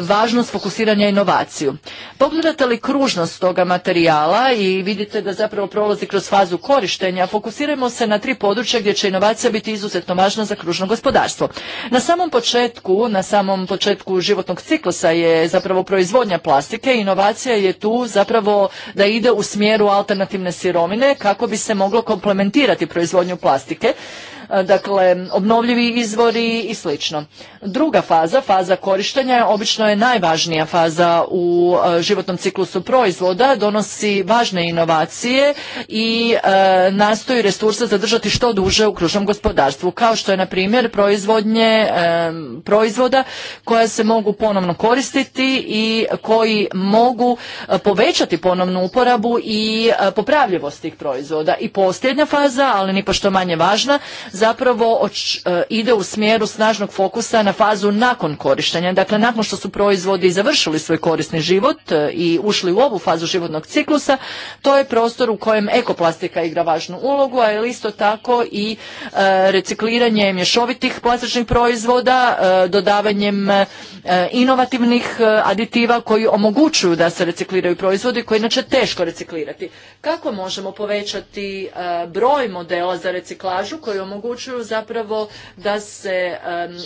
važnost fokusiranja inovaciju. Pogledate li kružnost toga materijala i vidite da zapravo prolazi kroz fazu korištenja, fokusiramo se na tri područja gdje će inovacija biti izuzet izuzetno važna za kružno gospodarstvo. Na samom početku, na samom početku životnog ciklusa je zapravo proizvodnja plastike, inovacija je tu zapravo da ide u smjeru alternativne sirovine kako bi se moglo komplementirati proizvodnju plastike E, dakle obnovljivi izvori i slično. Druga faza, faza korištenja, obično je najvažnija faza u e, životnom ciklusu proizvoda, donosi važne inovacije i e, nastoji resursa zadržati što duže u kružnom gospodarstvu, kao što je na primjer proizvodnje proizvoda koja se mogu ponovno koristiti i koji mogu povećati ponovnu uporabu i popravljivost tih proizvoda. I posljednja faza, ali nipošto manje važna, zapravo e, ide u smjeru snažnog fokusa na fazu nakon korištenja. Dakle, nakon što su proizvodi završili svoj korisni život e, i ušli u ovu fazu životnog ciklusa, to je prostor u kojem ekoplastika igra važnu ulogu, a isto tako i e, recikliranje mješovitih plastičnih proizvoda, dodavanjem inovativnih aditiva koji omogućuju da se recikliraju proizvodi koji inače teško reciklirati. Kako možemo povećati broj modela za reciklažu koji omogućuju Učuju zapravo da se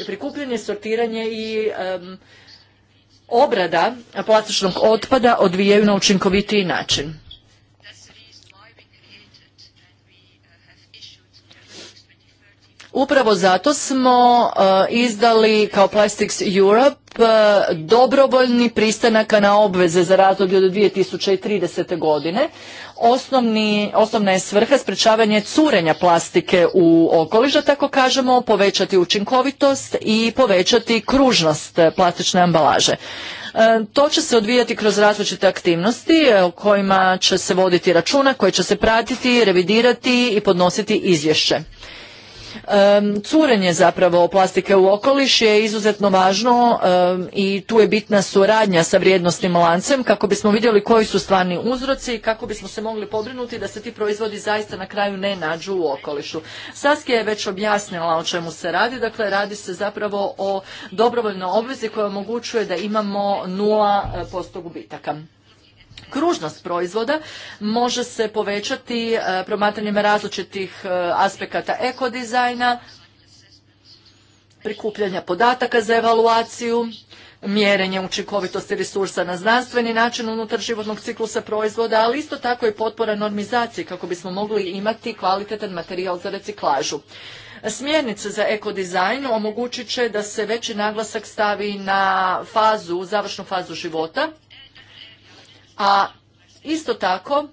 prikupljanje, sortiranje i obrada plastičnog otpada odvijaju na učinkovitiji način. Upravo zato smo eh, izdali kao Plastics Europe eh, dobrovoljni pristanaka na obveze za razdoblje do 2030. godine. Osnovni, osnovna je svrha sprečavanje curenja plastike u okoliš, tako kažemo, povećati učinkovitost i povećati kružnost plastične ambalaže. Eh, to će se odvijati kroz različite aktivnosti o kojima će se voditi računa, koje će se pratiti, revidirati i podnositi izvješće. Curenje zapravo plastike u okoliš je izuzetno važno i tu je bitna suradnja sa vrijednostnim lancem kako bismo vidjeli koji su stvarni uzroci i kako bismo se mogli pobrinuti da se ti proizvodi zaista na kraju ne nađu u okolišu. Saskija je već objasnila o čemu se radi, dakle radi se zapravo o dobrovoljnoj obvezi koja omogućuje da imamo nula e, posto gubitaka kružnost proizvoda može se povećati e, promatranjem različitih e, aspekata ekodizajna, prikupljanja podataka za evaluaciju, mjerenje učinkovitosti resursa na znanstveni način unutar životnog ciklusa proizvoda, ali isto tako i potpora normizaciji kako bismo mogli imati kvalitetan materijal za reciklažu. Smjernice za ekodizajn omogućit će da se veći naglasak stavi na fazu, završnu fazu života, a isto tako,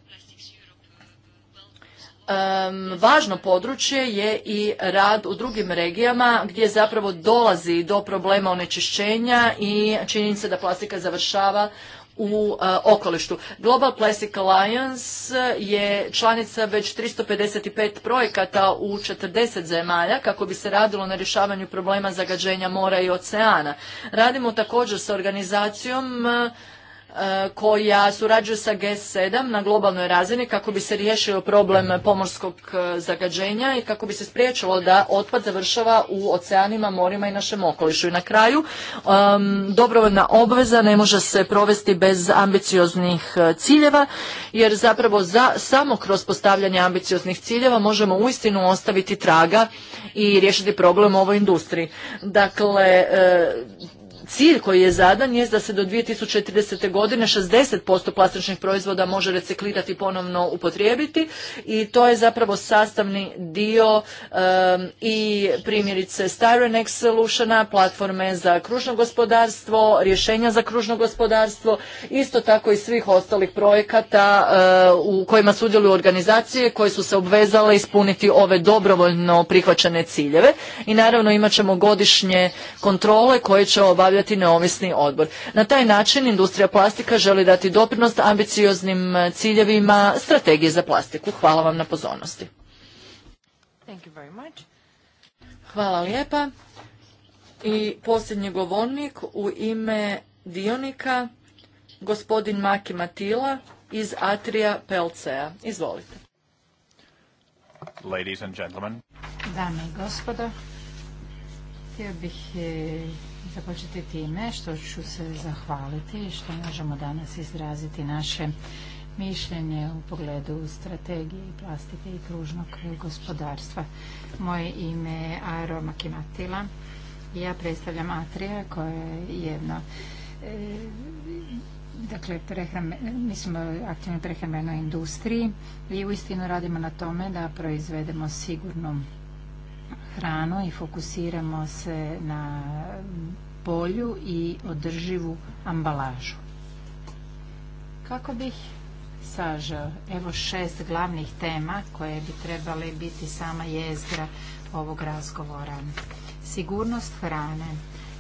važno područje je i rad u drugim regijama gdje zapravo dolazi do problema onečišćenja i činjenica da plastika završava u e, okolištu. Global Plastic Alliance je članica već 355 projekata u 40 zemalja kako bi se radilo na rješavanju problema zagađenja mora i oceana. Radimo također sa organizacijom E, koja surađuje sa G7 na globalnoj razini kako bi se riješio problem pomorskog e, zagađenja i kako bi se spriječilo da otpad završava u oceanima, morima i našem okolišu. I na kraju, dobrovoljna obveza ne može se provesti bez ambicioznih e, ciljeva, jer zapravo za, samo kroz postavljanje ambicioznih ciljeva možemo uistinu ostaviti traga i riješiti problem u ovoj industriji. Dakle, Cilj koji je zadan je da se do 2030. godine 60% plastičnih proizvoda može reciklirati i ponovno upotrijebiti i to je zapravo sastavni dio i primjerice Styrenex solutiona, platforme za kružno gospodarstvo, rješenja za kružno gospodarstvo, isto tako i svih ostalih projekata eh, u kojima sudjeluju organizacije koje su se obvezale ispuniti ove dobrovoljno prihvaćene ciljeve i naravno imat ćemo godišnje kontrole koje će obavljati predstavljati neovisni odbor. Na taj način industrija plastika želi dati doprinost ambicioznim eh, ciljevima strategije za plastiku. Hvala vam na pozornosti. Hvala lijepa. I posljednji govornik u ime dionika, gospodin Maki Matila iz atria Pelcea. Izvolite. Ladies Dame i gospodo, htio bih eh, započeti time što ću se zahvaliti i što možemo danas izraziti naše mišljenje u pogledu strategije plastike i kružnog gospodarstva. Moje ime je Aero Makimatila i ja predstavljam Atrija koja je jedna e, dakle mi smo aktivni prehrambenoj industriji i uistinu radimo na tome da proizvedemo sigurnu hranu i fokusiramo se na bolju i održivu ambalažu. Kako bih sažao, evo šest glavnih tema koje bi trebale biti sama jezgra ovog razgovora. Sigurnost hrane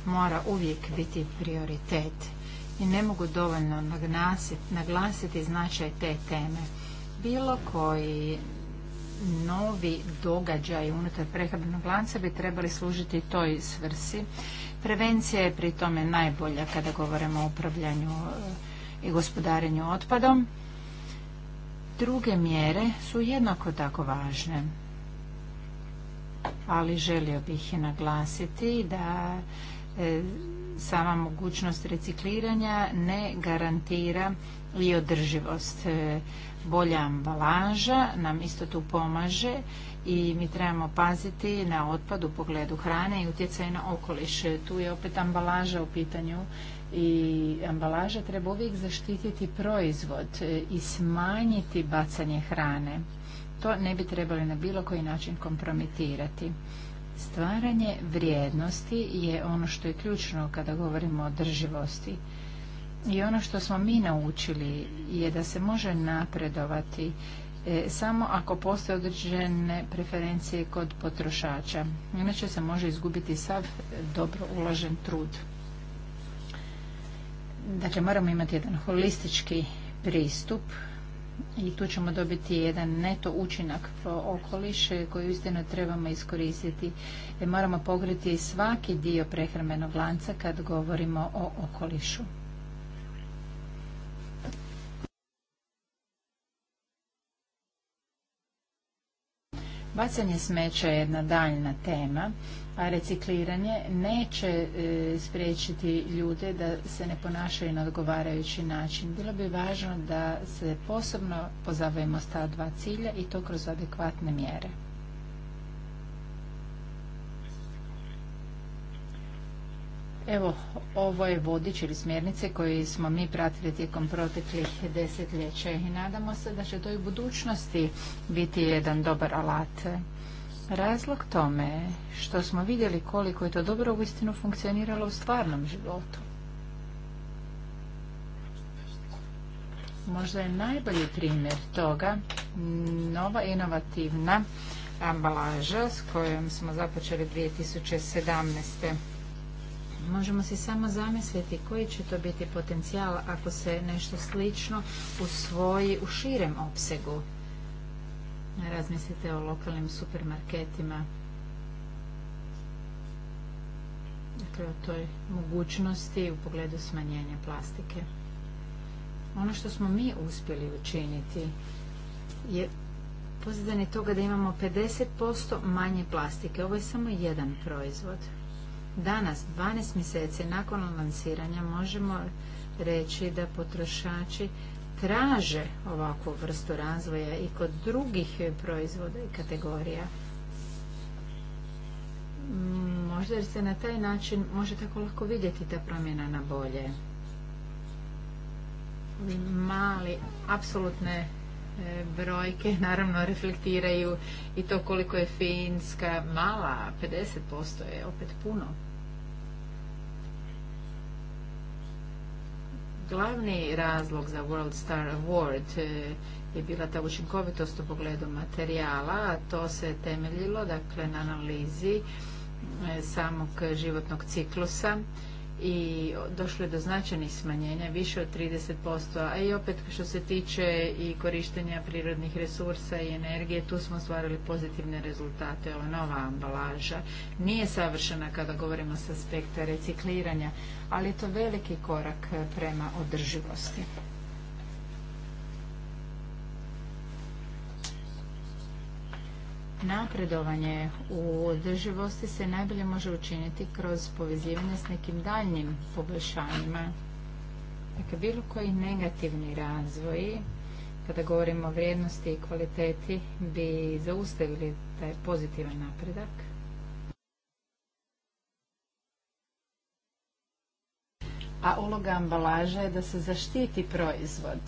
mora uvijek biti prioritet i ne mogu dovoljno naglasiti, značaj te teme. Bilo koji novi događaj unutar prehrambenog lanca bi trebali služiti toj svrsi Prevencija je pri tome najbolja kada govorimo o upravljanju eh, i gospodarenju otpadom. Druge mjere su jednako tako važne, ali želio bih i naglasiti da eh, sama mogućnost recikliranja ne garantira i održivost. Eh, bolja ambalaža nam isto tu pomaže i mi trebamo paziti na otpad u pogledu hrane i utjecaj na okoliš. Tu je opet ambalaža u pitanju i ambalaža treba uvijek zaštititi proizvod i smanjiti bacanje hrane. To ne bi trebali na bilo koji način kompromitirati. Stvaranje vrijednosti je ono što je ključno kada govorimo o održivosti. I ono što smo mi naučili je da se može napredovati E, samo ako postoje određene preferencije kod potrošača. Inače se može izgubiti sav e, dobro uložen trud. Dakle, moramo imati jedan holistički pristup i tu ćemo dobiti jedan neto učinak po okoliš koji uistinu trebamo iskoristiti. E, moramo pogriti svaki dio prehrambenog lanca kad govorimo o okolišu. Bacanje smeća je jedna daljna tema, a recikliranje neće e, spriječiti ljude da se ne ponašaju na odgovarajući način. Bilo bi važno da se posebno pozabavimo s ta dva cilja i to kroz adekvatne mjere. Evo, ovo je vodič ili smjernice koje smo mi pratili tijekom proteklih desetljeća i nadamo se da će to i u budućnosti biti jedan dobar alat. Razlog tome je što smo vidjeli koliko je to dobro uistinu funkcioniralo u stvarnom životu. Možda je najbolji primjer toga nova inovativna ambalaža s kojom smo započeli 2017. Možemo si samo zamisliti koji će to biti potencijal ako se nešto slično usvoji u širem opsegu. Razmislite o lokalnim supermarketima. Dakle, o toj mogućnosti u pogledu smanjenja plastike. Ono što smo mi uspjeli učiniti je pozadani toga da imamo 50% manje plastike. Ovo je samo jedan proizvod. Danas, 12 mjeseci nakon lansiranja, možemo reći da potrošači traže ovakvu vrstu razvoja i kod drugih proizvoda i kategorija. Možda se na taj način može tako lako vidjeti ta promjena na bolje. Mali, apsolutne e, brojke naravno reflektiraju i to koliko je Finska mala, 50% je opet puno. Glavni razlog za World Star Award e, je bila ta učinkovitost u pogledu materijala, a to se temeljilo dakle, na analizi e, samog životnog ciklusa i došlo je do značajnih smanjenja, više od 30%, a i opet što se tiče i korištenja prirodnih resursa i energije, tu smo stvarili pozitivne rezultate. Ova nova ambalaža nije savršena kada govorimo s aspekta recikliranja, ali je to veliki korak prema održivosti. Napredovanje u održivosti se najbolje može učiniti kroz povezivanje s nekim daljnim poboljšanjima. Dakle, bilo koji negativni razvoji, kada govorimo o vrijednosti i kvaliteti, bi zaustavili taj pozitivan napredak. A uloga ambalaža je da se zaštiti proizvod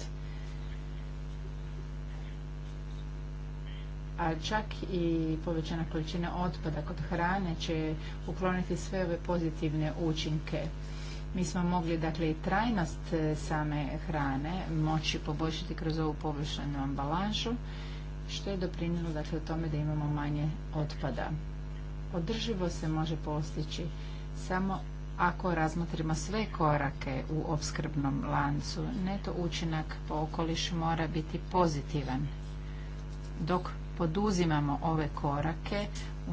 a čak i povećana količina otpada kod hrane će ukloniti sve ove pozitivne učinke. Mi smo mogli dakle i trajnost e, same hrane moći poboljšati kroz ovu poboljšanu ambalažu što je doprinijelo dakle tome da imamo manje otpada. Održivo se može postići samo ako razmotrimo sve korake u opskrbnom lancu, neto učinak po okoliš mora biti pozitivan, dok poduzimamo ove korake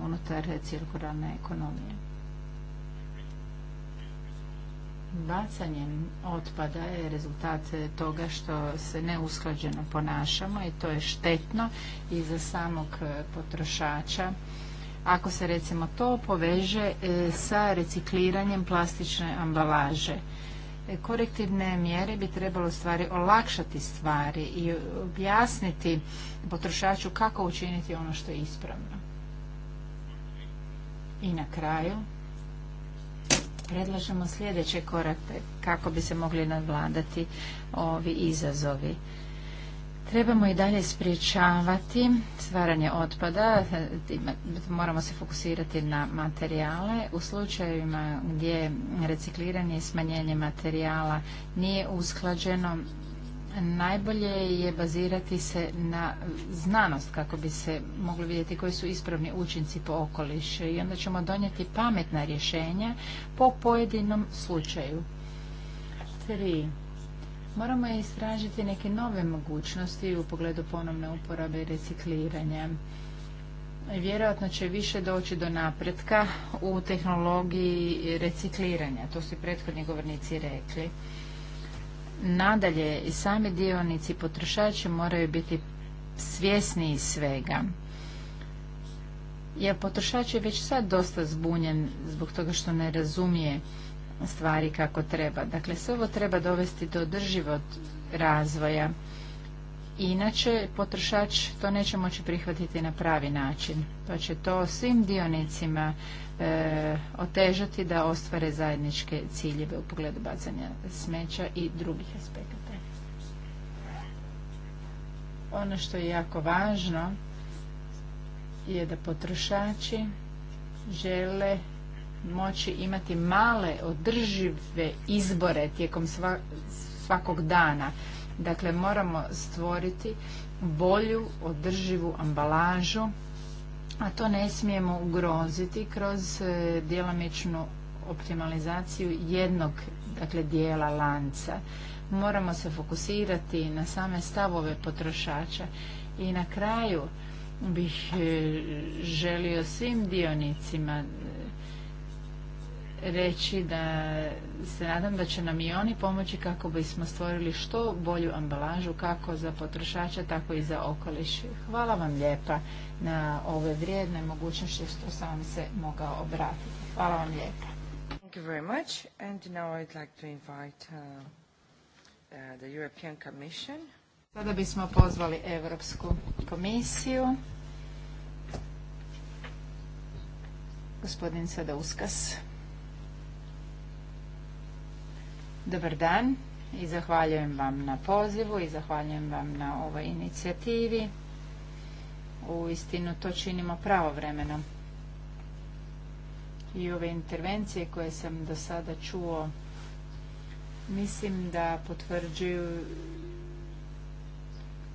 unutar cirkularne ekonomije. Bacanjem otpada je rezultat toga što se neusklađeno ponašamo i to je štetno i za samog potrošača. Ako se recimo to poveže e, sa recikliranjem plastične ambalaže, korektivne mjere bi trebalo stvari olakšati stvari i objasniti potrošaču kako učiniti ono što je ispravno. I na kraju predlažemo sljedeće korake kako bi se mogli nadvladati ovi izazovi. Trebamo i dalje spriječavati stvaranje otpada, moramo se fokusirati na materijale. U slučajevima gdje recikliranje i smanjenje materijala nije usklađeno, najbolje je bazirati se na znanost kako bi se mogli vidjeti koji su ispravni učinci po okoliš i onda ćemo donijeti pametna rješenja po pojedinom slučaju. Tri Moramo istražiti neke nove mogućnosti u pogledu ponovne uporabe i recikliranja. Vjerojatno će više doći do napretka u tehnologiji recikliranja. To su i prethodni govornici rekli. Nadalje, i sami dionici potrošači moraju biti iz svega. Jer potrošač je već sad dosta zbunjen zbog toga što ne razumije stvari kako treba. Dakle, sve ovo treba dovesti do održivog razvoja. Inače, potrošač to neće moći prihvatiti na pravi način. Pa će to svim dionicima e, otežati da ostvare zajedničke ciljeve u pogledu bacanja smeća i drugih aspekata. Ono što je jako važno je da potrošači žele moći imati male održive izbore tijekom svakog dana. Dakle, moramo stvoriti bolju održivu ambalažu, a to ne smijemo ugroziti kroz e, djelomičnu optimalizaciju jednog dakle, dijela lanca. Moramo se fokusirati na same stavove potrošača i na kraju bih e, želio svim dionicima reći da se nadam da će nam i oni pomoći kako bismo stvorili što bolju ambalažu kako za potrošača, tako i za okoliš. Hvala vam lijepa na ove vrijedne mogućnosti što sam vam se mogao obratiti. Hvala vam lijepa. Thank you very much. And now I'd like to invite uh, uh, the European Commission. Sada bismo pozvali Europsku komisiju. Gospodin Sadauskas. Dobar dan i zahvaljujem vam na pozivu i zahvaljujem vam na ovoj inicijativi. U istinu to činimo pravovremeno. I ove intervencije koje sam do sada čuo mislim da potvrđuju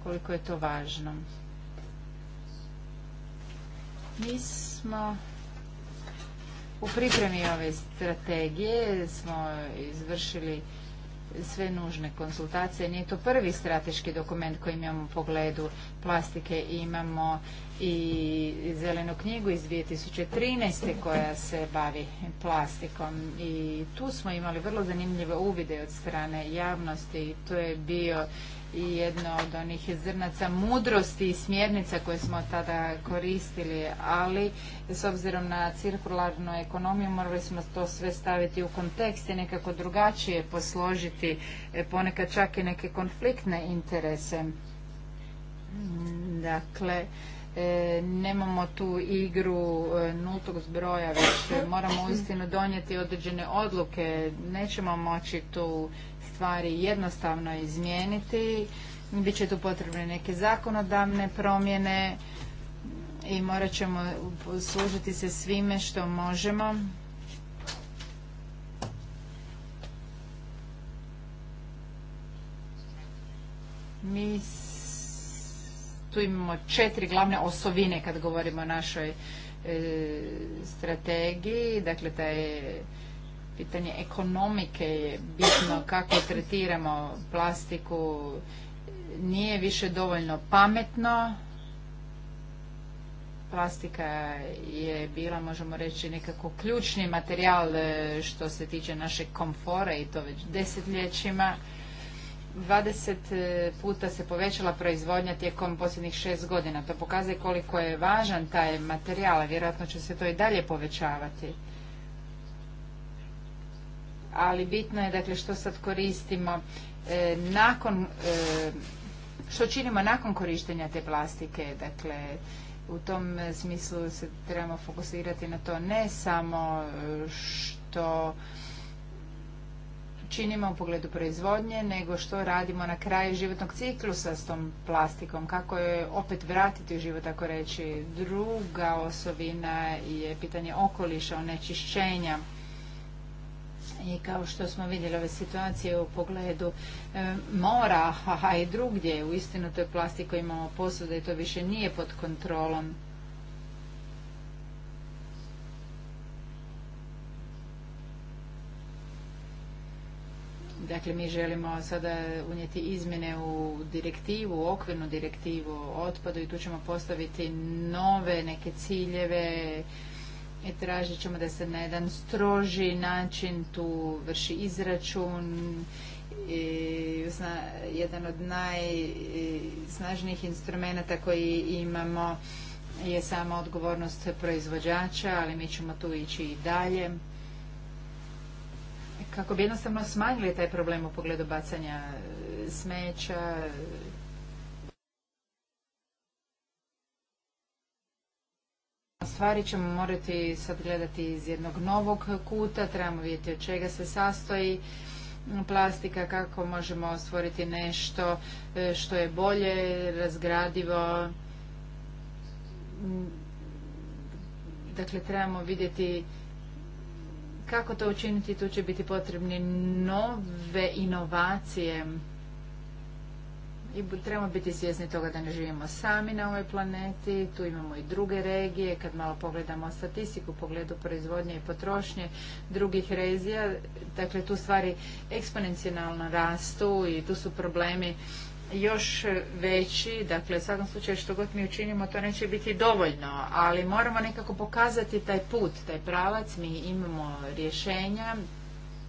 koliko je to važno. Mi smo u pripremi ove strategije smo izvršili sve nužne konsultacije. Nije to prvi strateški dokument koji imamo u pogledu plastike. Imamo i zelenu knjigu iz 2013. koja se bavi plastikom. I tu smo imali vrlo zanimljive uvide od strane javnosti. To je bio i jedno od onih zrnaca mudrosti i smjernica koje smo tada koristili, ali s obzirom na cirkularnu ekonomiju morali smo to sve staviti u kontekst i nekako drugačije posložiti e, ponekad čak i neke konfliktne interese. Dakle, e, nemamo tu igru e, nultog zbroja, već moramo uistinu donijeti određene odluke, nećemo moći tu stvari jednostavno izmijeniti. Biće tu potrebne neke zakonodavne promjene i morat ćemo služiti se svime što možemo. Mi tu imamo četiri glavne osovine kad govorimo o našoj e, strategiji. Dakle, taj pitanje ekonomike je bitno kako tretiramo plastiku. Nije više dovoljno pametno. Plastika je bila, možemo reći, nekako ključni materijal e, što se tiče našeg komfora i to već desetljećima. 20 e, puta se povećala proizvodnja tijekom posljednjih šest godina. To pokazuje koliko je važan taj materijal, a vjerojatno će se to i dalje povećavati ali bitno je dakle što sad koristimo e, nakon e, što činimo nakon korištenja te plastike dakle u tom smislu se trebamo fokusirati na to ne samo e, što činimo u pogledu proizvodnje, nego što radimo na kraju životnog ciklusa s tom plastikom, kako je opet vratiti u život, tako reći. Druga osovina je pitanje okoliša, onečišćenja. I kao što smo vidjeli ove situacije u pogledu e, mora, a i drugdje, u istinu to je koji imamo posude i to više nije pod kontrolom. Dakle, mi želimo sada unijeti izmjene u direktivu, u okvirnu direktivu o otpadu i tu ćemo postaviti nove neke ciljeve, i e, tražit ćemo da se na jedan stroži način tu vrši izračun i jedan od najsnažnijih instrumenta koji imamo je sama odgovornost proizvođača, ali mi ćemo tu ići i dalje. Kako bi jednostavno smanjili taj problem u pogledu bacanja smeća, Stvari ćemo morati sad gledati iz jednog novog kuta, trebamo vidjeti od čega se sastoji plastika, kako možemo stvoriti nešto e, što je bolje, razgradivo. Dakle, trebamo vidjeti kako to učiniti, tu će biti potrebni nove inovacije i trebamo biti svjesni toga da ne živimo sami na ovoj planeti, tu imamo i druge regije, kad malo pogledamo statistiku u pogledu proizvodnje i potrošnje drugih rezija, dakle tu stvari eksponencijalno rastu i tu su problemi još veći, dakle u svakom slučaju što god mi učinimo to neće biti dovoljno, ali moramo nekako pokazati taj put, taj pravac, mi imamo rješenja,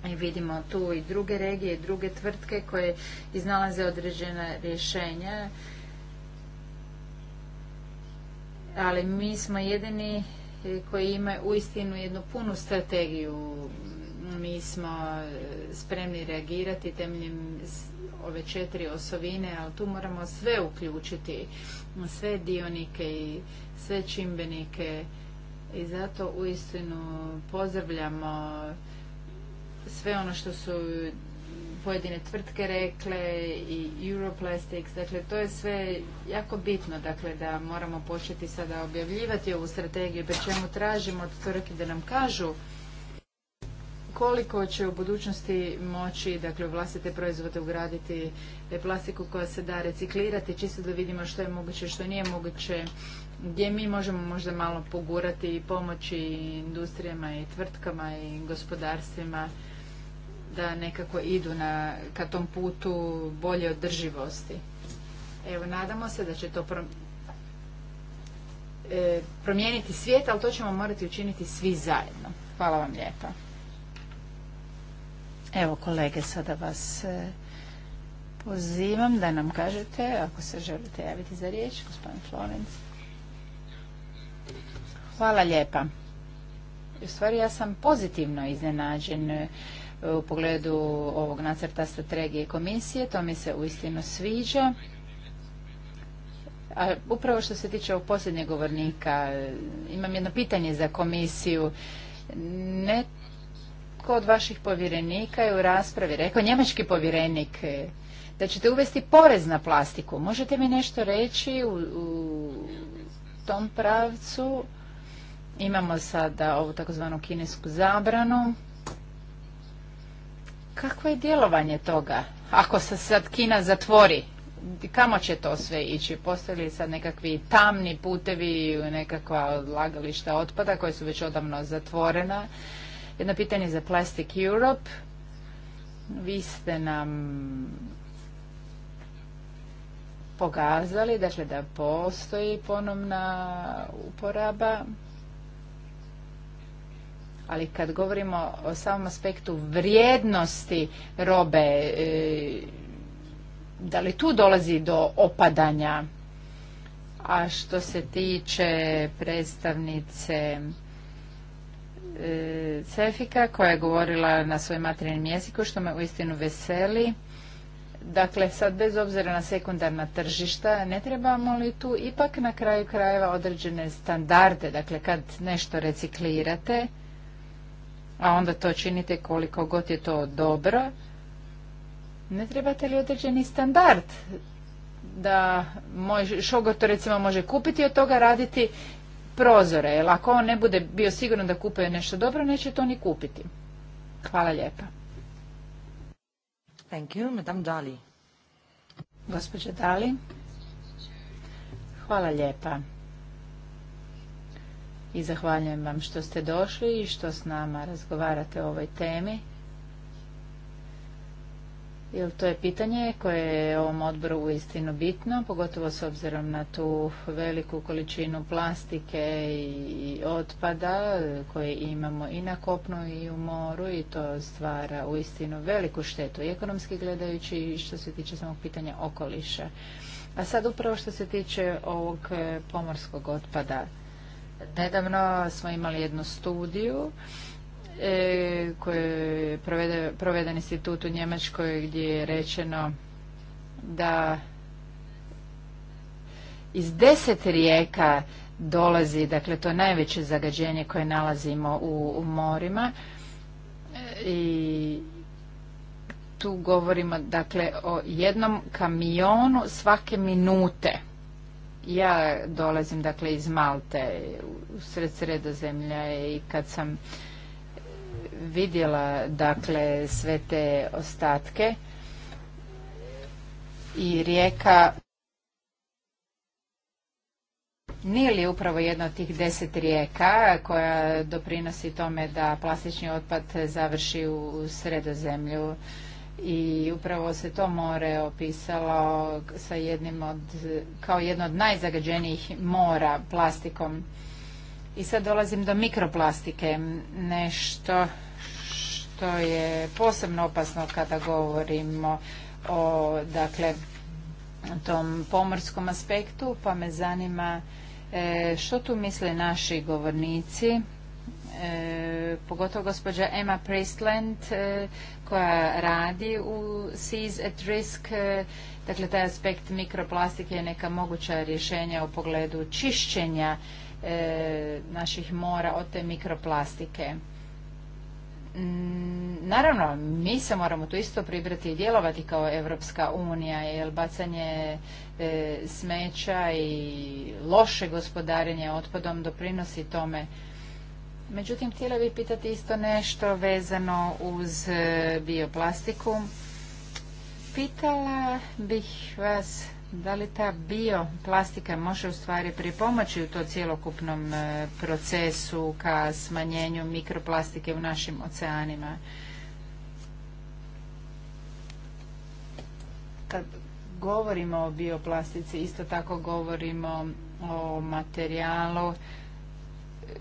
i vidimo tu i druge regije i druge tvrtke koje iznalaze određena rješenja. Ali mi smo jedini koji ima uistinu jednu punu strategiju. Mi smo e, spremni reagirati temeljem ove četiri osovine, ali tu moramo sve uključiti, sve dionike i sve čimbenike. I zato uistinu pozdravljamo sve ono što su pojedine tvrtke rekle i Europlastics, dakle to je sve jako bitno, dakle da moramo početi sada objavljivati ovu strategiju, pri čemu tražimo od tvrtki da nam kažu koliko će u budućnosti moći dakle, vlastite proizvode ugraditi plastiku koja se da reciklirati, čisto da vidimo što je moguće, što nije moguće, gdje mi možemo možda malo pogurati i pomoći industrijama i tvrtkama i gospodarstvima da nekako idu na, ka tom putu bolje održivosti. Evo, nadamo se da će to e, promijeniti svijet, ali to ćemo morati učiniti svi zajedno. Hvala vam lijepa. Evo kolege, sada vas e, pozivam da nam kažete, ako se želite javiti za riječ, gospodin Florenc. Hvala lijepa. U stvari ja sam pozitivno iznenađen e, u pogledu ovog nacrta strategije komisije. To mi se uistinu sviđa. A upravo što se tiče ovog posljednjeg govornika, imam jedno pitanje za komisiju. Netko od vaših povjerenika je u raspravi rekao, njemački povjerenik, da ćete uvesti porez na plastiku. Možete mi nešto reći u, u tom pravcu? Imamo sada ovu takozvanu kinesku zabranu. Kako je djelovanje toga? Ako se sad Kina zatvori, kamo će to sve ići? Postoje li sad nekakvi tamni putevi, nekakva odlagališta otpada koje su već odavno zatvorena? Jedno pitanje za Plastic Europe. Vi ste nam pokazali, dakle da postoji ponovna uporaba ali kad govorimo o samom aspektu vrijednosti robe, e, da li tu dolazi do opadanja? A što se tiče predstavnice Cefika e, koja je govorila na svoj materijalnom jeziku, što me uistinu veseli, Dakle, sad bez obzira na sekundarna tržišta, ne trebamo li tu ipak na kraju krajeva određene standarde? Dakle, kad nešto reciklirate, a onda to činite koliko god je to dobro, ne trebate li određeni standard da moj šogor to recimo može kupiti i od toga raditi prozore, jer ako on ne bude bio sigurno da kupuje nešto dobro, neće to ni kupiti. Hvala lijepa. Thank you, Madame Dali. Hvala lijepa i zahvaljujem vam što ste došli i što s nama razgovarate o ovoj temi. Jer to je pitanje koje je ovom odboru uistinu bitno, pogotovo s obzirom na tu veliku količinu plastike i otpada koje imamo i na kopnu i u moru i to stvara uistinu veliku štetu i ekonomski gledajući i što se tiče samog pitanja okoliša. A sad upravo što se tiče ovog pomorskog otpada. Nedavno smo imali jednu studiju e, koju je proveden institut u Njemačkoj gdje je rečeno da iz deset rijeka dolazi, dakle to najveće zagađenje koje nalazimo u, u morima e, i tu govorimo dakle o jednom kamionu svake minute. Ja dolazim dakle iz Malte, u sred sredozemlja i kad sam vidjela dakle sve te ostatke i rijeka nije li upravo jedna od tih deset rijeka koja doprinosi tome da plastični otpad završi u sredozemlju i upravo se to more opisalo sa jednim od, kao jedno od najzagađenijih mora plastikom. I sad dolazim do mikroplastike, nešto što je posebno opasno kada govorimo o dakle, tom pomorskom aspektu, pa me zanima e, što tu misle naši govornici E, pogotovo gospođa Emma Priestland e, koja radi u Seas at Risk, e, dakle taj aspekt mikroplastike je neka moguća rješenja u pogledu čišćenja naših mora od te mikroplastike. Mm, naravno, mi se moramo tu isto pribrati i djelovati kao Evropska unija, jer bacanje smeća i loše gospodarenje otpadom doprinosi tome Međutim, htjela bih pitati isto nešto vezano uz e, bioplastiku. Pitala bih vas da li ta bioplastika može u stvari pripomoći u to cjelokupnom e, procesu ka smanjenju mikroplastike u našim oceanima? Kad govorimo o bioplastici, isto tako govorimo o materijalu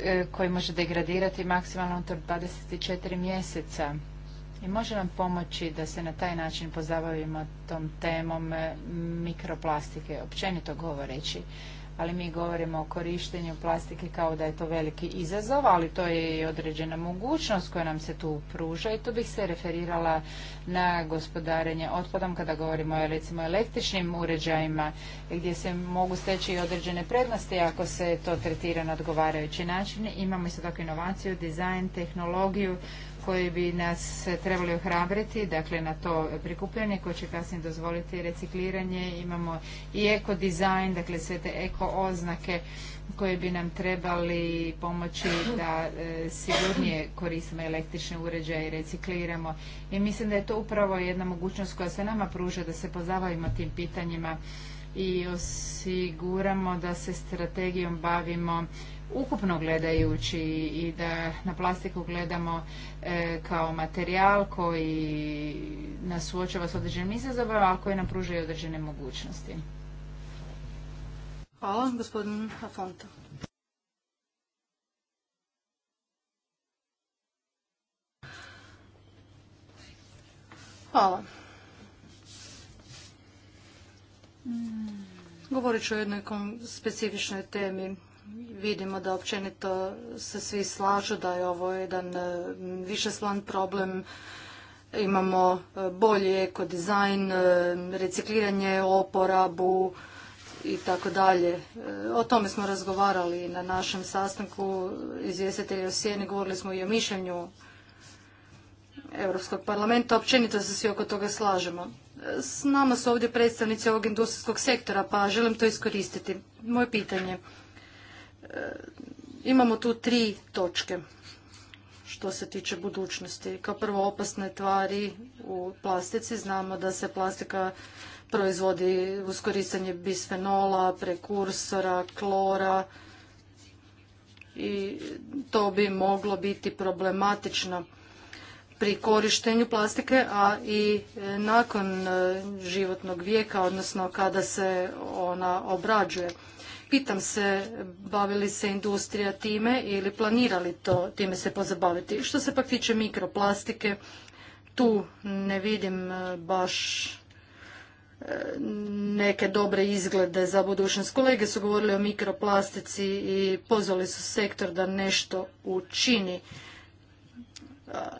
E, koji može degradirati maksimalno unutar 24 mjeseca. I može nam pomoći da se na taj način pozabavimo tom temom e, mikroplastike, općenito govoreći ali mi govorimo o korištenju plastike kao da je to veliki izazov, ali to je i određena mogućnost koja nam se tu pruža i tu bih se referirala na gospodarenje otpadom kada govorimo o recimo električnim uređajima gdje se mogu steći i određene prednosti ako se to tretira na odgovarajući način. Imamo isto tako inovaciju, dizajn, tehnologiju, koji bi nas trebali ohrabriti, dakle na to prikupljanje koje će kasnije dozvoliti recikliranje, imamo i eko dizajn, dakle sve te eko oznake koje bi nam trebali pomoći da e, sigurnije koristimo električne uređaje i recikliramo. I mislim da je to upravo jedna mogućnost koja se nama pruža da se pozabavimo tim pitanjima i osiguramo da se strategijom bavimo ukupno gledajući i da na plastiku gledamo e, kao materijal koji nas suočava s određenim izazovima, ali koji nam pruža i određene mogućnosti. Hvala, gospodin Afonto. Hvala. Mm. Govorit ću o jednoj specifičnoj temi Vidimo da općenito se svi slažu da je ovo jedan e, višeslan problem. Imamo e, bolji ekodizajn, e, recikliranje, oporabu i tako dalje. O tome smo razgovarali na našem sastanku izvjestitelja o sjeni, govorili smo i o mišljenju Europskog parlamenta, općenito se svi oko toga slažemo. S nama su ovdje predstavnici ovog industrijskog sektora, pa želim to iskoristiti. Moje pitanje imamo tu tri točke što se tiče budućnosti. Kao prvo opasne tvari u plastici. Znamo da se plastika proizvodi uz bisfenola, prekursora, klora i to bi moglo biti problematično pri korištenju plastike, a i e, nakon e, životnog vijeka, odnosno kada se ona obrađuje. Pitam se bavili se industrija time ili planirali to time se pozabaviti. Što se pak tiče mikroplastike, tu ne vidim e, baš e, neke dobre izglede za budućnost. Kolege su govorili o mikroplastici i pozvali su sektor da nešto učini.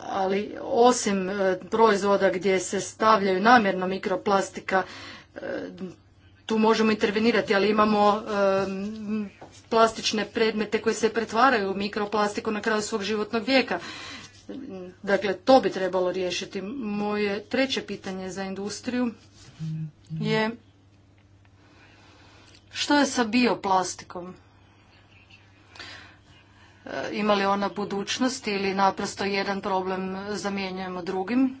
Ali osim e, proizvoda gdje se stavljaju namjerno mikroplastika, tu možemo intervenirati, ali imamo plastične predmete koji se pretvaraju u mikroplastiku na kraju svog životnog vijeka. Dakle, to bi trebalo riješiti. Moje treće pitanje za industriju je što je sa bioplastikom? E, ima li ona budućnost ili naprosto jedan problem zamjenjujemo drugim?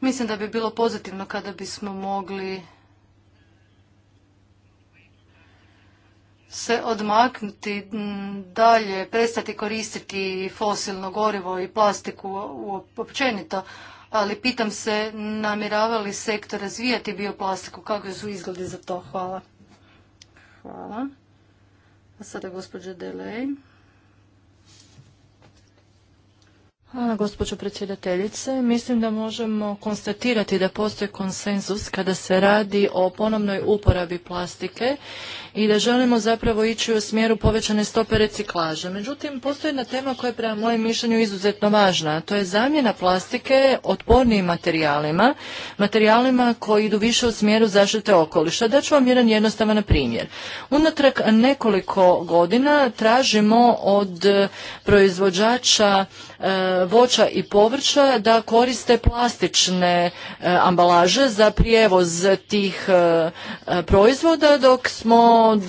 Mislim da bi bilo pozitivno kada bismo mogli se odmaknuti dalje, prestati koristiti fosilno gorivo i plastiku općenito, ali pitam se namjerava li sektor razvijati bioplastiku, kakvi su izgledi za to? Hvala. Hvala. A sada gospođa Delej. Hvala gospođo predsjedateljice. Mislim da možemo konstatirati da postoji konsenzus kada se radi o ponovnoj uporabi plastike i da želimo zapravo ići u smjeru povećane stope reciklaže. Međutim, postoji jedna tema koja je prema mojem mišljenju izuzetno važna, to je zamjena plastike otpornijim materijalima, materijalima koji idu više u smjeru zaštite okoliša. ću vam jedan jednostavan primjer. Unatrag nekoliko godina tražimo od e, proizvođača e, voća i povrća da koriste plastične e, ambalaže za prijevoz tih proizvoda dok smo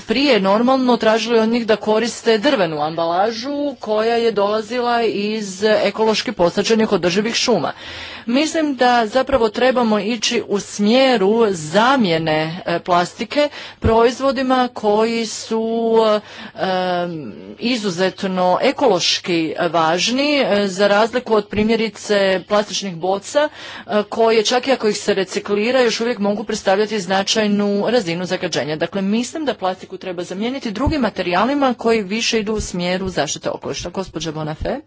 prije normalno tražili od njih da koriste drvenu ambalažu koja je dolazila iz ekološki posađenih održivih šuma. Mislim da zapravo trebamo ići u smjeru zamjene e, plastike proizvodima koji su e, izuzetno ekološki važni e, za razliku od primjerice plastičnih boca koje čak i ako ih se reciklira još uvijek mogu predstavljati značajnu razinu zagađenja. Dakle, mislim da plastiku treba zamijeniti drugim materijalima koji više idu u smjeru zaštite okoliša. Gospođa Bonafé.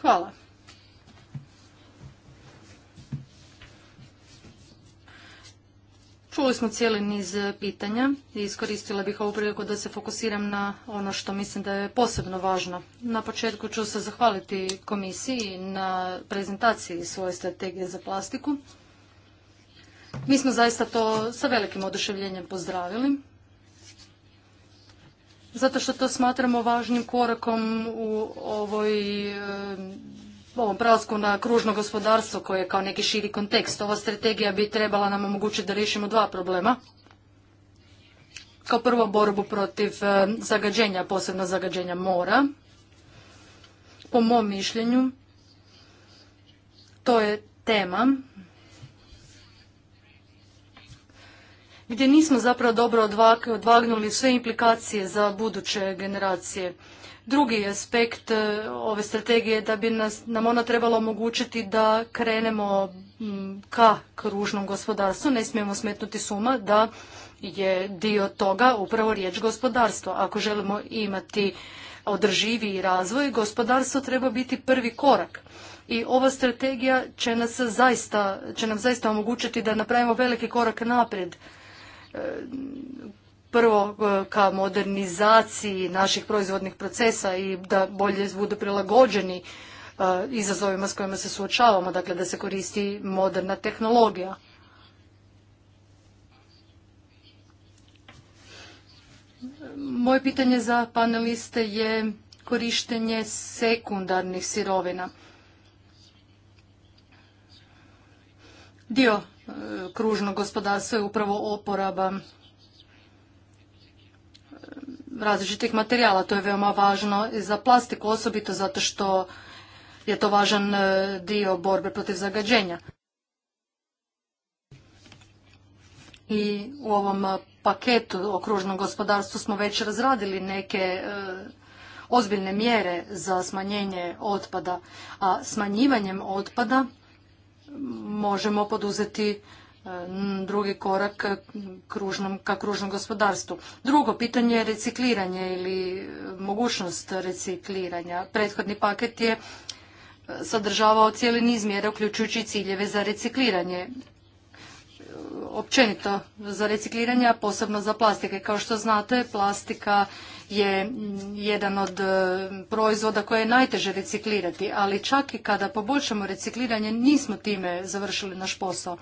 Hvala. Čuli smo cijeli niz pitanja i iskoristila bih ovu priliku da se fokusiram na ono što mislim da je posebno važno. Na početku ću se zahvaliti komisiji na prezentaciji svoje strategije za plastiku. Mi smo zaista to sa velikim oduševljenjem pozdravili, zato što to smatramo važnim korakom u ovoj e, ovom prelasku na kružno gospodarstvo koje je kao neki širi kontekst. Ova strategija bi trebala nam omogućiti da riješimo dva problema. Kao prvo borbu protiv e, zagađenja, posebno zagađenja mora. Po mom mišljenju to je tema gdje nismo zapravo dobro odvagnuli sve implikacije za buduće generacije. Drugi aspekt e, ove strategije je da bi nas, nam ona trebala omogućiti da krenemo ka kružnom gospodarstvu. Ne smijemo smetnuti suma da je dio toga upravo riječ gospodarstvo. Ako želimo imati održiviji razvoj, gospodarstvo treba biti prvi korak. I ova strategija će, nas zaista, će nam zaista omogućiti da napravimo veliki korak naprijed prvo e, ka modernizaciji naših proizvodnih procesa i da bolje budu prilagođeni e, izazovima s kojima se suočavamo, dakle da se koristi moderna tehnologija. Moje pitanje za paneliste je korištenje sekundarnih sirovina. Dio kružno gospodarstvo je upravo oporaba e, različitih materijala. To je veoma važno i za plastiku, osobito zato što je to važan e, dio borbe protiv zagađenja. I u ovom paketu o kružnom gospodarstvu smo već razradili neke e, ozbiljne mjere za smanjenje otpada, a smanjivanjem otpada možemo poduzeti e, drugi korak ka kružnom gospodarstvu. Drugo pitanje je recikliranje ili e, mogućnost recikliranja. Prethodni paket je e, sadržavao cijeli niz mjera uključujući ciljeve za recikliranje općenito za recikliranje, a posebno za plastike. Kao što znate, plastika je jedan od e, proizvoda koje je najteže reciklirati, ali čak i kada poboljšamo recikliranje nismo time završili naš posao.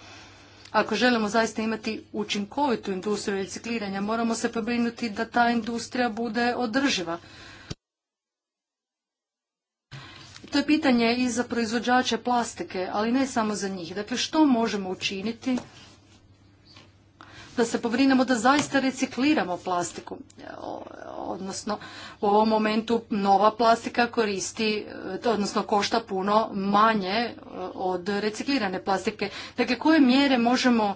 Ako želimo zaista imati učinkovitu industriju recikliranja, moramo se pobrinuti da ta industrija bude održiva. To je pitanje i za proizvođače plastike, ali ne samo za njih. Dakle, što možemo učiniti da se pobrinemo da zaista recikliramo plastiku. E, odnosno, u ovom momentu nova plastika koristi, e, odnosno košta puno manje e, od reciklirane plastike. Dakle, koje mjere možemo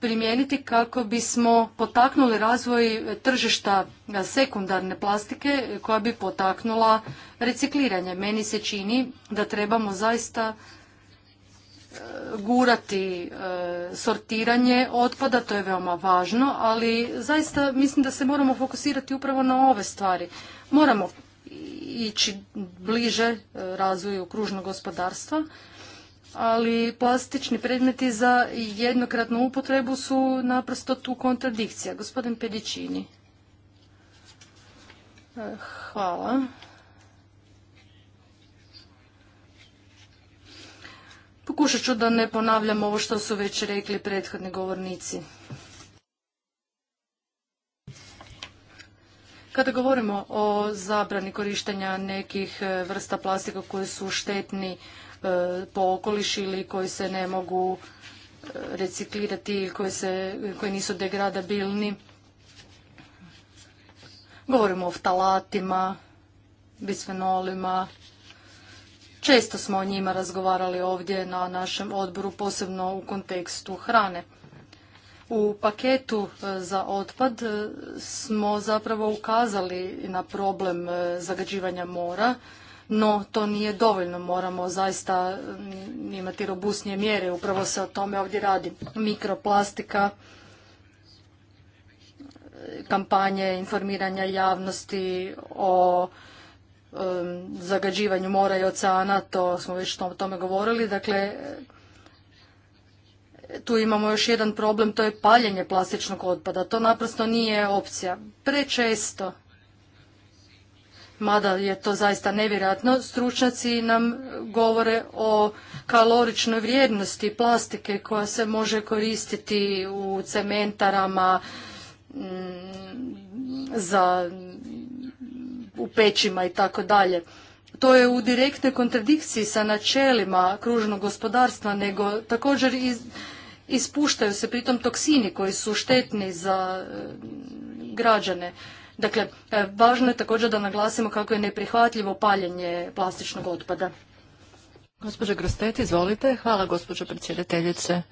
primijeniti kako bismo potaknuli razvoj tržišta sekundarne plastike koja bi potaknula recikliranje. Meni se čini da trebamo zaista gurati e, sortiranje otpada, to je veoma važno, ali zaista mislim da se moramo fokusirati upravo na ove stvari. Moramo ići bliže e, razvoju kružnog gospodarstva, ali plastični predmeti za jednokratnu upotrebu su naprosto tu kontradikcija. Gospodin Pedićini. E, hvala. Pokušat ću da ne ponavljam ovo što su već rekli prethodni govornici. Kada govorimo o zabrani korištenja nekih e, vrsta plastika koji su štetni e, po okoliš ili koji se ne mogu e, reciklirati ili koji, nisu degradabilni, govorimo o ftalatima, bisfenolima, Često smo o njima razgovarali ovdje na našem odboru, posebno u kontekstu hrane. U paketu e, za otpad e, smo zapravo ukazali na problem e, zagađivanja mora, no to nije dovoljno, moramo zaista mm, imati robustnije mjere, upravo se o tome ovdje radi. Mikroplastika, kampanje informiranja javnosti o Um, zagađivanju mora i oceana, to smo već o tome govorili. Dakle, tu imamo još jedan problem, to je paljenje plastičnog otpada. To naprosto nije opcija. Prečesto, mada je to zaista nevjerojatno, stručnjaci nam govore o kaloričnoj vrijednosti plastike koja se može koristiti u cementarama mm, za u pećima i tako dalje. To je u direktnoj kontradikciji sa načelima kružnog gospodarstva, nego također iz, ispuštaju se pritom toksini koji su štetni za eh, građane. Dakle, eh, važno je također da naglasimo kako je neprihvatljivo paljenje plastičnog otpada. Gospođa Grostet, izvolite. Hvala gospođa predsjedateljice.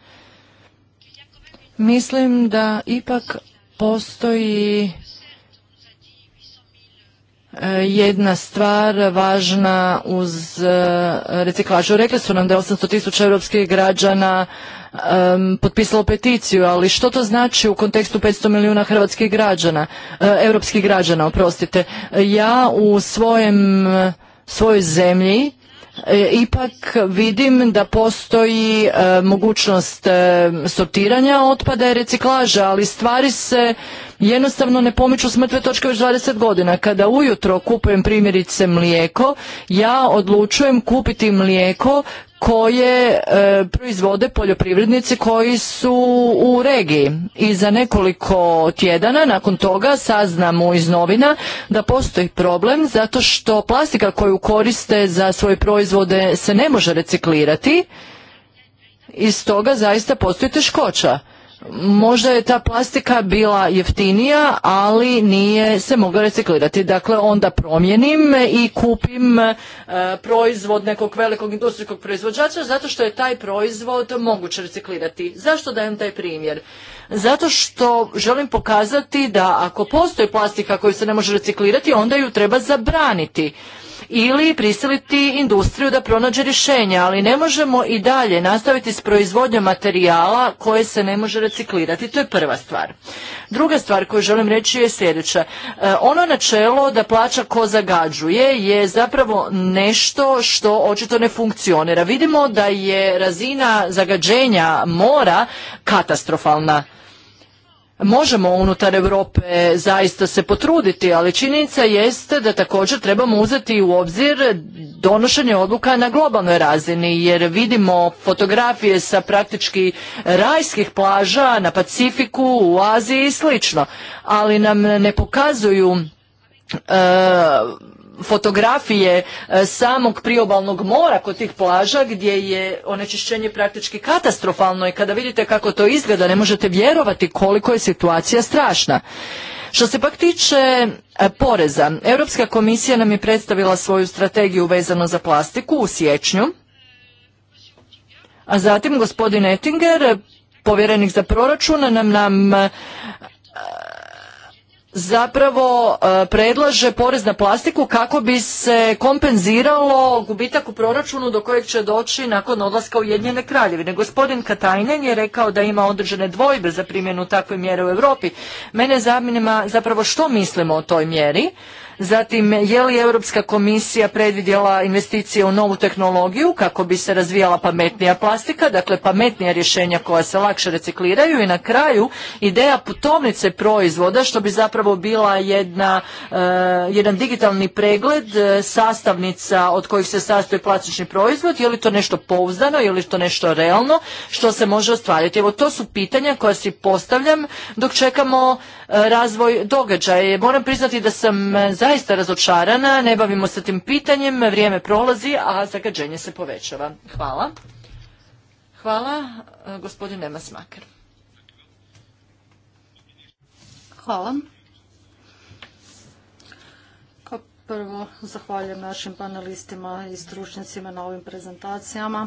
Mislim da ipak postoji E, jedna stvar važna uz e, reciklažu. Rekli su nam da je 800 tisuća europskih građana potpisalo peticiju, ali što to znači u kontekstu 500 milijuna hrvatskih građana, e, europskih građana, oprostite. Ja u svojem svojoj zemlji E, ipak vidim da postoji e, mogućnost e, sortiranja otpada i reciklaža, ali stvari se jednostavno ne pomiču s mrtve točke već 20 godina. Kada ujutro kupujem primjerice mlijeko, ja odlučujem kupiti mlijeko koje e, proizvode poljoprivrednici koji su u regiji. I za nekoliko tjedana nakon toga saznamo iz novina da postoji problem zato što plastika koju koriste za svoje proizvode se ne može reciklirati i stoga zaista postoji teškoća. Možda je ta plastika bila jeftinija, ali nije se mogla reciklirati. Dakle, onda promijenim i kupim e, proizvod nekog velikog industrijskog proizvođača zato što je taj proizvod moguće reciklirati. Zašto dajem taj primjer? Zato što želim pokazati da ako postoji plastika koju se ne može reciklirati, onda ju treba zabraniti ili prisiliti industriju da pronađe rješenja, ali ne možemo i dalje nastaviti s proizvodnjom materijala koje se ne može reciklirati. To je prva stvar. Druga stvar koju želim reći je sljedeća. E, ono načelo da plaća ko zagađuje je zapravo nešto što očito ne funkcionira. Vidimo da je razina zagađenja mora katastrofalna možemo unutar Europe zaista se potruditi, ali činjenica jeste da također trebamo uzeti u obzir donošenje odluka na globalnoj razini, jer vidimo fotografije sa praktički rajskih plaža na Pacifiku, u Aziji i slično, ali nam ne pokazuju e, fotografije e, samog priobalnog mora kod tih plaža gdje je onečišćenje praktički katastrofalno i kada vidite kako to izgleda ne možete vjerovati koliko je situacija strašna. Što se pak tiče e, poreza, Europska komisija nam je predstavila svoju strategiju vezano za plastiku u siječnju, a zatim gospodin Ettinger, povjerenik za proračun, nam nam e, zapravo e, predlaže porez na plastiku kako bi se kompenziralo gubitak u proračunu do kojeg će doći nakon odlaska Ujedinjene kraljevine. Gospodin Katajnen je rekao da ima određene dvojbe za primjenu takve mjere u Europi. Mene zanima zapravo što mislimo o toj mjeri Zatim, je li Europska komisija predvidjela investicije u novu tehnologiju kako bi se razvijala pametnija plastika, dakle pametnija rješenja koja se lakše recikliraju i na kraju ideja putovnice proizvoda što bi zapravo bila jedna, eh, jedan digitalni pregled eh, sastavnica od kojih se sastoji plastični proizvod, je li to nešto pouzdano, je li to nešto realno, što se može ostvariti. Evo to su pitanja koja si postavljam dok čekamo eh, razvoj događaja. Moram priznati da sam za zaista razočarana, ne bavimo se tim pitanjem, vrijeme prolazi, a zagađenje se povećava. Hvala. Hvala, e, gospodin nema Smaker. Hvala. prvo, zahvaljujem našim panelistima i stručnicima na ovim prezentacijama.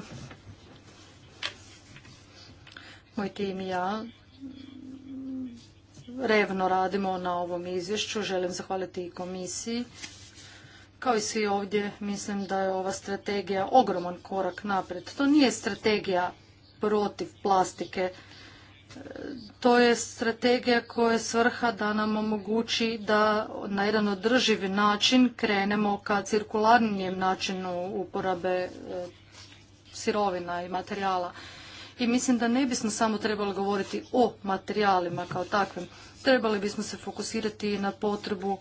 Moj tim i ja revno radimo na ovom izvješću. Želim zahvaliti i komisiji. Kao i svi ovdje, mislim da je ova strategija ogroman korak naprijed. To nije strategija protiv plastike. To je strategija koja je svrha da nam omogući da na jedan održiv način krenemo ka cirkularnijem načinu uporabe e, sirovina i materijala mislim da ne bismo samo trebali govoriti o materijalima kao takvim. Trebali bismo se fokusirati na potrebu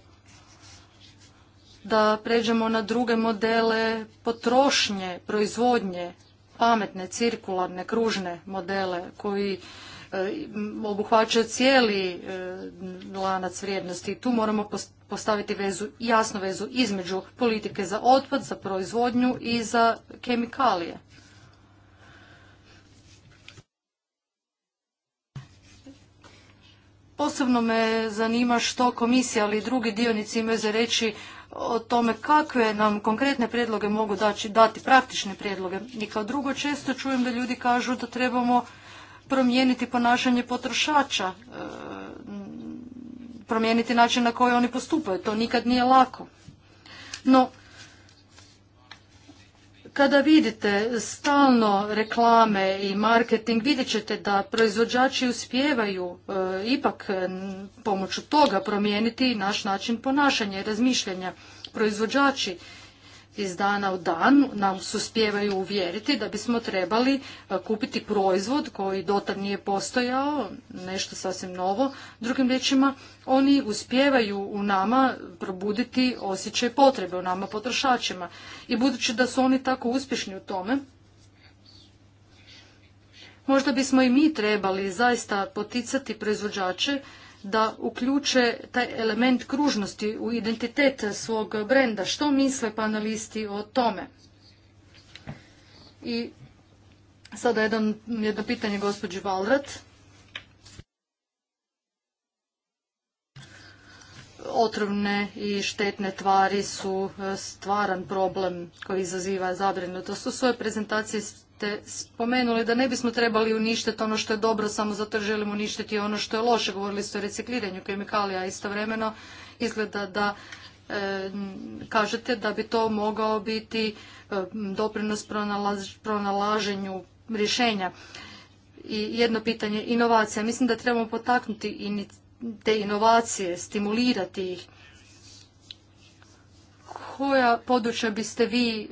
da pređemo na druge modele potrošnje, proizvodnje, pametne, cirkularne, kružne modele koji e, obuhvaćaju cijeli e, lanac vrijednosti. Tu moramo postaviti vezu, jasnu vezu između politike za otpad, za proizvodnju i za kemikalije. Posebno me zanima što komisija ali i drugi dionici imaju za reći o tome kakve nam konkretne prijedloge mogu dati dati, praktične prijedloge. I kao drugo, često čujem da ljudi kažu da trebamo promijeniti ponašanje potrošača, e, promijeniti način na koji oni postupaju. To nikad nije lako. No, kada vidite stalno reklame i marketing, vidjet ćete da proizvođači uspijevaju e, ipak pomoću toga promijeniti naš način ponašanja i razmišljanja. Proizvođači iz dana u dan nam suspjevaju uvjeriti da bismo trebali e, kupiti proizvod koji dotad nije postojao, nešto sasvim novo. Drugim riječima, oni uspjevaju u nama probuditi osjećaj potrebe u nama potrošačima. I budući da su oni tako uspješni u tome, možda bismo i mi trebali zaista poticati proizvođače da uključe taj element kružnosti u identitet svog brenda. Što misle panelisti o tome? I sada jedno pitanje gospođi Valrat. otrovne i štetne tvari su e, stvaran problem koji izaziva zabrinutost. U svojoj prezentaciji ste spomenuli da ne bismo trebali uništiti ono što je dobro samo zato jer želimo uništiti ono što je loše. Govorili ste o recikliranju kemikalija, a istovremeno izgleda da e, kažete da bi to mogao biti e, doprinos pronalaženju rješenja. I jedno pitanje, inovacija. Mislim da trebamo potaknuti te inovacije, stimulirati ih? Koja područja biste vi e,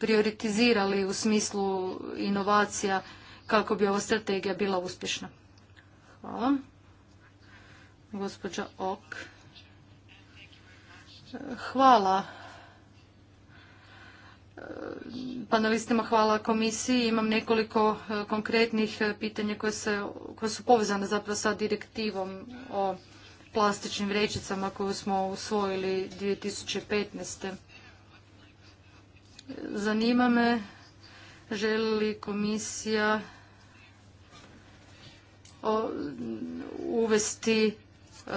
prioritizirali u smislu inovacija kako bi ova strategija bila uspješna? Hvala. Gospodža Ok. Hvala panelistima, hvala komisiji. Imam nekoliko e, konkretnih e, pitanja koje, su povezane zapravo sa direktivom o plastičnim vrećicama koju smo usvojili 2015. Zanima me želi li komisija uvesti e,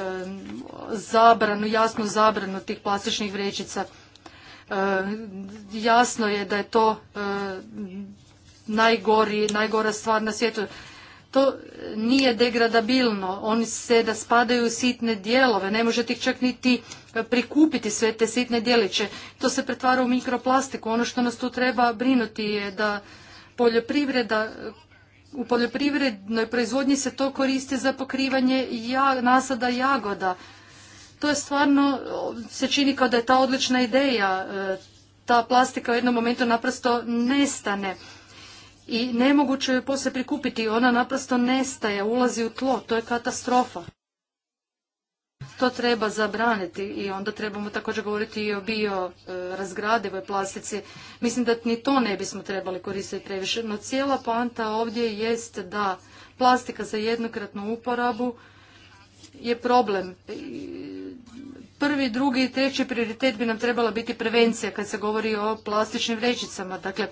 zabranu, jasnu zabranu tih plastičnih vrećica Eh, jasno je da je to eh, najgori, najgora stvar na svijetu. To nije degradabilno, oni se da spadaju u sitne dijelove, ne možete ih čak niti eh, prikupiti sve te sitne dijeliće. To se pretvara u mikroplastiku. Ono što nas tu treba brinuti je da poljoprivreda u poljoprivrednoj proizvodnji se to koristi za pokrivanje nasada jagoda to je stvarno, se čini kao da je ta odlična ideja. E, ta plastika u jednom momentu naprosto nestane i nemoguće je poslije prikupiti. Ona naprosto nestaje, ulazi u tlo, to je katastrofa. To treba zabraniti i onda trebamo također govoriti i o bio e, razgradevoj plastici. Mislim da ni to ne bismo trebali koristiti previše, no cijela poanta ovdje jest da plastika za jednokratnu uporabu je problem prvi, drugi i treći prioritet bi nam trebala biti prevencija kad se govori o plastičnim vrećicama. Dakle,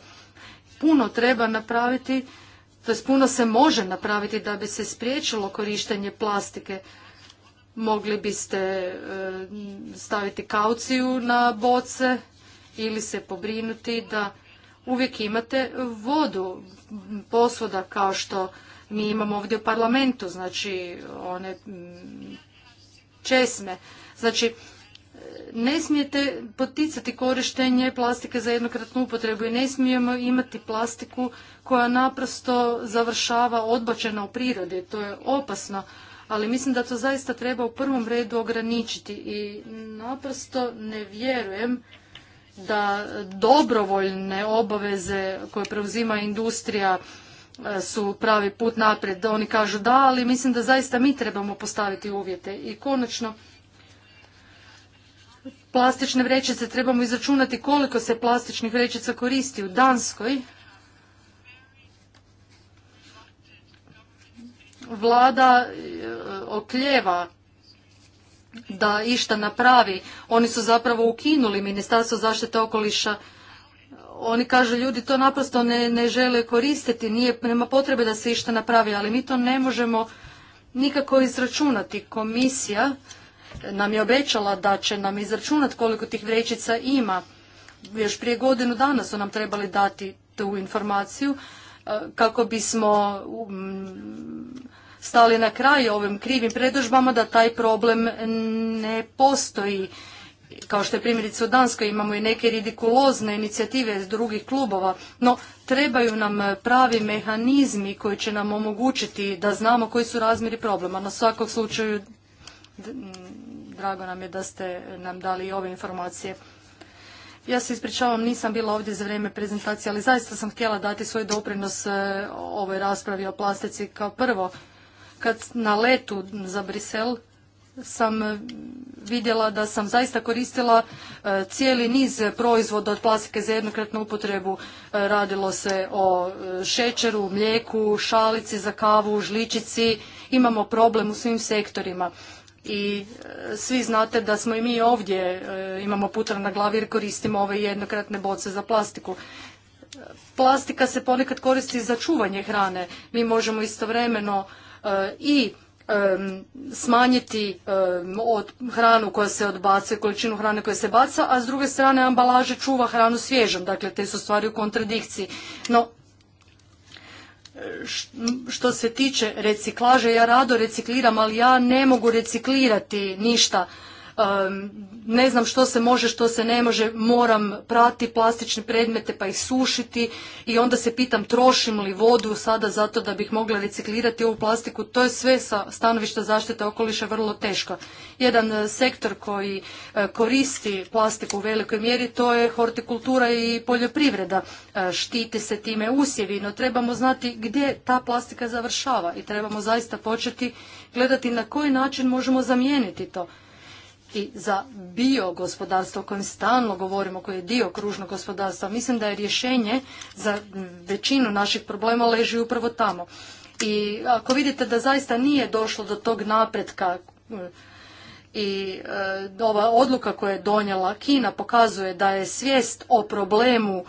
puno treba napraviti, to puno se može napraviti da bi se spriječilo korištenje plastike. Mogli biste e, staviti kauciju na boce ili se pobrinuti da uvijek imate vodu posvoda kao što mi imamo ovdje u parlamentu, znači one česme. Znači, ne smijete poticati korištenje plastike za jednokratnu upotrebu i ne smijemo imati plastiku koja naprosto završava odbačena u prirodi. To je opasno, ali mislim da to zaista treba u prvom redu ograničiti i naprosto ne vjerujem da dobrovoljne obaveze koje preuzima industrija e, su pravi put naprijed. Oni kažu da, ali mislim da zaista mi trebamo postaviti uvjete. I konačno, plastične vrećice, trebamo izračunati koliko se plastičnih vrećica koristi u Danskoj. Vlada e, okljeva da išta napravi. Oni su zapravo ukinuli Ministarstvo zaštite okoliša. Oni kažu ljudi to naprosto ne, ne žele koristiti, nije, nema potrebe da se išta napravi, ali mi to ne možemo nikako izračunati. Komisija nam je obećala da će nam izračunati koliko tih vrećica ima. Još prije godinu dana su nam trebali dati tu informaciju e, kako bismo um, stali na kraj ovim krivim predužbama da taj problem ne postoji. Kao što je primjerice u Danskoj imamo i neke ridikulozne inicijative iz drugih klubova, no trebaju nam pravi mehanizmi koji će nam omogućiti da znamo koji su razmjeri problema. Na svakog slučaju drago nam je da ste nam dali i ove informacije. Ja se ispričavam, nisam bila ovdje za vrijeme prezentacije, ali zaista sam htjela dati svoj doprinos e, ovoj raspravi o plastici. Kao prvo, kad na letu za Brisel sam e, vidjela da sam zaista koristila e, cijeli niz proizvoda od plastike za jednokratnu upotrebu. Radilo se o šećeru, mlijeku, šalici za kavu, žličici. Imamo problem u svim sektorima i e, svi znate da smo i mi ovdje e, imamo putar na glavi jer koristimo ove jednokratne boce za plastiku. Plastika se ponekad koristi za čuvanje hrane. Mi možemo istovremeno e, i smanjiti od hranu koja se odbacuje, količinu hrane koja se baca, a s druge strane ambalaže čuva hranu svježom. Dakle, te su stvari u kontradikciji. No, što se tiče reciklaže, ja rado recikliram, ali ja ne mogu reciklirati ništa ne znam što se može, što se ne može, moram prati plastične predmete pa ih sušiti i onda se pitam trošim li vodu sada zato da bih mogla reciklirati ovu plastiku. To je sve sa stanovišta zaštite okoliša vrlo teško. Jedan eh, sektor koji eh, koristi plastiku u velikoj mjeri to je hortikultura i poljoprivreda. Eh, štite se time usjevi, no trebamo znati gdje ta plastika završava i trebamo zaista početi gledati na koji način možemo zamijeniti to i za biogospodarstvo o kojem stalno govorimo, koji je dio kružnog gospodarstva. Mislim da je rješenje za većinu naših problema leži upravo tamo. I ako vidite da zaista nije došlo do tog napretka e, i e, ova odluka koju je donijela Kina pokazuje da je svijest o problemu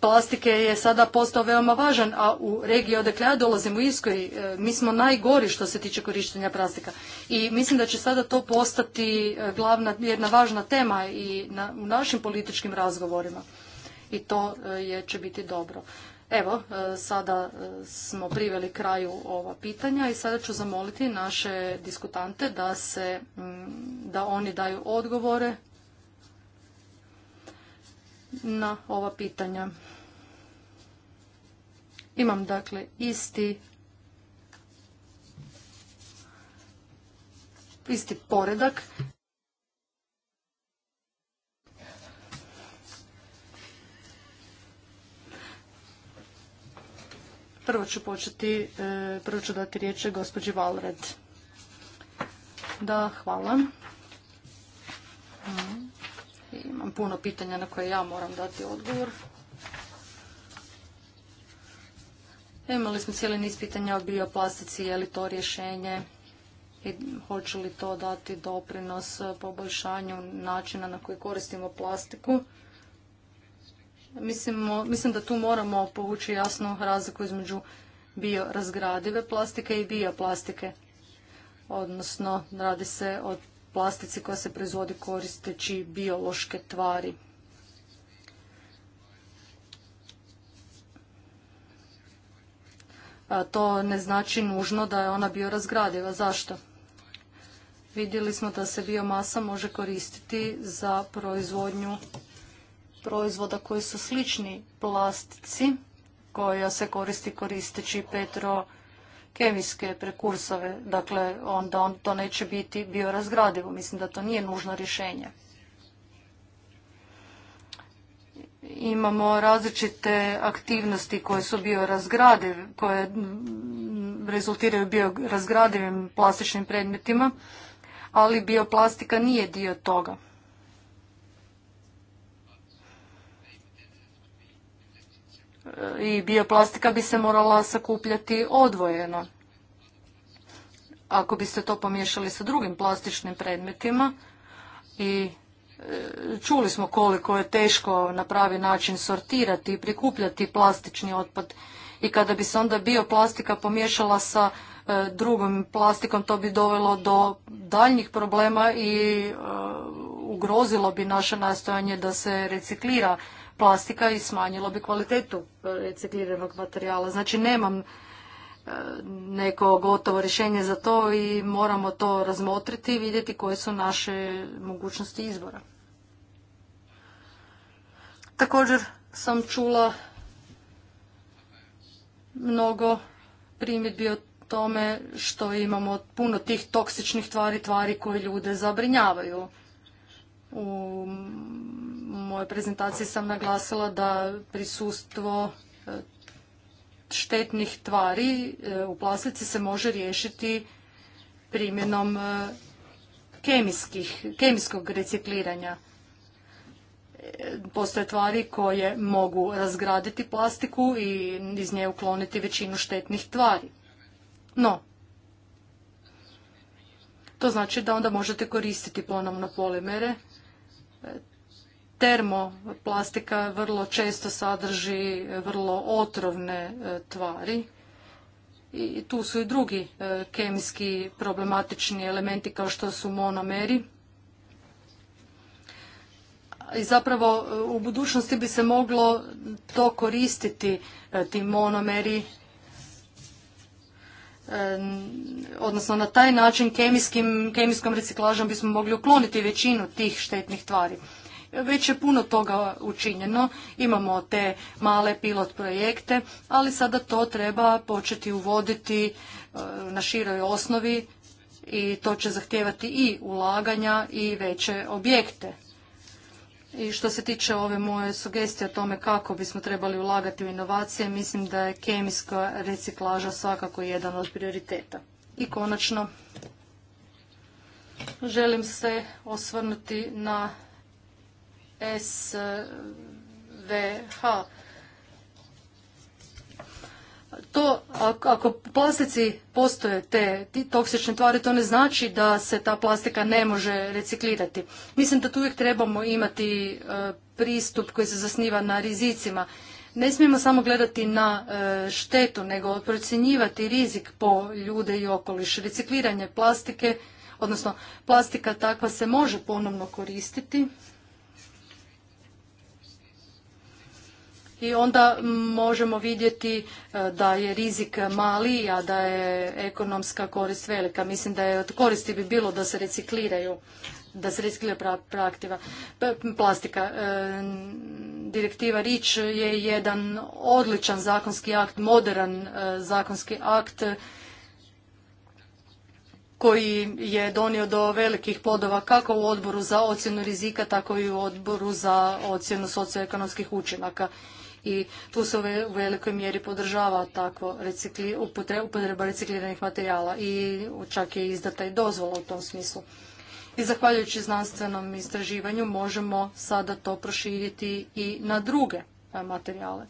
plastike je sada postao veoma važan, a u regiji odakle ja dolazim u Iskoj, e, mi smo najgori što se tiče korištenja plastika. I mislim da će sada to postati e, glavna, jedna važna tema i na, u našim političkim razgovorima. I to e, je, će biti dobro. Evo, sada smo priveli kraju ova pitanja i sada ću zamoliti naše diskutante da, se, da oni daju odgovore na ova pitanja. Imam dakle isti isti poredak. Prvo ću početi, e, prvo ću dati riječ gospođi Valred. Da, hvala. Imam puno pitanja na koje ja moram dati odgovor. Imali smo cijeli niz pitanja o bioplastici, je li to rješenje i hoće li to dati doprinos poboljšanju načina na koji koristimo plastiku. Mislim, da tu moramo povući jasnu razliku između biorazgradive plastike i bioplastike. Odnosno, radi se o plastici koja se proizvodi koristeći biološke tvari. to ne znači nužno da je ona biorazgradiva. Zašto? Vidjeli smo da se biomasa može koristiti za proizvodnju proizvoda koji su slični plastici koja se koristi koristeći petro kemijske prekursove, dakle onda on, to neće biti biorazgradivo. Mislim da to nije nužno rješenje. Imamo različite aktivnosti koje su biorazgradive, koje rezultiraju biorazgradivim plastičnim predmetima, ali bioplastika nije dio toga. i bioplastika bi se morala sakupljati odvojeno. Ako biste to pomiješali sa drugim plastičnim predmetima i e, čuli smo koliko je teško na pravi način sortirati i prikupljati plastični otpad i kada bi se onda bioplastika pomiješala sa e, drugom plastikom to bi dovelo do daljnjih problema i e, ugrozilo bi naše nastojanje da se reciklira plastika i smanjilo bi kvalitetu e, recikliranog materijala. Znači nemam e, neko gotovo rješenje za to i moramo to razmotriti i vidjeti koje su naše mogućnosti izbora. Također sam čula mnogo primjedbi o tome što imamo puno tih toksičnih tvari, tvari koje ljude zabrinjavaju. U mojoj prezentaciji sam naglasila da prisustvo e, štetnih tvari e, u plastici se može riješiti primjenom e, kemijskog recikliranja. Postoje tvari koje mogu razgraditi plastiku i iz nje ukloniti većinu štetnih tvari. No, to znači da onda možete koristiti ponovno polimere termoplastika vrlo često sadrži vrlo otrovne e, tvari i tu su i drugi e, kemijski problematični elementi kao što su monomeri. I zapravo e, u budućnosti bi se moglo to koristiti, ti monomeri, odnosno na taj način kemijskom reciklažom bismo mogli ukloniti većinu tih štetnih tvari. Već je puno toga učinjeno, imamo te male pilot projekte, ali sada to treba početi uvoditi e, na široj osnovi i to će zahtijevati i ulaganja i veće objekte. I što se tiče ove moje sugestije o tome kako bismo trebali ulagati u inovacije, mislim da je kemijska reciklaža svakako jedan od prioriteta. I konačno, želim se osvrnuti na SVH. To, ako u plastici postoje te toksične tvari, to ne znači da se ta plastika ne može reciklirati. Mislim da tu uvijek trebamo imati e, pristup koji se zasniva na rizicima. Ne smijemo samo gledati na e, štetu, nego procjenjivati rizik po ljude i okoliš. Recikliranje plastike, odnosno plastika takva se može ponovno koristiti i onda možemo vidjeti e, da je rizik mali, a da je ekonomska korist velika. Mislim da je od koristi bi bilo da se recikliraju da se reciklira praktiva plastika. E, direktiva Rič je jedan odličan zakonski akt, modern e, zakonski akt koji je donio do velikih podova kako u odboru za ocjenu rizika, tako i u odboru za ocjenu socioekonomskih učinaka i tu se u velikoj mjeri podržava takvo recikli, upotreba recikliranih materijala i čak je izdata i dozvola u tom smislu. I zahvaljujući znanstvenom istraživanju možemo sada to proširiti i na druge e, materijale.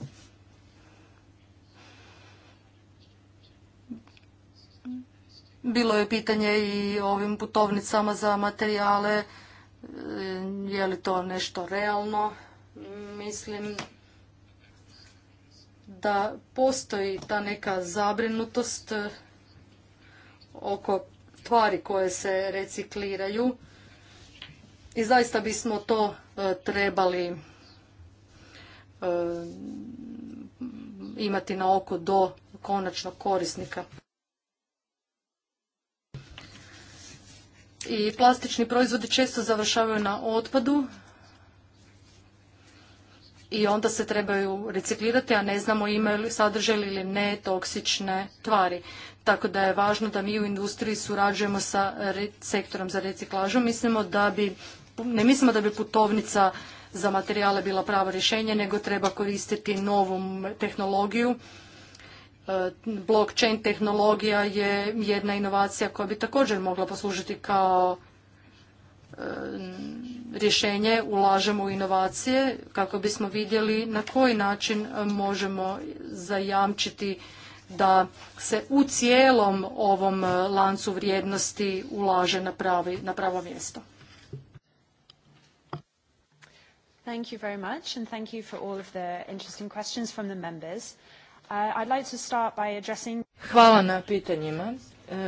Bilo je pitanje i ovim putovnicama za materijale, e, je li to nešto realno? Mislim da postoji ta neka zabrinutost eh, oko tvari koje se recikliraju i zaista bismo to eh, trebali eh, imati na oko do konačnog korisnika. I plastični proizvodi često završavaju na otpadu i onda se trebaju reciklirati, a ne znamo imaju li sadržaj ili ne toksične tvari. Tako da je važno da mi u industriji surađujemo sa sektorom za reciklažu. Mislimo da bi, ne mislimo da bi putovnica za materijale bila pravo rješenje, nego treba koristiti novu tehnologiju. E, blockchain tehnologija je jedna inovacija koja bi također mogla poslužiti kao E, rješenje ulažemo u inovacije kako bismo vidjeli na koji način e, možemo zajamčiti da se u cijelom ovom e, lancu vrijednosti ulaže na, pravi, na pravo mjesto. Thank you very much and thank you for all of the interesting questions from the members. Uh, I'd like to start by addressing... Hvala na pitanjima.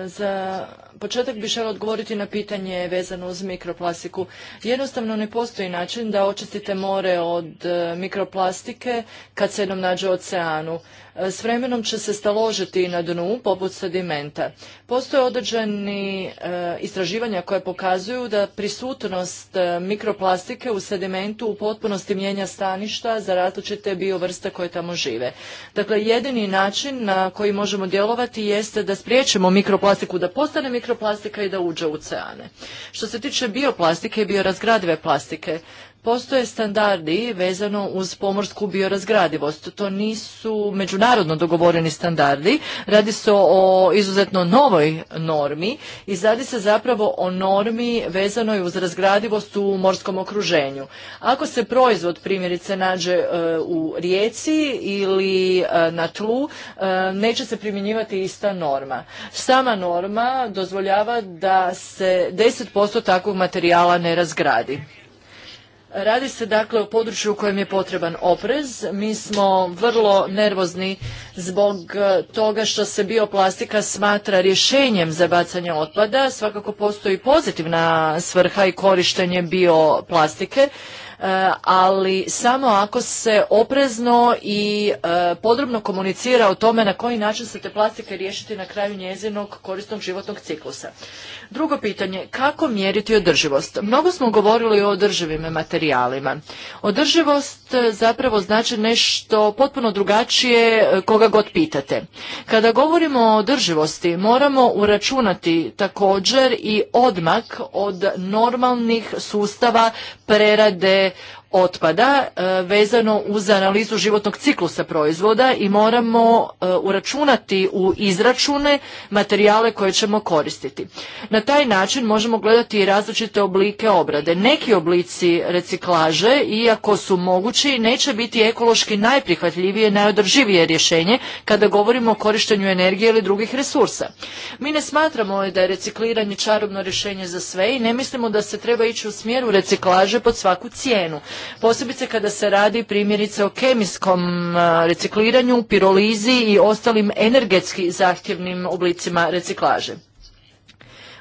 Za početak bih želio odgovoriti na pitanje vezano uz mikroplastiku. Jednostavno ne postoji način da očistite more od e, mikroplastike kad se jednom nađe oceanu s vremenom će se staložiti na dnu poput sedimenta. Postoje određeni e, istraživanja koje pokazuju da prisutnost e, mikroplastike u sedimentu u potpunosti mijenja staništa za različite biovrste koje tamo žive. Dakle, jedini način na koji možemo djelovati jeste da spriječimo mikroplastiku, da postane mikroplastika i da uđe u oceane. Što se tiče bioplastike i biorazgradive plastike, Postoje standardi vezano uz pomorsku biorazgradivost. To nisu međunarodno dogovoreni standardi. Radi se o izuzetno novoj normi i radi se zapravo o normi vezanoj uz razgradivost u morskom okruženju. Ako se proizvod primjerice nađe e, u rijeci ili e, na tlu, e, neće se primjenjivati ista norma. Sama norma dozvoljava da se 10% takvog materijala ne razgradi. Radi se dakle o području u kojem je potreban oprez. Mi smo vrlo nervozni zbog e, toga što se bioplastika smatra rješenjem za bacanje otpada. Svakako postoji pozitivna svrha i korištenje bioplastike, e, ali samo ako se oprezno i e, podrobno komunicira o tome na koji način se te plastike riješiti na kraju njezinog korisnog životnog ciklusa. Drugo pitanje, kako mjeriti održivost? Mnogo smo govorili o održivim materijalima. Održivost e, zapravo znači nešto potpuno drugačije e, koga god pitate. Kada govorimo o održivosti, moramo uračunati također i odmak od normalnih sustava prerade otpada e, vezano uz analizu životnog ciklusa proizvoda i moramo e, uračunati u izračune materijale koje ćemo koristiti. Na taj način možemo gledati i različite oblike obrade. Neki oblici reciklaže, iako su mogući, neće biti ekološki najprihvatljivije, najodrživije rješenje kada govorimo o korištenju energije ili drugih resursa. Mi ne smatramo da je recikliranje čarobno rješenje za sve i ne mislimo da se treba ići u smjeru reciklaže pod svaku cijenu posebice kada se radi primjerice o kemijskom e, recikliranju, pirolizi i ostalim energetski zahtjevnim oblicima reciklaže.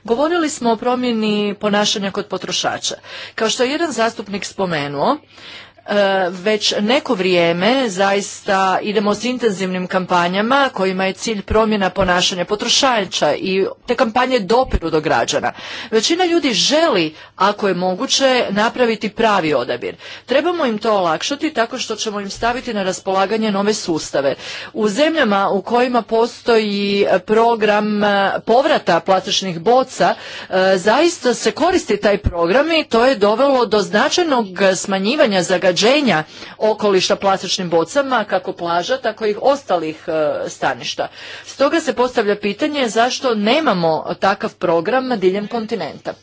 Govorili smo o promjeni ponašanja kod potrošača. Kao što je jedan zastupnik spomenuo, E, već neko vrijeme zaista idemo s intenzivnim kampanjama kojima je cilj promjena ponašanja potrošača i te kampanje dopiru do građana. Većina ljudi želi, ako je moguće, napraviti pravi odabir. Trebamo im to olakšati tako što ćemo im staviti na raspolaganje nove sustave. U zemljama u kojima postoji program e, povrata plastičnih boca, e, zaista se koristi taj program i to je dovelo do značajnog smanjivanja zagađenja zagađenja okoliša plastičnim bocama, kako plaža, tako i ostalih e, staništa. Stoga se postavlja pitanje zašto nemamo takav program diljem kontinenta.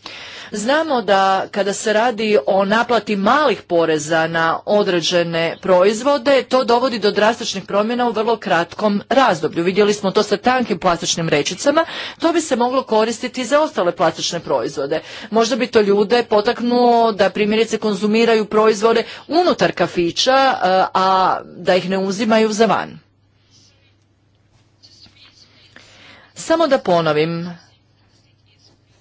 Znamo da kada se radi o naplati malih poreza na određene proizvode, to dovodi do drastičnih promjena u vrlo kratkom razdoblju. Vidjeli smo to sa tankim plastičnim rečicama, to bi se moglo koristiti i za ostale plastične proizvode. Možda bi to ljude potaknuo da primjerice konzumiraju proizvode unutar kafića, eh, a da ih ne uzimaju za van. Samo da ponovim,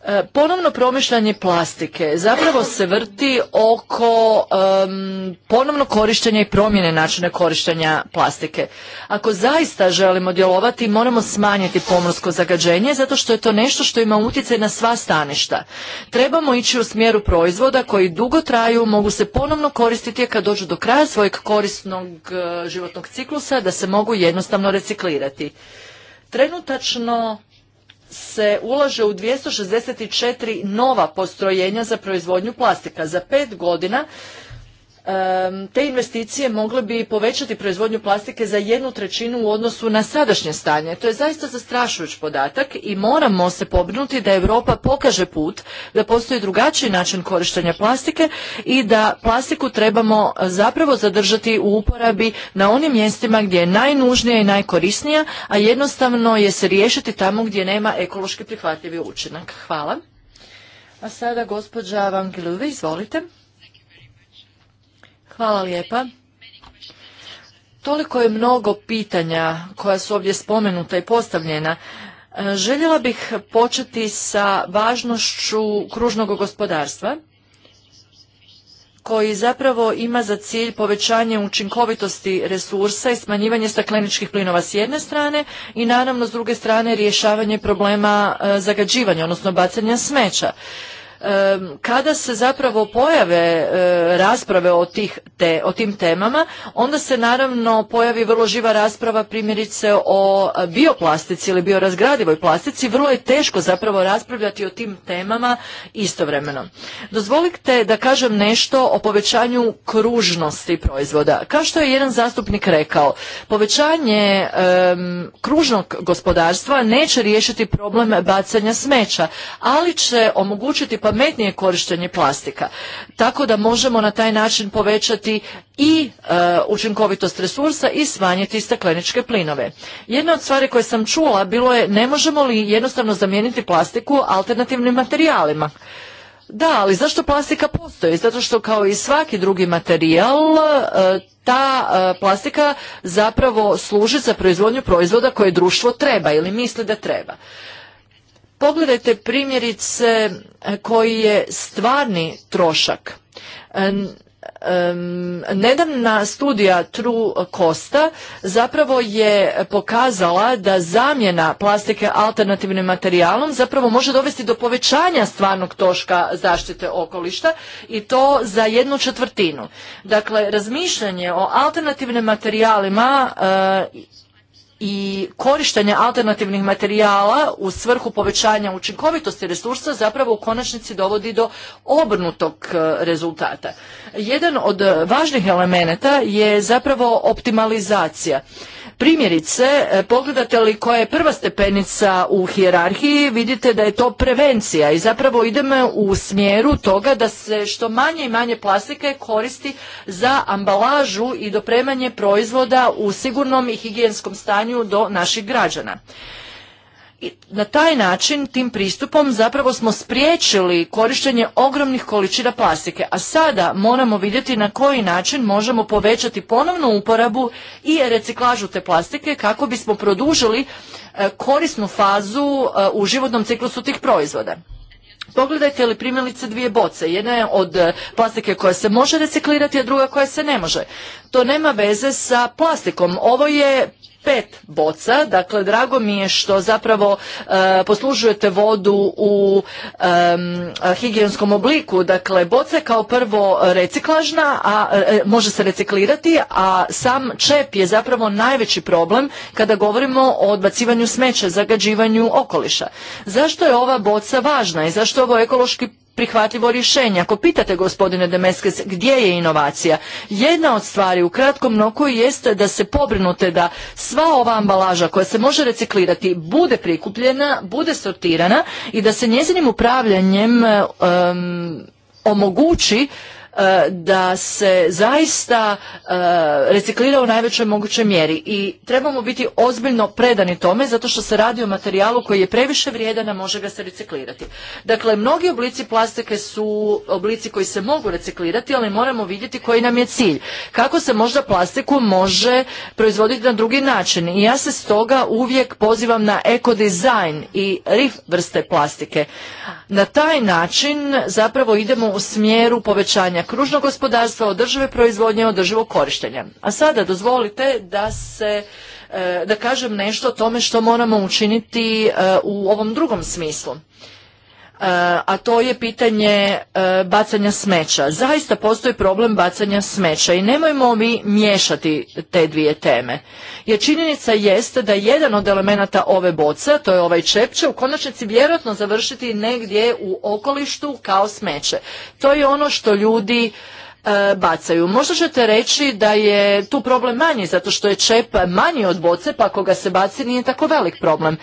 E, ponovno promišljanje plastike zapravo se vrti oko ponovno korištenja i promjene načina korištenja plastike. Ako zaista želimo djelovati, moramo smanjiti pomorsko zagađenje zato što je to nešto što ima utjecaj na sva staništa. Trebamo ići u smjeru proizvoda koji dugo traju, mogu se ponovno koristiti kad dođu do kraja svojeg korisnog e, životnog ciklusa da se mogu jednostavno reciklirati. Trenutačno se ulaže u 264 nova postrojenja za proizvodnju plastika. Za pet godina te investicije mogle bi povećati proizvodnju plastike za jednu trećinu u odnosu na sadašnje stanje. To je zaista zastrašujuć podatak i moramo se pobrinuti da Europa pokaže put da postoji drugačiji način korištenja plastike i da plastiku trebamo e, zapravo zadržati u uporabi na onim mjestima gdje je najnužnija i najkorisnija, a jednostavno je se riješiti tamo gdje nema ekološki prihvatljivi učinak. Hvala. A sada gospođa izvolite. Hvala lijepa. Toliko je mnogo pitanja koja su ovdje spomenuta i postavljena. E, željela bih početi sa važnošću kružnog gospodarstva koji zapravo ima za cilj povećanje učinkovitosti resursa i smanjivanje stakleničkih plinova s jedne strane i naravno s druge strane rješavanje problema e, zagađivanja, odnosno bacanja smeća kada se zapravo pojave e, rasprave o, tih te, o tim temama, onda se naravno pojavi vrlo živa rasprava primjerice o e, bioplastici ili biorazgradivoj plastici. Vrlo je teško zapravo raspravljati o tim temama istovremeno. Dozvolite da kažem nešto o povećanju kružnosti proizvoda. Kao što je jedan zastupnik rekao, povećanje kružnog gospodarstva neće riješiti problem bacanja smeća, ali će omogućiti pa pametnije korištenje plastika. Tako da možemo na taj način povećati i e, učinkovitost resursa i smanjiti stakleničke plinove. Jedna od stvari koje sam čula bilo je ne možemo li jednostavno zamijeniti plastiku alternativnim materijalima. Da, ali zašto plastika postoji? Zato što kao i svaki drugi materijal, e, ta e, plastika zapravo služi za proizvodnju proizvoda koje društvo treba ili misli da treba. Pogledajte primjerice e, koji je stvarni trošak. Nedavna studija True Costa zapravo je pokazala da zamjena plastike alternativnim materijalom zapravo može dovesti do povećanja stvarnog toška zaštite okolišta i to za jednu četvrtinu. Dakle, razmišljanje o alternativnim materijalima e, i korištenje alternativnih materijala u svrhu povećanja učinkovitosti resursa zapravo u konačnici dovodi do obrnutog e, rezultata. Jedan od važnih elemenata je zapravo optimalizacija. Primjerice, e, pogledate li koja je prva stepenica u hijerarhiji, vidite da je to prevencija i zapravo idemo u smjeru toga da se što manje i manje plastike koristi za ambalažu i dopremanje proizvoda u sigurnom i higijenskom stanju do naših građana na taj način, tim pristupom, zapravo smo spriječili korištenje ogromnih količina plastike, a sada moramo vidjeti na koji način možemo povećati ponovnu uporabu i reciklažu te plastike kako bismo produžili e, korisnu fazu e, u životnom ciklusu tih proizvoda. Pogledajte li primjelice dvije boce, jedna je od e, plastike koja se može reciklirati, a druga koja se ne može. To nema veze sa plastikom, ovo je pet boca, dakle drago mi je što zapravo e, poslužujete vodu u e, higijenskom obliku, dakle boca je kao prvo reciklažna, a e, može se reciklirati, a sam čep je zapravo najveći problem kada govorimo o odbacivanju smeća, zagađivanju okoliša. Zašto je ova boca važna i zašto je ovo ekološki prihvatljivo rješenje. Ako pitate gospodine Demeskes gdje je inovacija, jedna od stvari u kratkom roku jeste da se pobrinute da sva ova ambalaža koja se može reciklirati bude prikupljena, bude sortirana i da se njezinim upravljanjem omogući E, da se zaista e, reciklira u najvećoj mogućoj mjeri i trebamo biti ozbiljno predani tome zato što se radi o materijalu koji je previše vrijedan, a može ga se reciklirati. Dakle, mnogi oblici plastike su oblici koji se mogu reciklirati, ali moramo vidjeti koji nam je cilj. Kako se možda plastiku može proizvoditi na drugi način. I ja se stoga uvijek pozivam na ekodizajn i rif vrste plastike. Na taj način zapravo idemo u smjeru povećanja Kružno kružnog gospodarstva, održive proizvodnje, održivog korištenje. A sada dozvolite da se e, da kažem nešto o tome što moramo učiniti e, u ovom drugom smislu. E, a to je pitanje e, bacanja smeća. Zaista postoji problem bacanja smeća i nemojmo mi miješati te dvije teme. Jer činjenica jeste da jedan od elemenata ove boce, to je ovaj čep, će u konačnici vjerojatno završiti negdje u okolištu kao smeće. To je ono što ljudi E, bacaju. Možda ćete reći da je tu problem manji, zato što je čep manji od boce, pa ako ga se baci nije tako velik problem.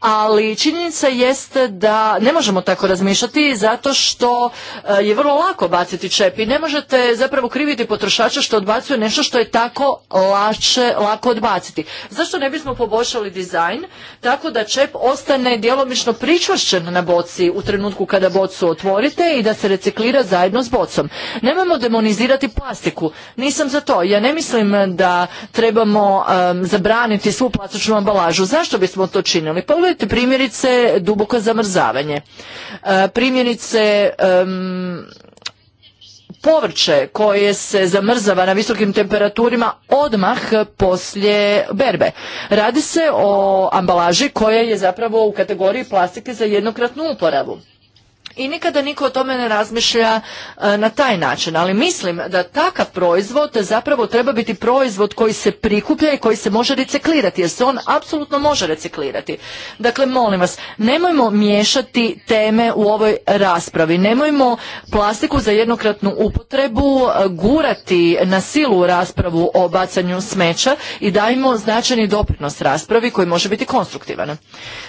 Ali činjenica jeste da ne možemo tako razmišljati zato što e, je vrlo lako baciti čep i ne možete zapravo kriviti potrošača što odbacuje nešto što je tako lače, lako odbaciti. Zašto ne bismo poboljšali dizajn tako da čep ostane djelomično pričvršćen na boci u trenutku kada bocu otvorite i da se reciklira zajedno s bocom. Nemamo demonizaciju demonizirati plastiku. Nisam za to. Ja ne mislim da trebamo zabraniti svu plastičnu ambalažu. Zašto bismo to činili? Pogledajte pa primjerice duboko zamrzavanje. E, primjerice povrće koje se zamrzava na visokim temperaturima odmah poslije berbe. Radi se o ambalaži koja je zapravo u kategoriji plastike za jednokratnu uporabu i nikada niko o tome ne razmišlja e, na taj način. Ali mislim da takav proizvod zapravo treba biti proizvod koji se prikuplja i koji se može reciklirati, jer se on apsolutno može reciklirati. Dakle, molim vas, nemojmo miješati teme u ovoj raspravi, nemojmo plastiku za jednokratnu upotrebu e, gurati na silu raspravu o bacanju smeća i dajmo značajni doprinos raspravi koji može biti konstruktivan.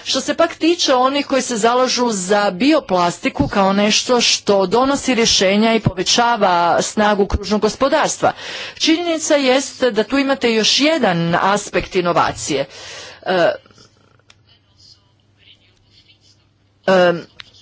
Što se pak tiče onih koji se zalažu za bioplastiku, kao nešto što donosi rješenja i povećava snagu kružnog gospodarstva. Činjenica jest da tu imate još jedan aspekt inovacije. E, e,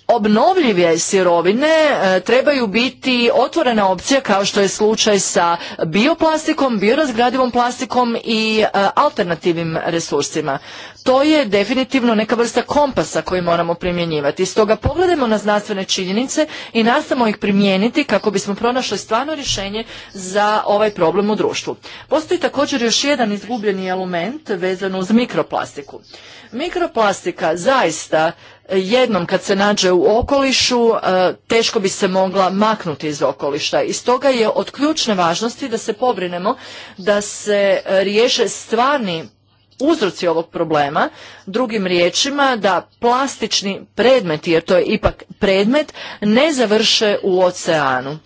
obnovljive sirovine e, trebaju biti otvorena opcija kao što je slučaj sa bioplastikom, biorazgradivom plastikom i e, alternativnim resursima. To je definitivno neka vrsta kompasa koju moramo primjenjivati. Stoga pogledajmo na znanstvene činjenice i nastavimo ih primijeniti kako bismo pronašli stvarno rješenje za ovaj problem u društvu. Postoji također još jedan izgubljeni element vezan uz mikroplastiku. Mikroplastika zaista jednom kad se nađe u okolišu e, teško bi se mogla maknuti iz okolišta. i stoga je od ključne važnosti da se pobrinemo da se e, riješe stvarni uzroci ovog problema, drugim riječima da plastični predmet, jer to je ipak predmet, ne završe u oceanu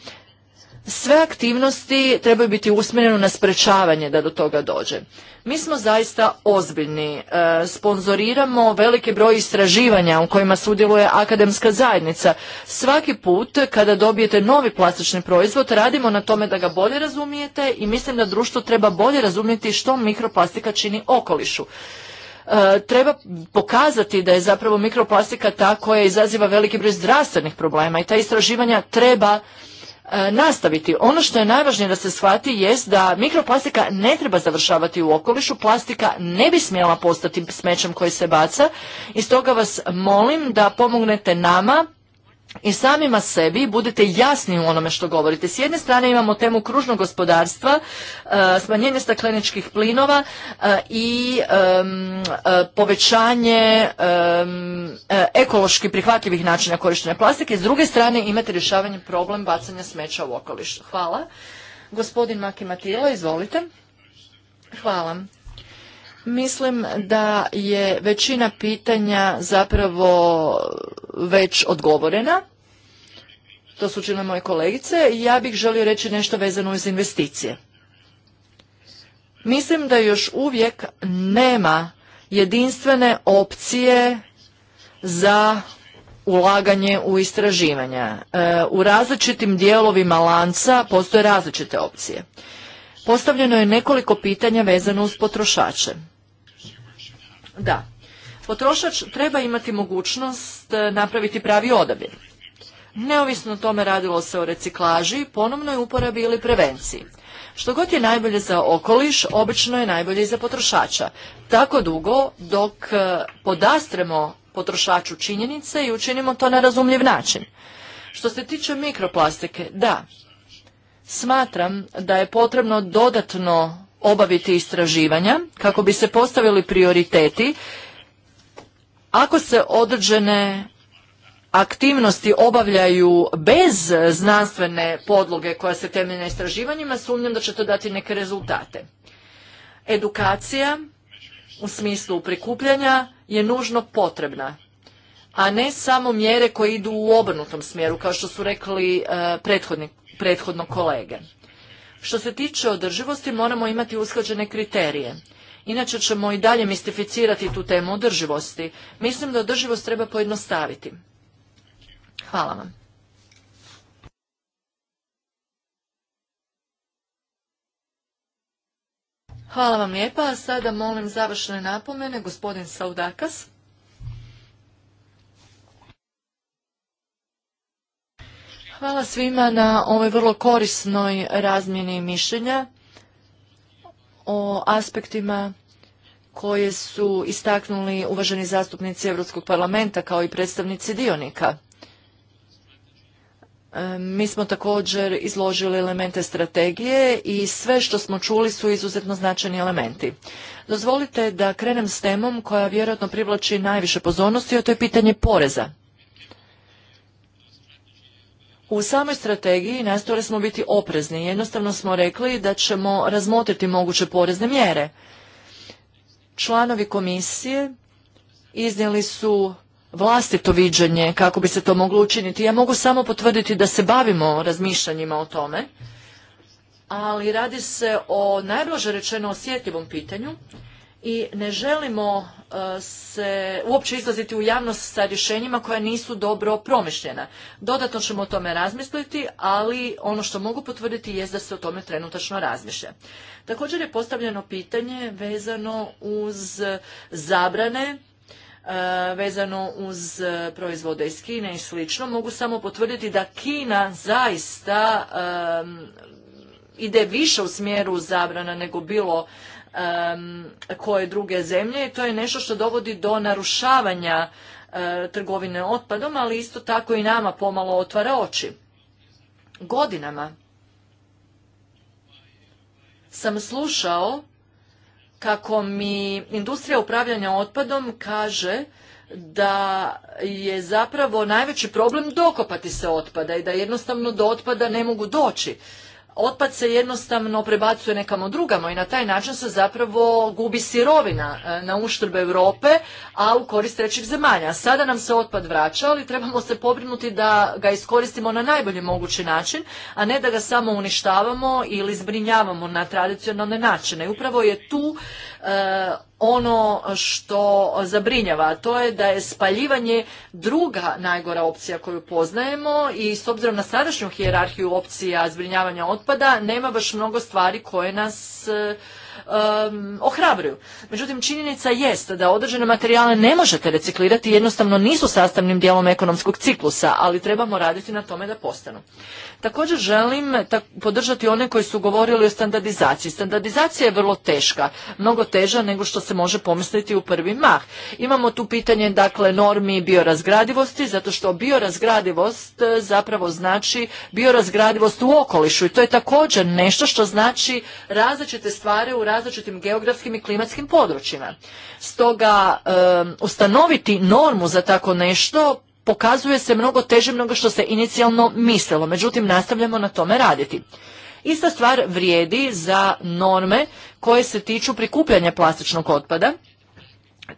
sve aktivnosti trebaju biti usmjerene na sprečavanje da do toga dođe. Mi smo zaista ozbiljni, e, sponzoriramo veliki broj istraživanja u kojima sudjeluje akademska zajednica. Svaki put kada dobijete novi plastični proizvod radimo na tome da ga bolje razumijete i mislim da društvo treba bolje razumjeti što mikroplastika čini okolišu. E, treba pokazati da je zapravo mikroplastika ta koja izaziva veliki broj zdravstvenih problema i ta istraživanja treba E, nastaviti. Ono što je najvažnije da se shvati jest da mikroplastika ne treba završavati u okolišu, plastika ne bi smjela postati smećem koji se baca i stoga vas molim da pomognete nama i samima sebi budite jasni u onome što govorite. S jedne strane imamo temu kružnog gospodarstva, e, smanjenje stakleničkih plinova e, i e, povećanje ekološki prihvatljivih načina korištenja plastike. S druge strane imate rješavanje problem bacanja smeća u okoliš. Hvala. Gospodin Maki izvolite. Hvala. Mislim da je većina pitanja zapravo već odgovorena. To su učinile moje kolegice. Ja bih želio reći nešto vezano uz investicije. Mislim da još uvijek nema jedinstvene opcije za ulaganje u istraživanja. E, u različitim dijelovima lanca postoje različite opcije. Postavljeno je nekoliko pitanja vezano uz potrošače. Da, potrošač treba imati mogućnost e, napraviti pravi odabir. Neovisno o tome radilo se o reciklaži, ponovnoj uporabi ili prevenciji. Što god je najbolje za okoliš, obično je najbolje i za potrošača. Tako dugo dok e, podastremo potrošaču činjenice i učinimo to na razumljiv način. Što se tiče mikroplastike, da, smatram da je potrebno dodatno obaviti istraživanja kako bi se postavili prioriteti ako se određene aktivnosti obavljaju bez znanstvene podloge koja se temelji na istraživanjima, sumnjam da će to dati neke rezultate. Edukacija u smislu prikupljanja je nužno potrebna, a ne samo mjere koje idu u obrnutom smjeru, kao što su rekli eh, prethodno kolege. Što se tiče održivosti, moramo imati usklađene kriterije. Inače ćemo i dalje mistificirati tu temu održivosti. Mislim da održivost treba pojednostaviti. Hvala vam. Hvala vam lijepa. A sada molim završne napomene gospodin Saudakas. Hvala svima na ovoj vrlo korisnoj razmjeni mišljenja o aspektima koje su istaknuli uvaženi zastupnici Europskog parlamenta kao i predstavnici dionika. E, mi smo također izložili elemente strategije i sve što smo čuli su izuzetno značajni elementi. Dozvolite da krenem s temom koja vjerojatno privlači najviše pozornosti, a to je pitanje poreza. U samoj strategiji nastojali smo biti oprezni. Jednostavno smo rekli da ćemo razmotriti moguće porezne mjere. Članovi komisije iznijeli su vlastito viđenje kako bi se to moglo učiniti. Ja mogu samo potvrditi da se bavimo razmišljanjima o tome, ali radi se o najblaže rečeno osjetljivom pitanju i ne želimo e, se uopće izlaziti u javnost sa rješenjima koja nisu dobro promišljena. Dodatno ćemo o tome razmisliti, ali ono što mogu potvrditi je da se o tome trenutačno razmišlja. Također je postavljeno pitanje vezano uz zabrane e, vezano uz proizvode iz Kine i slično. Mogu samo potvrditi da Kina zaista e, ide više u smjeru zabrana nego bilo koje druge zemlje i to je nešto što dovodi do narušavanja e, trgovine otpadom, ali isto tako i nama pomalo otvara oči. Godinama sam slušao kako mi industrija upravljanja otpadom kaže da je zapravo najveći problem dokopati se otpada i da jednostavno do otpada ne mogu doći otpad se jednostavno prebacuje nekamo drugamo i na taj način se zapravo gubi sirovina e, na uštrb Europe, a u korist trećih zemalja. Sada nam se otpad vraća, ali trebamo se pobrinuti da ga iskoristimo na najbolji mogući način, a ne da ga samo uništavamo ili zbrinjavamo na tradicionalne načine. I upravo je tu E, ono što zabrinjava, a to je da je spaljivanje druga najgora opcija koju poznajemo i s obzirom na sadašnju hijerarhiju opcija zbrinjavanja otpada nema baš mnogo stvari koje nas e, ohrabruju. Međutim, činjenica jest da određene materijale ne možete reciklirati, jednostavno nisu sastavnim dijelom ekonomskog ciklusa, ali trebamo raditi na tome da postanu. Također želim podržati one koji su govorili o standardizaciji. Standardizacija je vrlo teška, mnogo teža nego što se može pomisliti u prvi mah. Imamo tu pitanje dakle normi biorazgradivosti, zato što biorazgradivost e, zapravo znači biorazgradivost u okolišu i to je također nešto što znači različite stvari u različitim geografskim i klimatskim područjima. Stoga e, ustanoviti normu za tako nešto pokazuje se mnogo teže mnogo što se inicijalno mislilo. Međutim, nastavljamo na tome raditi. Ista stvar vrijedi za norme koje se tiču prikupljanja plastičnog otpada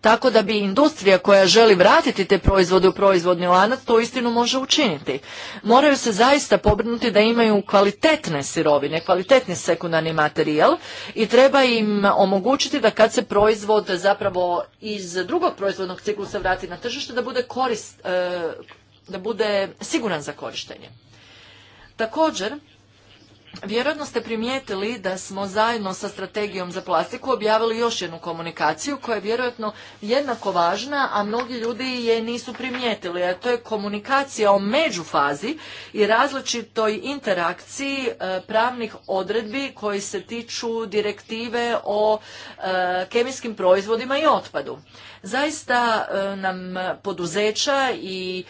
tako da bi industrija koja želi vratiti te proizvode u proizvodni lanac to istinu može učiniti. Moraju se zaista pobrinuti da imaju kvalitetne sirovine, kvalitetni sekundarni materijal i treba im omogućiti da kad se proizvod zapravo iz drugog proizvodnog ciklusa vrati na tržište da bude korist, e, da bude siguran za korištenje. Također, Vjerojatno ste primijetili da smo zajedno sa strategijom za plastiku objavili još jednu komunikaciju koja je vjerojatno jednako važna, a mnogi ljudi je nisu primijetili. A to je komunikacija o međufazi i različitoj interakciji e, pravnih odredbi koji se tiču direktive o e, kemijskim proizvodima i otpadu. Zaista e, nam poduzeća i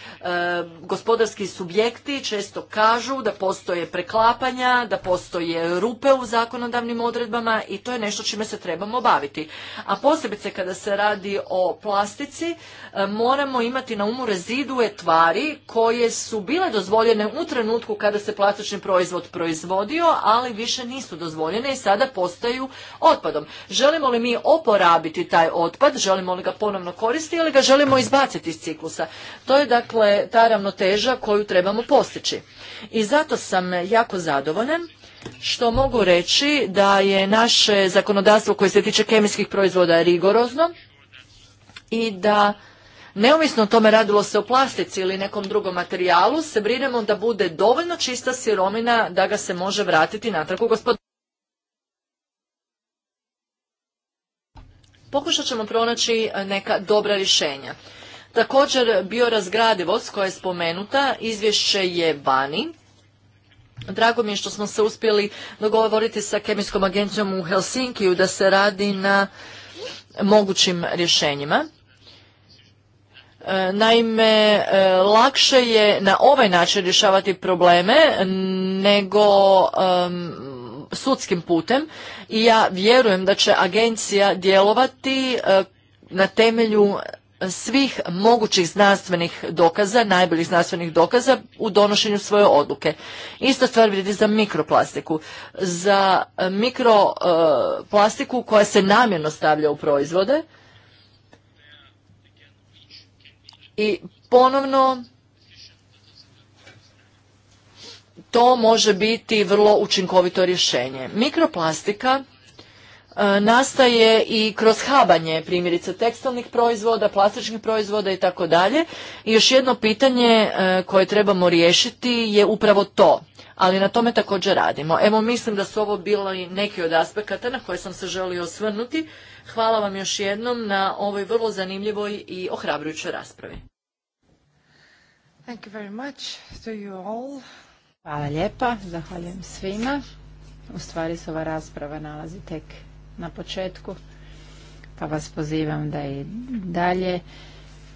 gospodarski subjekti često kažu da postoje preklapanja, da postoje rupe u zakonodavnim odredbama i to je nešto čime se trebamo baviti. A posebice kada se radi o plastici, e, moramo imati na umu rezidue tvari koje su bile dozvoljene u trenutku kada se plastični proizvod proizvodio, ali više nisu dozvoljene i sada postaju otpadom. Želimo li mi oporabiti taj otpad, želimo li ga ponovno koristiti ili ga želimo izbaciti iz ciklusa? To je dakle ta ravnoteža koju trebamo postići. I zato sam jako zadovoljan što mogu reći da je naše zakonodavstvo koje se tiče kemijskih proizvoda rigorozno i da neovisno o tome radilo se o plastici ili nekom drugom materijalu, se brinemo da bude dovoljno čista sirovina da ga se može vratiti natrag u gospodinu. Pokušat ćemo pronaći e, neka dobra rješenja. Također biorazgradivost koja je spomenuta, izvješće je vani Drago mi je što smo se uspjeli dogovoriti sa kemijskom agencijom u Helsinkiju da se radi na mogućim rješenjima. E, naime, e, lakše je na ovaj način rješavati probleme nego sudskim putem i ja vjerujem da će agencija djelovati e, na temelju svih mogućih znanstvenih dokaza, najboljih znanstvenih dokaza u donošenju svoje odluke. Ista stvar vrijedi za mikroplastiku. Za e, mikroplastiku e, koja se namjerno stavlja u proizvode i ponovno to može biti vrlo učinkovito rješenje. Mikroplastika E, nastaje i kroz habanje primjerice tekstilnih proizvoda, plastičnih proizvoda i tako dalje. još jedno pitanje e, koje trebamo riješiti je upravo to, ali na tome također radimo. Evo mislim da su ovo bili neki od aspekata na koje sam se želio osvrnuti. Hvala vam još jednom na ovoj vrlo zanimljivoj i ohrabrujućoj raspravi. Thank you very much to you all. Hvala lijepa, zahvaljujem svima. U stvari se ova rasprava nalazi tek na početku, pa vas pozivam da i dalje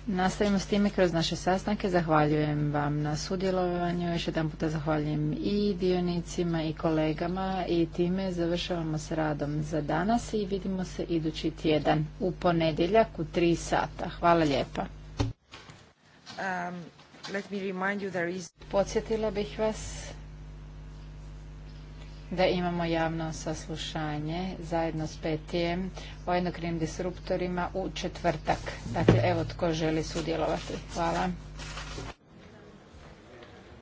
nastavimo s time kroz naše sastanke. Zahvaljujem vam na sudjelovanju, još jedan puta zahvaljujem i dionicima i kolegama i time završavamo s radom za danas i vidimo se idući tjedan u ponedjeljak u 3 sata. Hvala lijepa. Um, let Podsjetila bih vas da imamo javno saslušanje zajedno s Petijem o endokrinim disruptorima u četvrtak. Dakle, evo tko želi sudjelovati. Hvala.